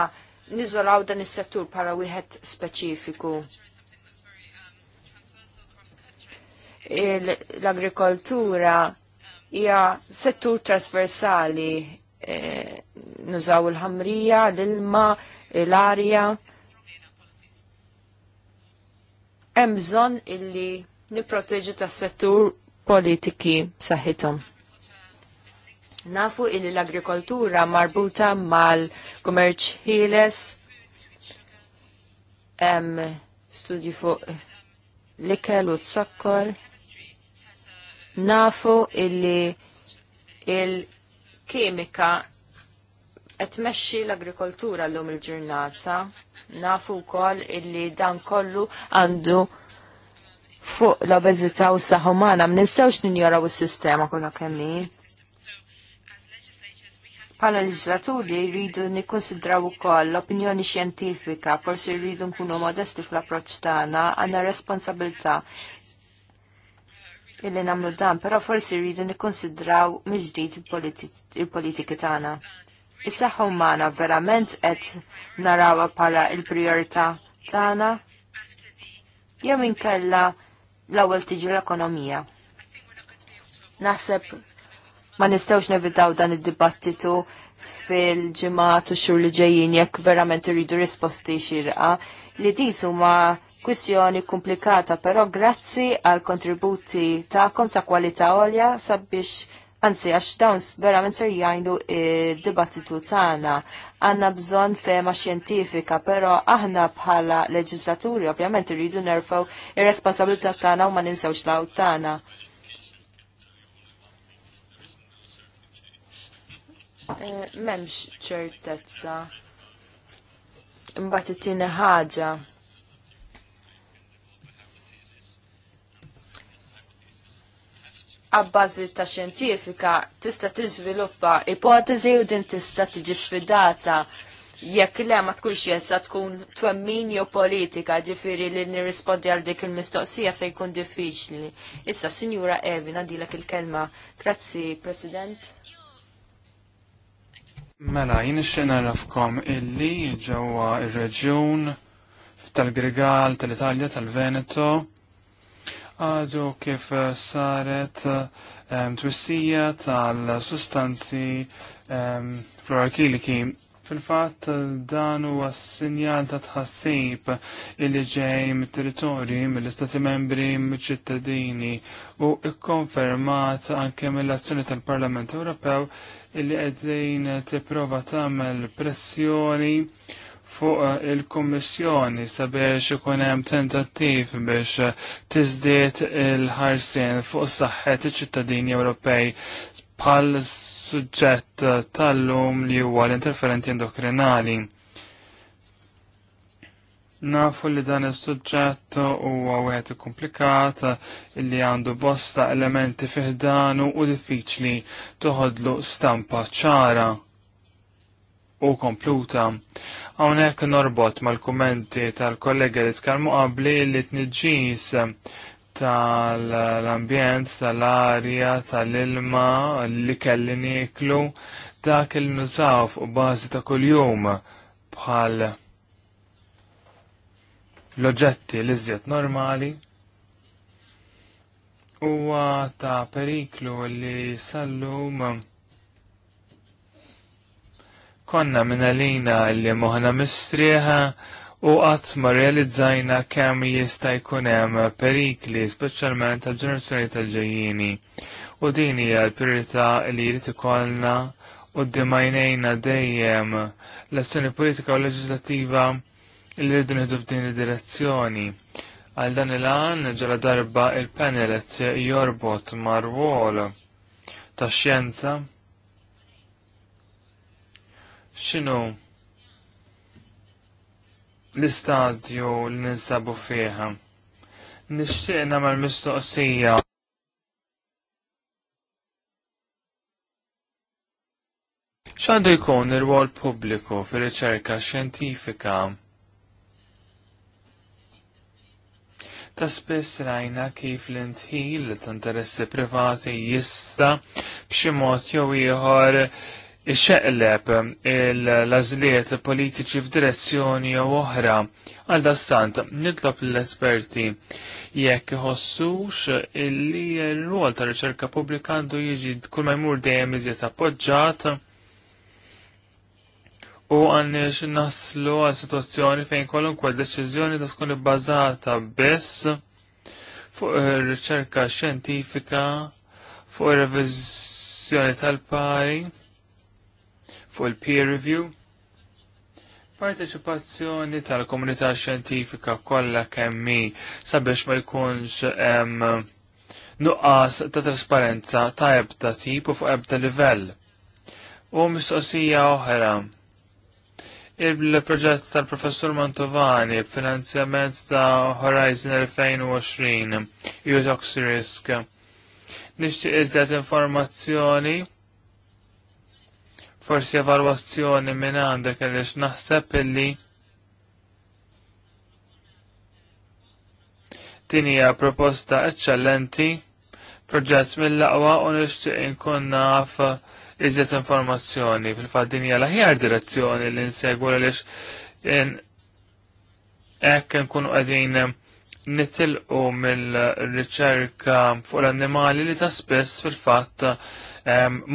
niżolaw dan is-settur bħala wieħed speċifiku. L-agrikoltura hija settur trasversali eh, nużaw il-ħamrija, l-ilma, l-arja. il ħamrija l ilma l arja hemm bżonn illi nipproteġu tas-settur politiki saħħithom. Nafu illi l-agrikoltura marbuta mal-kummerċ ħieles, hemm studji fuq l-ikel u t-sokkor. Nafu illi il-kimika qed tmexxi l-agrikoltura llum il-ġurnata. il ġurnata Nafu wkoll illi dan kollu għandu fuq l-obeżità u s sahumana Mnistawx ninjora ninjoraw is-sistema kollha kemm Bħala leġislaturi rridu nikkonsidraw ukoll l-opinjoni xjentifika, forsi rridu nkunu modesti fl-approċċ tagħna, għanna responsabilità illi nagħmlu dan, però forsi rridu nikkonsidraw mill-ġdid il-politiki tagħna. Is-saħħa umana verament qed narawha bħala l-prijorità tagħna jew inkella l-ewwel tiġi l-ekonomija. Naħseb ma nistgħux nevitaw dan id-dibattitu fil-ġimgħat u xhur li ġejjin jekk verament irridu risposti xirqa li dis huma kwistjoni komplikata, però grazzi għal kontributi tagħkom ta' kwalità għolja sabiex Anzi, għax dawn minn ser jgħajnu id-dibattitu tagħna. Għandna bżonn fema xjentifika, però aħna bħala leġislaturi ovvjament irridu nerfgħu ir-responsabilità tagħna u ma ninsewx law tagħna. Eh, m'hemmx ċertezza. Imbagħad it-tieni ħaġa għabbażi ta' xjentifika tista' tiżviluppa ipotezi u din tista' tiġi sfidata jekk le ma tkunx jelsa tkun twemmin jew politika ġifiri li nirrispondi għal dik il-mistoqsija se jkun diffiċli. Issa, Sinjura Evin, għandilek il-kelma. Grazzi, President. Mela, jien ixxin narafkom illi ġewwa ir-reġjun tal-Grigal, tal-Italja, tal-Veneto, għadu kif eh, saret eh, twissija tal-sustanzi fluorakiliki. Fil-fat dan huwa sinjal ta' tħassib illi ġej mit territorju mill-Istati Membri mill-ċittadini u ikkonfermat anke mill-azzjoni tal-Parlament Ewropew illi qegħdin tipprova tagħmel pressjoni fuq eh, il-Kummissjoni sabiex ikun hemm tentattiv biex eh, tiżdied il-ħarsien fuq saħħet iċ-ċittadini Ewropej bħal suġġett tal-lum li huwa l-interferenti endokrinali. Nafu li dan is-suġġett huwa wieħed komplikat li għandu bosta elementi fiħdanu u diffiċli toħodlu stampa ċara u kompluta. Hawnhekk norbot mal-kummenti tal-kollega li tkarmu għabli li tniġġis tal-ambjent, tal-arja, tal-ilma, li kelli niklu, dak il nutaf u bażi ta' kuljum bħal l-oġġetti l iżjed normali huwa ta' periklu li sallum konna minn lina li moħna mistrieħa u qatt ma realizzajna kemm jista' jkun hemm perikli speċjalment tal-ġenerazzjoni tal-ġejjini. U din hija l li jrid ikollna u d-dimajnejna dejjem l-azzjoni politika u leġislattiva li rridu nieħdu f'din id-direzzjoni. Għal dan il-għan ġala darba il-panel jorbot mar-wol tax-xjenza xinu l-istadju li ninsabu fieħa. Nishtiq namal mistoqsija. ċandu jkun ir wol pubbliku fir-riċerka xjentifika? Ta' spess rajna kif l-intħil ta' interessi privati jista b'xi mod jew ieħor ixeqleb ehm, l-azliet politiċi f'direzzjoni jew oħra għal dastant nitlob l-esperti jekk iħossux illi r-rol ta' riċerka pubblika għandu jiġi kull ma jmur dejjem iżjed appoġġjat u għandix naslu għal situazzjoni fejn kwalunkwe deċiżjoni ta' tkun ibbażata biss fuq ir-riċerka xjentifika fuq ir-reviżjoni tal-pari fuq il-peer review. Parteċipazzjoni tal-komunità xjentifika kollha kemm mi sabiex ma jkunx nuqqas ta' trasparenza ta' ebda tip u fuq ebda livell. U mistoqsija oħra. Il-proġett tal-professur Mantovani b'finanzjament ta' Horizon 2020 Youth Risk. Nixtieq iżjed informazzjoni forsi evalwazzjoni minn għandek għaliex naħseb illi din hija proposta eċċellenti, proġett mill-laqwa u nixtieq inkun naf iżjed informazzjoni fil-fatt din hija l-aħjar direzzjoni li nsegwu għaliex hekk nkunu qegħdin nitilqu mill-riċerka fuq l-annimali li ta' spess fil-fatt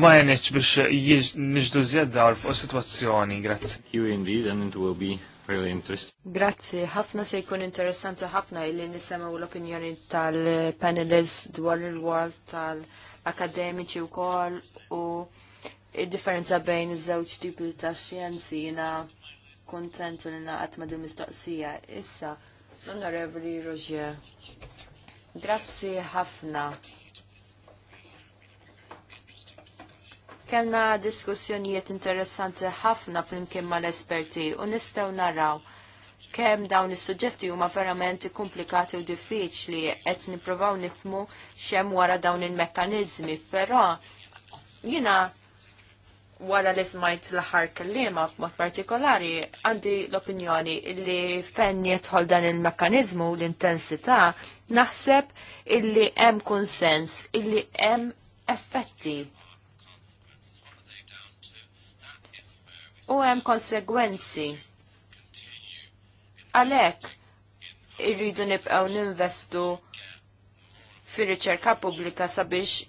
ma jenieċ biex nġdu zjaddar fuq situazzjoni. Grazie. You indeed, and it will be really interesting. Grazie, ħafna se jkun interessanti ħafna li nisemaw l-opinjoni tal panelis dwar il-world tal-akademiċi u kol u il differenza bejn iż-żewġ tipi ta' xjenzi jina kontent li naqat ma' din mistoqsija issa Onorevoli Roger, grazie ħafna. Kellna diskussjonijiet interessanti ħafna flimkien mal-esperti u nistgħu naraw kemm dawn is-suġġetti huma verament komplikati u diffiċli qed nippruvaw nifmu x'hemm wara dawn il-mekkaniżmi, però jiena wara li smajt l-ħar kellima b'mod partikolari, għandi l-opinjoni li fenn jidħol dan il mekanizmu l-intensità, naħseb illi hemm konsens, illi hemm effetti. U hemm konsegwenzi. Għalhekk irridu nibqgħu ninvestu fir-riċerka pubblika sabiex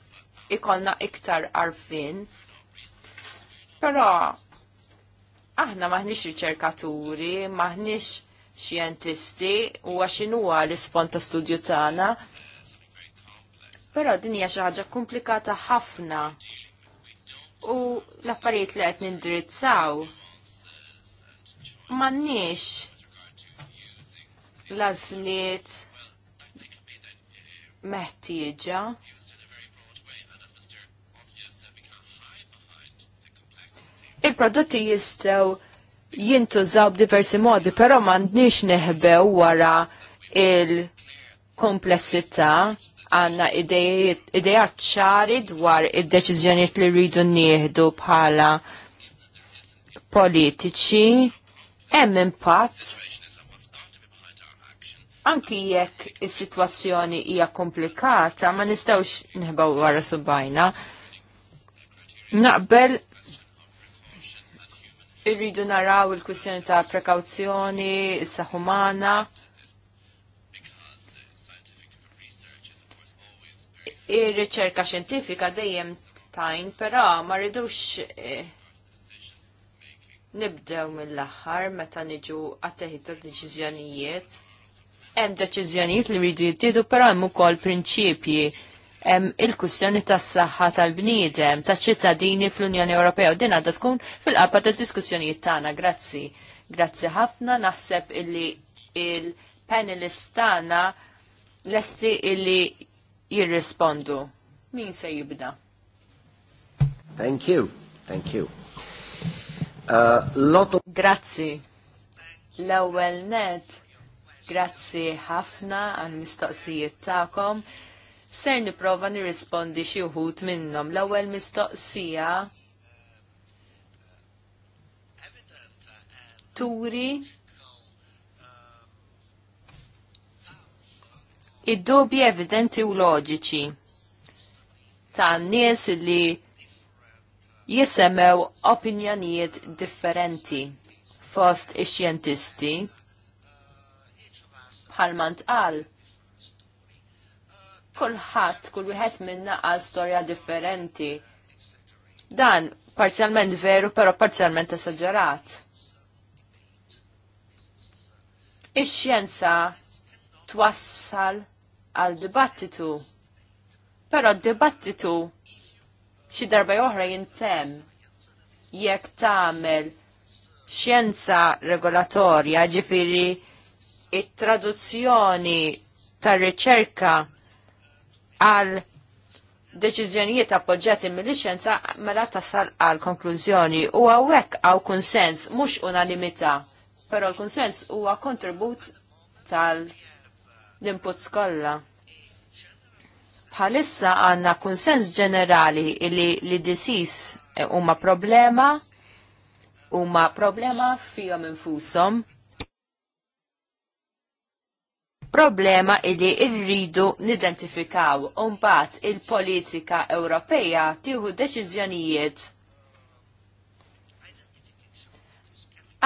ikollna iktar arfin Però aħna maħniex riċerkaturi, maħniex xjentisti u għaxin l-ispont ta' studju tagħna. Però din hija xi ħaġa komplikata ħafna u l-affarijiet li qed nindirizzaw m'għandniex lażliet meħtieġa. Il-prodotti jistaw jintużaw b'diversi modi, però m'għandniex neħbew wara il-komplessità għanna idejat ċari dwar id-deċizjoniet li rridu nieħdu bħala politiċi, hemm impatt anki jekk is-sitwazzjoni hija komplikata ma nistgħux neħbaw wara subajna. Naqbel irridu naraw il-kwistjoni ta' prekawzjoni, issa humana. Ir-riċerka xjentifika dejjem tajn, però ma rridux eh, nibdew mill-aħħar meta niġu ta' deċiżjonijiet. Hemm deċiżjonijiet li rridu jittieħdu, però hemm ukoll prinċipji il-kussjoni tas saħħa tal-bniedem, taċ ċittadini fl-Unjoni Ewropea u din għadda tkun fil-qabba tad diskussjonijiet tagħna. Grazzi. Grazzi ħafna naħseb illi il-panelist tagħna lesti illi jirrispondu. Min se jibda? Thank you. Thank you. Uh, Grazzi. L-ewwel net. Grazzi ħafna għal mistoqsijiet tagħkom ser niprofa nirrispondi xi wħud minnhom. L-ewwel mistoqsija turi id dubi evidenti u loġiċi ta' nies li jisemew opinjonijiet differenti fost ix-xjentisti bħal mantqal. qal kulħadd kull wieħed minna għal storja differenti. Dan parzjalment veru, però parzjalment esaġerat. Ix-xjenza twassal għal dibattitu, però d-dibattitu xi darba oħra jintem jekk tagħmel xjenza regolatorja ġifiri it-traduzzjoni tar-riċerka għal deċiżjonijiet appoġġjati mill-ixenza mela tasal għal konklużjoni u għawek għaw konsens mhux unanimità, però l-kunsens huwa kontribut tal-inputs kollha. Bħalissa għandna kunsens ġenerali li li disis huma problema huma problema fihom infushom problema illi irridu nidentifikaw unbat il-politika Ewropeja tieħu deċiżjonijiet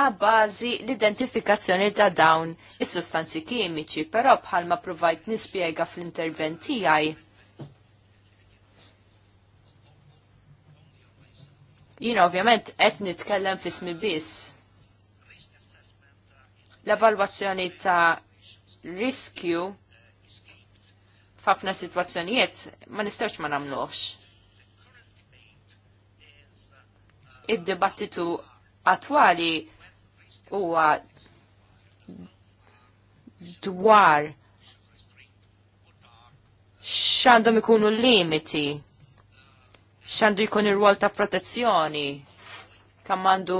għabbażi l-identifikazzjoni ta' dawn is-sustanzi kimiċi, però bħalma provajt nispjega fl-intervent tiegħi. Jien ovvjament qed nitkellem f'ismi biss. L-evalwazzjoni ta' riskju f'ħafna situazzjonijiet ma nistax ma nagħmluhx. Id-dibattitu attwali huwa dwar x'għandhom ikunu limiti, x'għandu jkun ir-rwol ta' protezzjoni, kemm għandu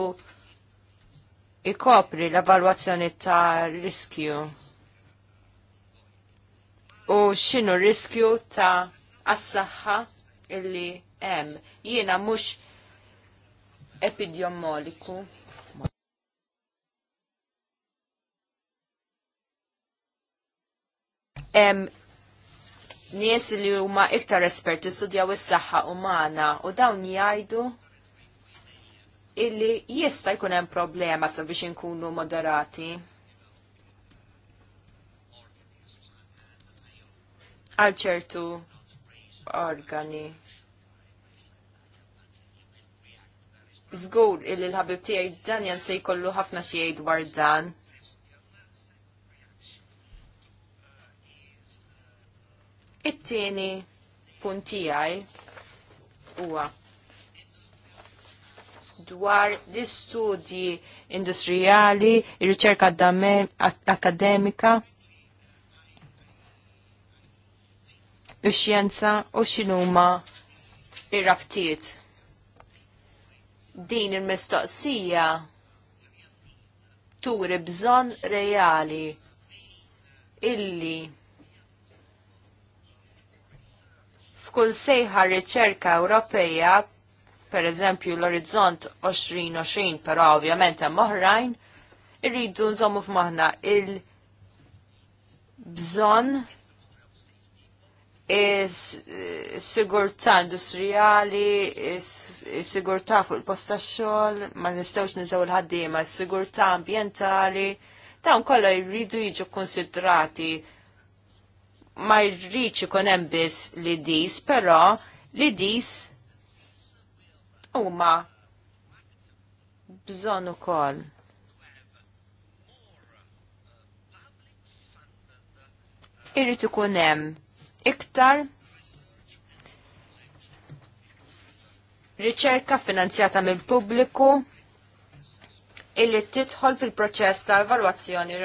ikopri l-evalwazzjoni ta' riskju u x'inhu riskju ta' għas-saħħa illi hemm. Jiena mhux epidjomoliku. Em, nies li huma iktar esperti studjaw is-saħħa umana u dawn jgħidu illi jista' jkun hemm problema sabiex inkunu moderati. għal ċertu organi. Zgur illi l-ħabib tiegħi dan jan se jkollu ħafna xi dwar dan. It-tieni punt tiegħi huwa dwar l-istudji industrijali, ir-riċerka akademika. ix-xjenza u x'inhuma ir-rabtiet. Din il-mistoqsija turi bżonn reali illi f'kull sejħa riċerka Ewropeja per eżempju l-orizzont 2020, però ovvjament hemm oħrajn, irridu nżommu f'maħna il-bżonn is-sigurtà industrijali, is-sigurtà fuq il posta xogħol ma nistgħux niżgħu l-ħaddiema, is-sigurtà ambjentali, dawn kollha jridu jiġu konsidrati ma jridx ikun hemm biss li dis, però li dis huma bżonn ukoll. Irrid ikun hemm iktar riċerka finanzjata mill-pubbliku illi titħol fil-proċess ta' evalwazzjoni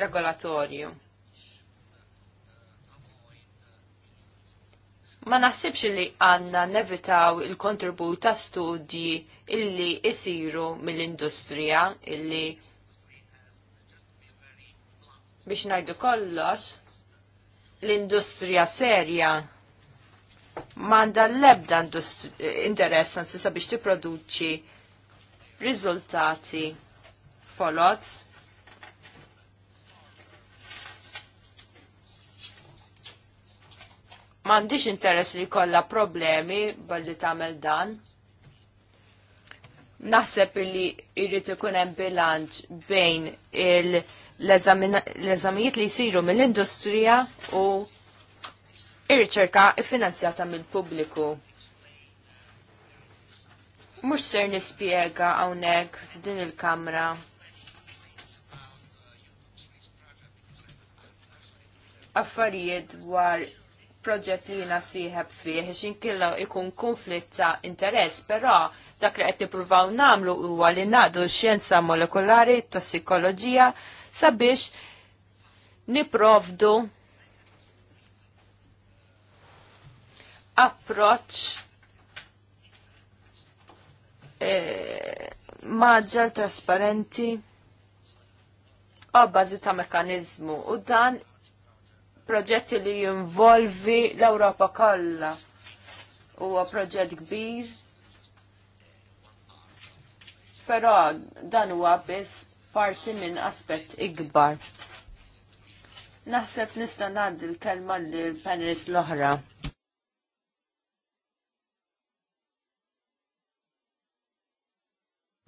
regolatorju. Ma naħsibx li għanna nevitaw il-kontribut ta' studji illi isiru mill-industrija illi biex najdu kollox l-industrija serja manda l-ebda interess biex sabiex tipproduċi riżultati folot. Mandiċ interess li kolla problemi balli tamel dan. Naħseb li irrit ikun hemm bilanċ bejn il- l-eżamijiet li jisiru mill-industrija u ir-riċerka finanzjata mill-pubbliku. Mux ser nispiega għawnek din il-kamra. Affarijiet dwar proġett li jina siħeb fih, xin killa ikun konflitt ta' interess, però dak li qed nippruvaw namlu huwa li naqdu x-xjenza tossikologija, tossikoloġija, sabiex niprovdu approċ eh, maġġal trasparenti għabbażi ta' mekanizmu u dan proġetti li jinvolvi l-Ewropa kollha. Huwa proġett kbir. Però dan huwa biss parti minn aspett ikbar. Naħseb nista' ngħaddi l-kelma lill panelist l-oħra.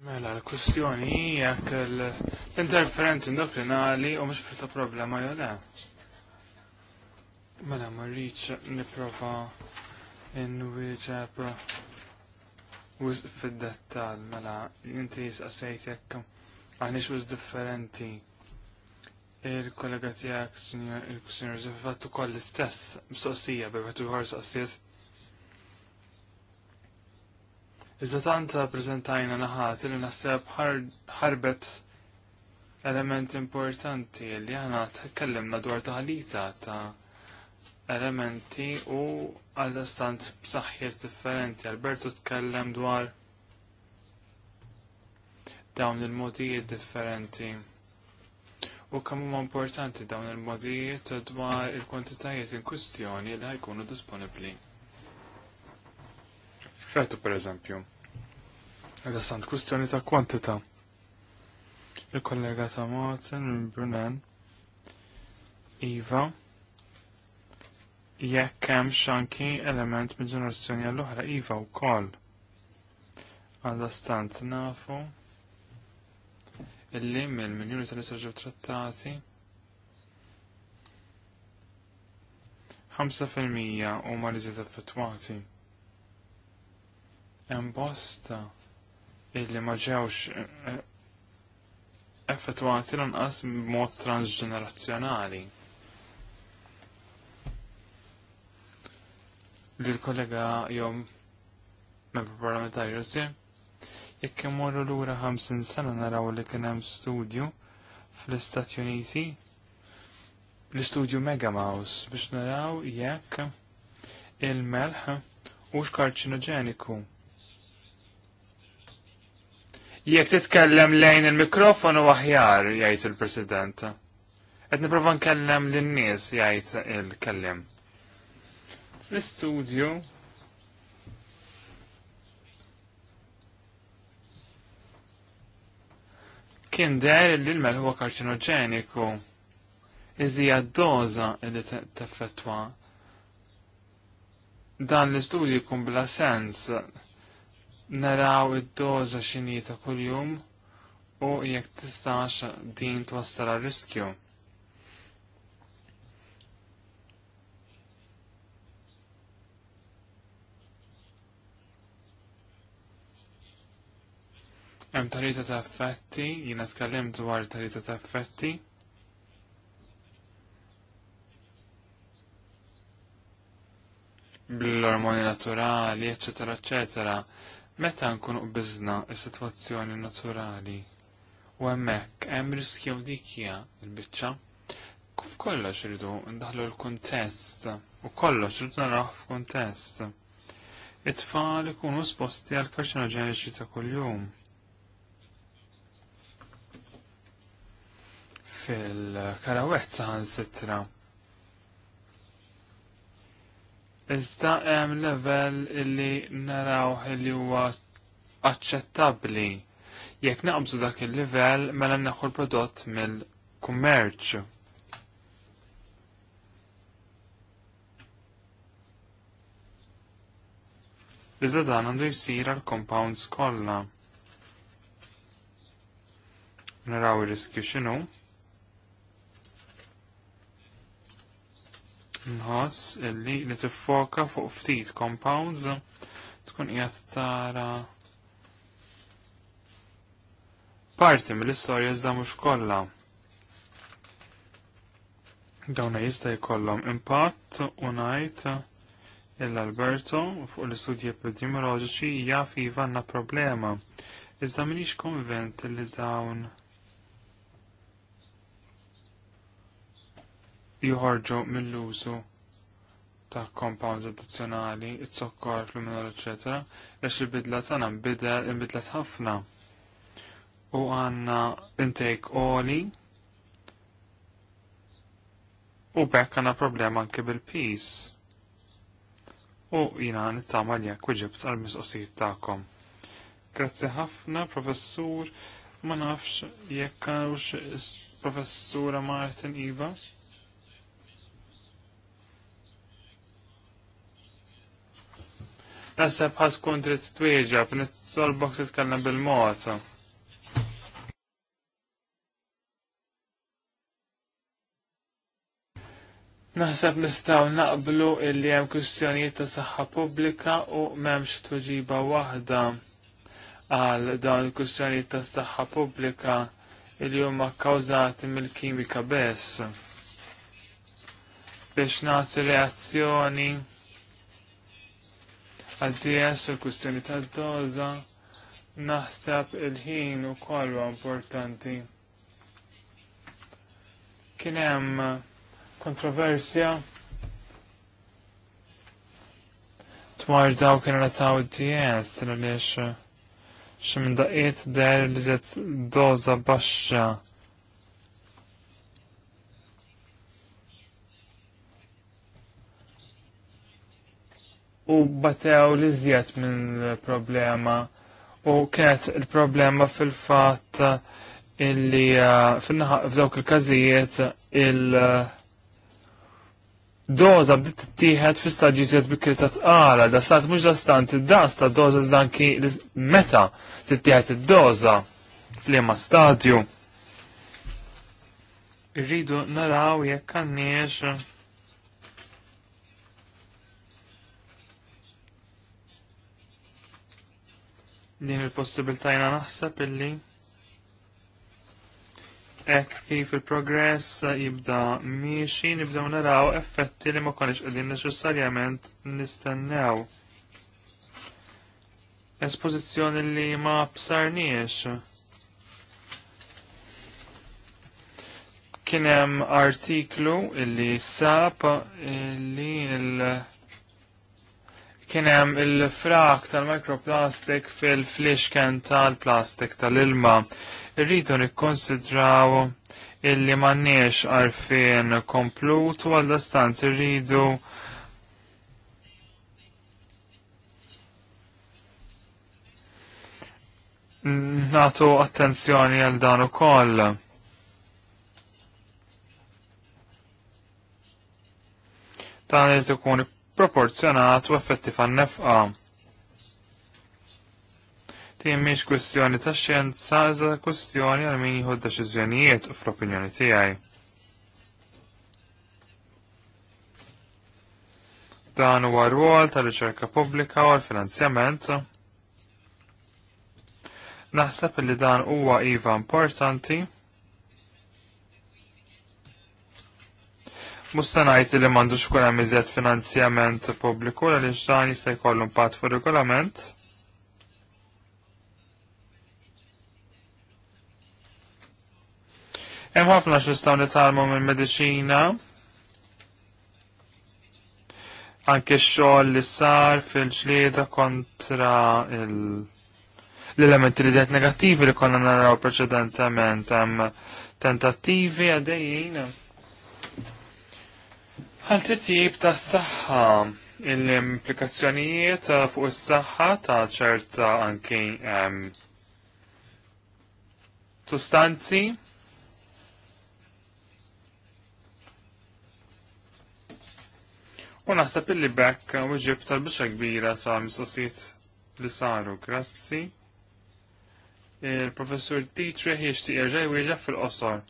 Mela, l-kustjoni jekk l-interferenti endokrinali u mhux ta' problema jew le. Mela, ma rridx nipprova nwieġeb fid-dettall, mela, inti jisqasejt jekk maħniex uż differenti. Il-kollega tijak, il-kusinjur Zifattu koll l-istess, mistoqsija, bebħetu jħor soqsijiet. Iżda tanta prezentajna naħat li naħseb ħarbet element importanti li t tkellimna dwar taħlita ta' elementi u għal-istant b'saħħiet differenti. Alberto tkellem dwar dawn il-modijiet differenti. U kemm huma importanti dawn il-modijiet dwar il-kwantitajiet in kwistjoni li ħajkunu disponibbli. Fretu per eżempju, Għada sant kwistjoni ta' kwantita. Il-kollega ta' Martin Brunen, Iva, jekk hemm xanki element minn ġenerazzjoni għall-oħra iva wkoll. Għal stant nafu Il-limmel illi mill-miljoni tal-istraġew trattati 5% huma li żiet effettwati. Hemm bosta illi ma ġewx eh, eh, effettwati lanqas b'mod transġenerazzjonali. Lil kollega jom membru parlamentari Rossi Jekk imorru lura 50 sena naraw li kien hemm studju fl-Istati Uniti l-istudju Mega Mouse biex naraw jekk il-melħ hux karċinoġeniku. Jekk titkellem lejn il-mikrofonu aħjar, jgħid il-President. Qed nipprova nkellem lin-nies jgħid il kellem Fl-istudju kien der li l-mel huwa karċinoġeniku. għad doza li teffettwa. Dan l-istudju jkun bla sens naraw id-doza xinita ta' kuljum u jekk tistax din twassal riskju. riskju Hemm tarita ta' effetti, jiena tkellem dwar tarita ta' effetti. Bl-ormoni naturali, eccetera, eccetera. Meta nkunu qbiżna is-sitwazzjoni naturali u hemmhekk hemm riskju dikja l-biċċa, f'kollox irridu ndaħlu l-kuntest u kollox irridu naraw f'kuntest. It-tfal ikunu sposti għal karċinoġeniċi ta' kuljum. fil-karawet saħan sitra. Iżda hemm level illi naraw illi huwa aċċettabbli. Jekk naqbżu dak il-level mela naħu l-prodott mill kummerċu Iżda dan għandu jsir għal compounds kollha naraw ir-riskju x'inhu. nħoss illi li tiffoka fuq ftit compounds tkun qiegħed tara parti mill-istorja iżda mhux kollha. Dawna jista' jkollhom impatt u ngħid l-Alberto fuq l-istudji epidemiologiċi jaf iva għandna problema. Iżda minix konvent li dawn joħorġu mill-użu ta' compounds addizzjonali, it-sokkor, fluminol, etc. Lex il-bidla tana mbidel, imbidlet ħafna. U għanna intake oli. U bekk għanna problema anke bil-pis. U jina nittama li għak uġibt għal-mistoqsijiet ta'kom. Grazzi ħafna, professur, ma nafx jekk professura Martin Iva. t-twieġa, kun trid twieġab, nitsolbok titkellem bil-mod. Naħseb nistaw naqblu illi hemm kwistjonijiet ta' saħħa pubblika u m'hemmx tuġiba waħda għal dawn il-kwistjonijiet ta' saħħa pubblika illi huma kkawżati mill-kimika biss. Biex nagħti reazzjoni għaddies u kustjoni ta' doza naħseb il-ħin u kollu importanti. Kien hemm kontroversja dwar daw kien nataw id-DS għaliex xi minn daqiet der li doza baxxa u batew li zjed minn problema u kienet il-problema fil-fat illi uh, f'dawk il-każijiet il-doza uh, bdiet tittieħed fi stadju żied bikri ta' tqala da stat mhux da id-das ta' doza żdanki meta tittieħed id-doza fl imma stadju. Irridu naraw jekk għandniex din il possibiltajna naħseb illi ek kif il-progress jibda miexi nibdew naraw effetti li ma konix qegħdin neċessarjament nistennew. Espożizzjoni li ma bsarniex. Kien hemm artiklu illi sab illi il- Kien hemm il-frak tal-microplastik fil-flixken tal-plastik tal-ilma. Irridu nikkonsidraw illi m'għandniex għarfien komplut u għal-dastant irridu natu attenzjoni għal dan ukoll. Dan li tkun sproporzjonat u effetti fan nefqa. Tim miex kwestjoni ta' xjenza, iżda kwestjoni għal min jieħu deċiżjonijiet u fl-opinjoni tiegħi. Dan huwa rwol ta' riċerka pubblika u l-finanzjament. Naħseb li dan huwa iva importanti. Mustanajt li mandu xkuna hemm iżjed finanzjament pubbliku għaliex dan jista' kollu mpat fuq regolament. Hemm ħafna x'nistgħu nitalmu minn mediċina. Anke x-xogħol li sar fil-ġlieda kontra il- l-elementi li negattivi li konna naraw preċedentement hemm tentattivi għadejjin għal titjib ta' s-saxħa l-implikazzjonijiet eh, fuq is-saħħa ta' ċerta anki sustanzi U naħseb illi bekk u eh, ġib tal-bixa kbira ta' mistoqsijiet li saru, grazzi. Il-professur Dietrich jiex tiqerġaj u fil-qosor.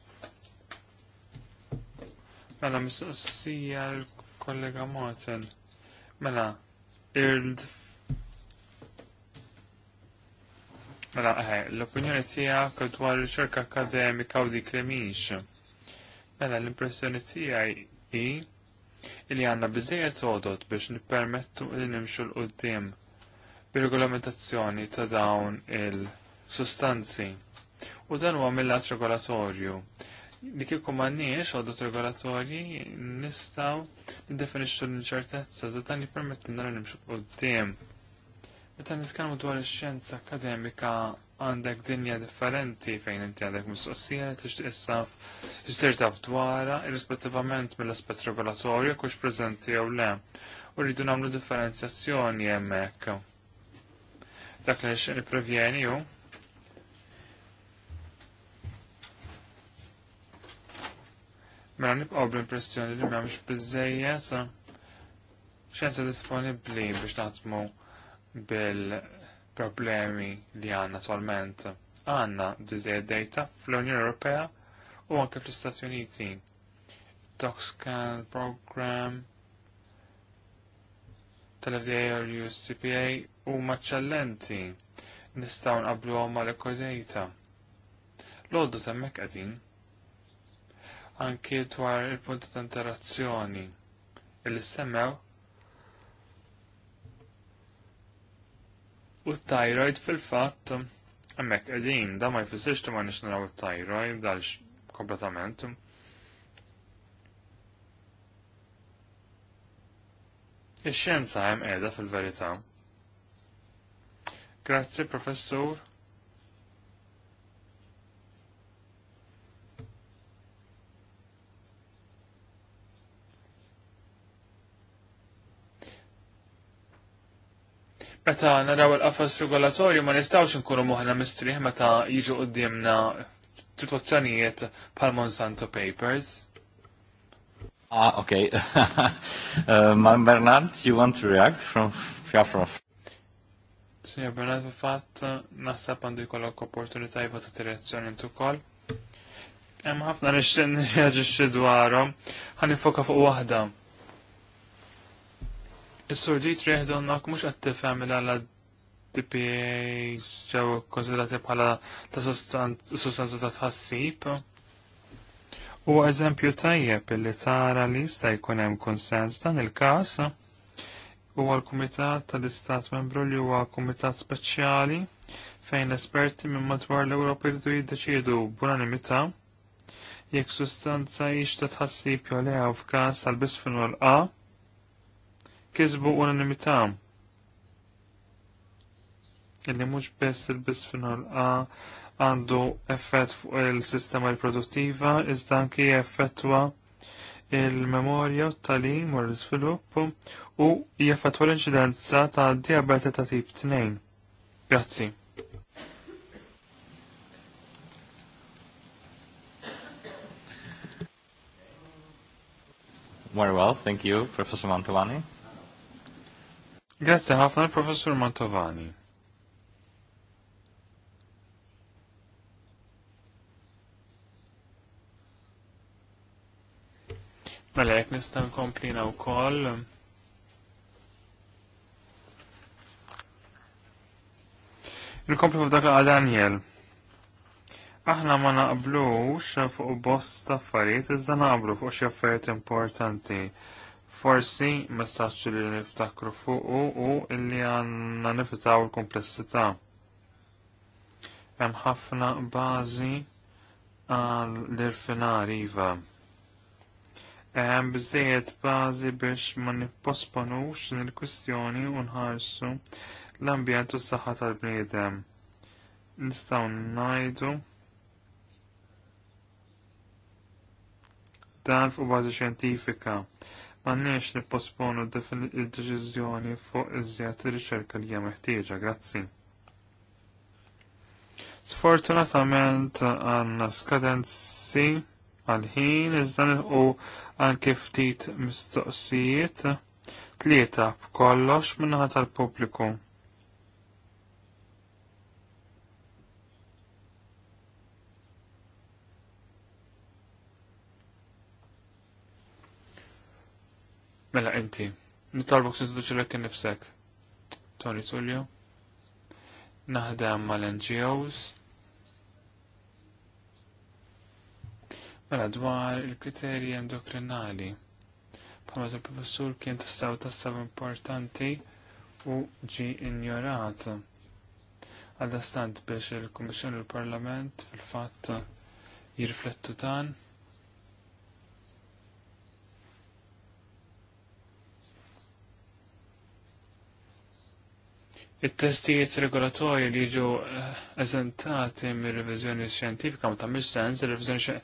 Mela mistoqsija l-kollega Morten. Mela, ird. Mela, eħe, l-opinjoni tijak dwar riċerka akademika u dik li miex. Mela, l-impressjoni tijaj i li għanna bizzejet odot biex nipermettu li nimxu l-qoddim bir-regolamentazzjoni ta' dawn il-sustanzi. U dan huwa mill regolatorju li kieku m'għandniex għodot regolatorji nistgħu niddefinixxu l-inċertezza iżda dan jippermettilna li nimxu quddiem. Meta nitkellmu dwar ix-xjenza akademika għandek dinja differenti fejn inti għandek mistoqsija tixtieq issaf ġisir taf dwarha irrispettivament mill-aspett regolatorju kux preżenti jew le. U rridu nagħmlu differenzjazzjoni hemmhekk. Dak li nixtieq nipprevjeni hu Mela nibqgħu bl-impressjoni li m'hemmx biżejjed xenza disponibbli biex naħdmu bil-problemi li għandna attualment. Għandna biżejjed data fl-Unjoni Ewropea u anke fl-Istati Uniti. Toxcan program tal-FDA u UCPA u maċċallenti nistaw nqablu għom mal ekodejta L-għoddu temmek għadin anki dwar il-punti ta' interazzjoni li semmew u t-tajroid fil-fatt emmek edin, da ma jfissirx li ma nix naraw it-tajroid kompletament. Ix-xjenza hemm qiegħda fil-verità. Grazzi, professur. Meta naraw il-qafas regolatorju ma nistawx nkunu moħna mistrieħ meta jiġu qudiemna situazzjonijiet bħal Monsanto Papers. Ah, okay. uh, Bernard, you want to react from Fjafrof? Sija Bernard, fatt, nasab għandu jkollok opportunità jivota t-reazzjoni n-tukol. Hemm ħafna nixtieq nirreaġixxi dwarhom, ħanifoka fuq waħda. Is-sur li treħdonnak mux għattifem il għala DPA ġew konsiderati bħala ta' sostanza ta' tħassib. U eżempju tajjeb li tara li sta' jkun hemm konsens dan il-każ huwa l-Kumitat tal-Istat Membru li huwa Kumitat Speċjali fejn l-esperti minn madwar l-Ewropa jridu jiddeċiedu b'unanimità jekk sustanza jiex ta' tħassib jew le f'każ tal-bisfenol A kisbu unanimità. Illi mhux biss il-bisfenol A għandu effett fuq il-sistema riproduttiva iżda anki effettwa il-memorja u t-talim u l-svilupp u jeffettwa l-inċidenza ta' diabete ta' tip 2. Grazzi. Very well, thank you, Professor Mantovani. Grazzi ħafna professor professur Mantovani. Mela, jek nistan komplina u koll. Nkompli fuq Daniel. Aħna ma naqblux fuq bosta affarijiet, iżda naqblu fuq xi affarijiet importanti forsi messaċċi li niftakru fuq u illi għanna nifitaw l komplessità Hemm ħafna bażi għal l iva. Hemm bżejjed bażi biex ma nipposponux il-kwistjoni u nħarsu l-ambjent u s-saħħa tal-bniedem. Nistgħu ngħidu dan fuq bażi xjentifika. M'għandniex nipposponu d deċizjoni fuq iżjed ir-riċerka li hija meħtieġa, grazzi. Sfortunatament għandna skadenzi għal-ħin iżda u anke ftit mistoqsijiet tlieta b'kollox minnaħa tal-pubbliku. Mela inti, nitalbok sintuduċi l-ek nifsek. Tony Tullio. Naħdem mal-NGOs. Mela dwar il-kriterji endokrinali. Palma il-professur kien tassaw tassaw importanti u ġi ignorat għal stant biex il komissjoni u l-Parlament fil-fatt jirriflettu dan it-testijiet regolatorji li ġu eh, eżentati mir revizjoni xjentifika ma tamil sens, revizjoni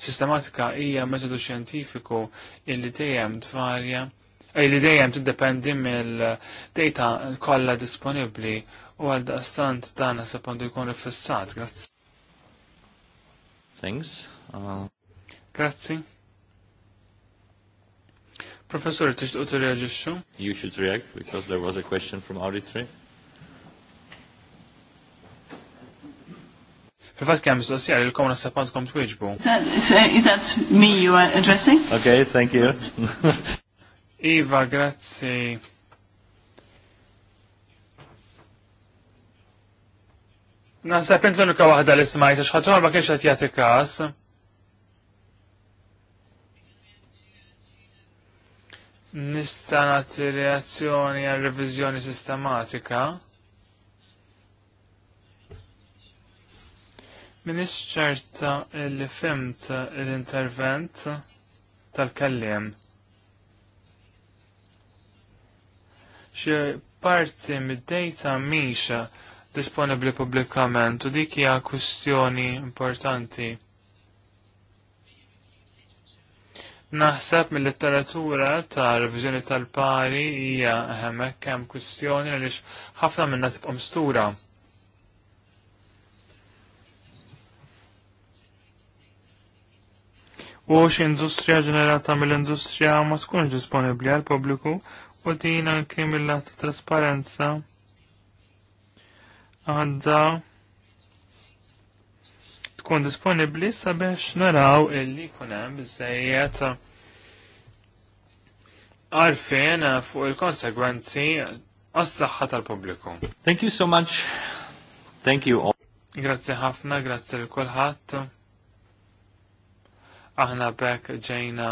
sistematika hija metodu xjentifiku illi dejjem tvarja, eh, illi dejjem tiddependi mill-data kollha disponibbli u għal daqstant se sepandu jkun rifissat. Grazzi. Thanks. Uh, Grazzi. Professor, tixtuq tirreġixxu? You should react because there was a question from auditory. Fil-fat kemm mistoqsija l-kom nasab għandkom twieġbu. Is that me you are addressing? Okay, thank you. iva, grazzi. Nasab int l-unika waħda li smajta xħatwar ma kienx qed jagħti każ. Nista' nagħti reazzjoni għal reviżjoni sistematika. Minix ċerta li fimt l-intervent tal-kellim. Xi parti mid-data miex disponibli pubblikament u dik hija kwistjoni importanti. Naħseb mill-letteratura ta' revizjoni tal-pari hija hemmhekk hemm kwistjoni għaliex ħafna minnha tibqa' mstura. u industrija ġenerata mill-industrija ma tkunx disponibbli għal pubbliku u din anke mill-lat trasparenza għadda tkun disponibbli sabiex naraw illi jkun hemm biżejjed għarfien fuq il-konsegwenzi għas-saħħa tal-pubbliku. Thank you so much. Thank you all. Grazzi ħafna, grazzi l kulħadd. Aħna bekk ġejna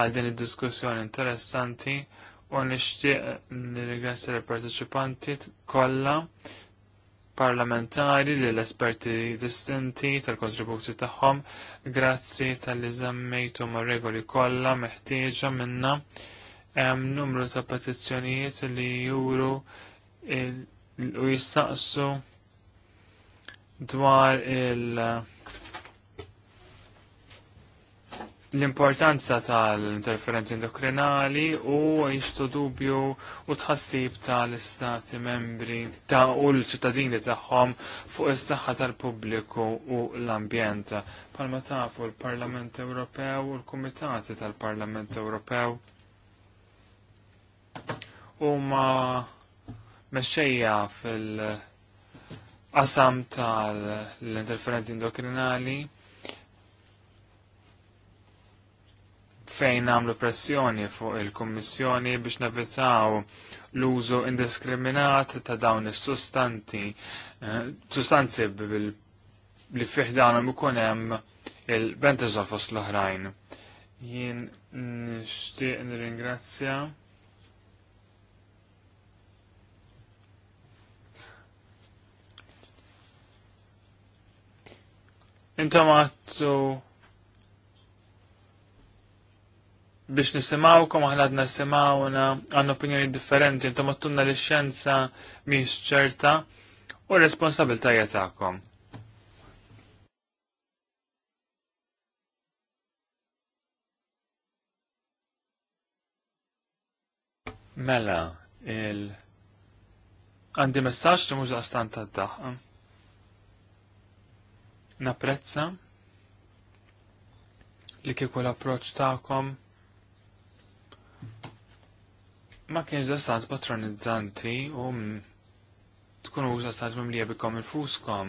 għal din id-diskussjoni interessanti u nixtieq nirringrazzja l-parteċipanti kollha parlamentari li l-esperti distinti tal-kontributi tagħhom, grazzi tal-li żemmejtu ma' regoli kollha meħtieġa minna hemm numru ta' petizzjonijiet li juru u jistaqsu dwar il- l-importanza tal-interferenzi endokrinali u jixtu dubju u tħassib tal-istati membri ta' u l-ċittadini tagħhom fuq is-saħħa tal-pubbliku u l-ambjent. Palma tafu l-Parlament Ewropew u l-Kumitati tal-Parlament Ewropew huma mexxejja fil- qasam tal-interferenzi endokrinali fejn għamlu pressjoni fuq il-Kommissjoni biex nevitaw l-użu indiskriminat ta' dawn is-sustanti, eh, sustanzi li fih fiħdanhom ikun hemm il-bentazol fost l-oħrajn. Jien nixtieq nirringrazzja Intom għattu biex nisimawkom, aħna għadna nisimawna, għan opinjoni differenti, intom għattunna li xenza miex ċerta u responsabilta jatakom. Mela, il... Għandi messaċ li mux għastan ta' daħqa. Naprezza li kikul l-approċ ta'kom ma kienx da stat patronizzanti u tkun uża stat mimlija bikom infuskom.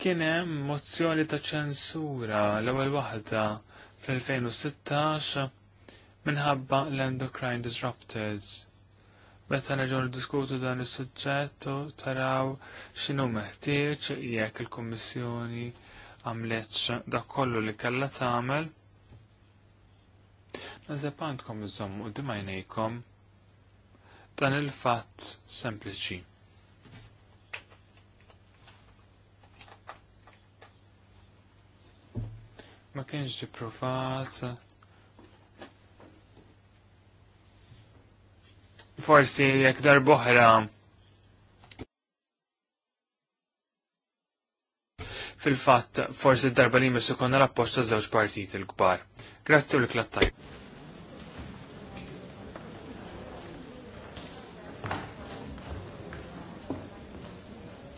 Kien hemm mozzjoni ta' ċensura l-ewwel waħda fl-2016 minħabba l-endocrine disruptors. Meta neġun diskutu dan is-suġġett taraw x'inhu meħtieġ jekk il-Kummissjoni għamletx dak kollu li kellha tagħmel. Nażeb għandkom iżommu dimajnejkom dan il-fatt sempliċi. Ma kienx ġipruvat. Forsi jekk darboħra fil-fatt forsi d-darba li jmissu konna l ta' żewġ partiti il-kbar. Grazzi u l-klattaj.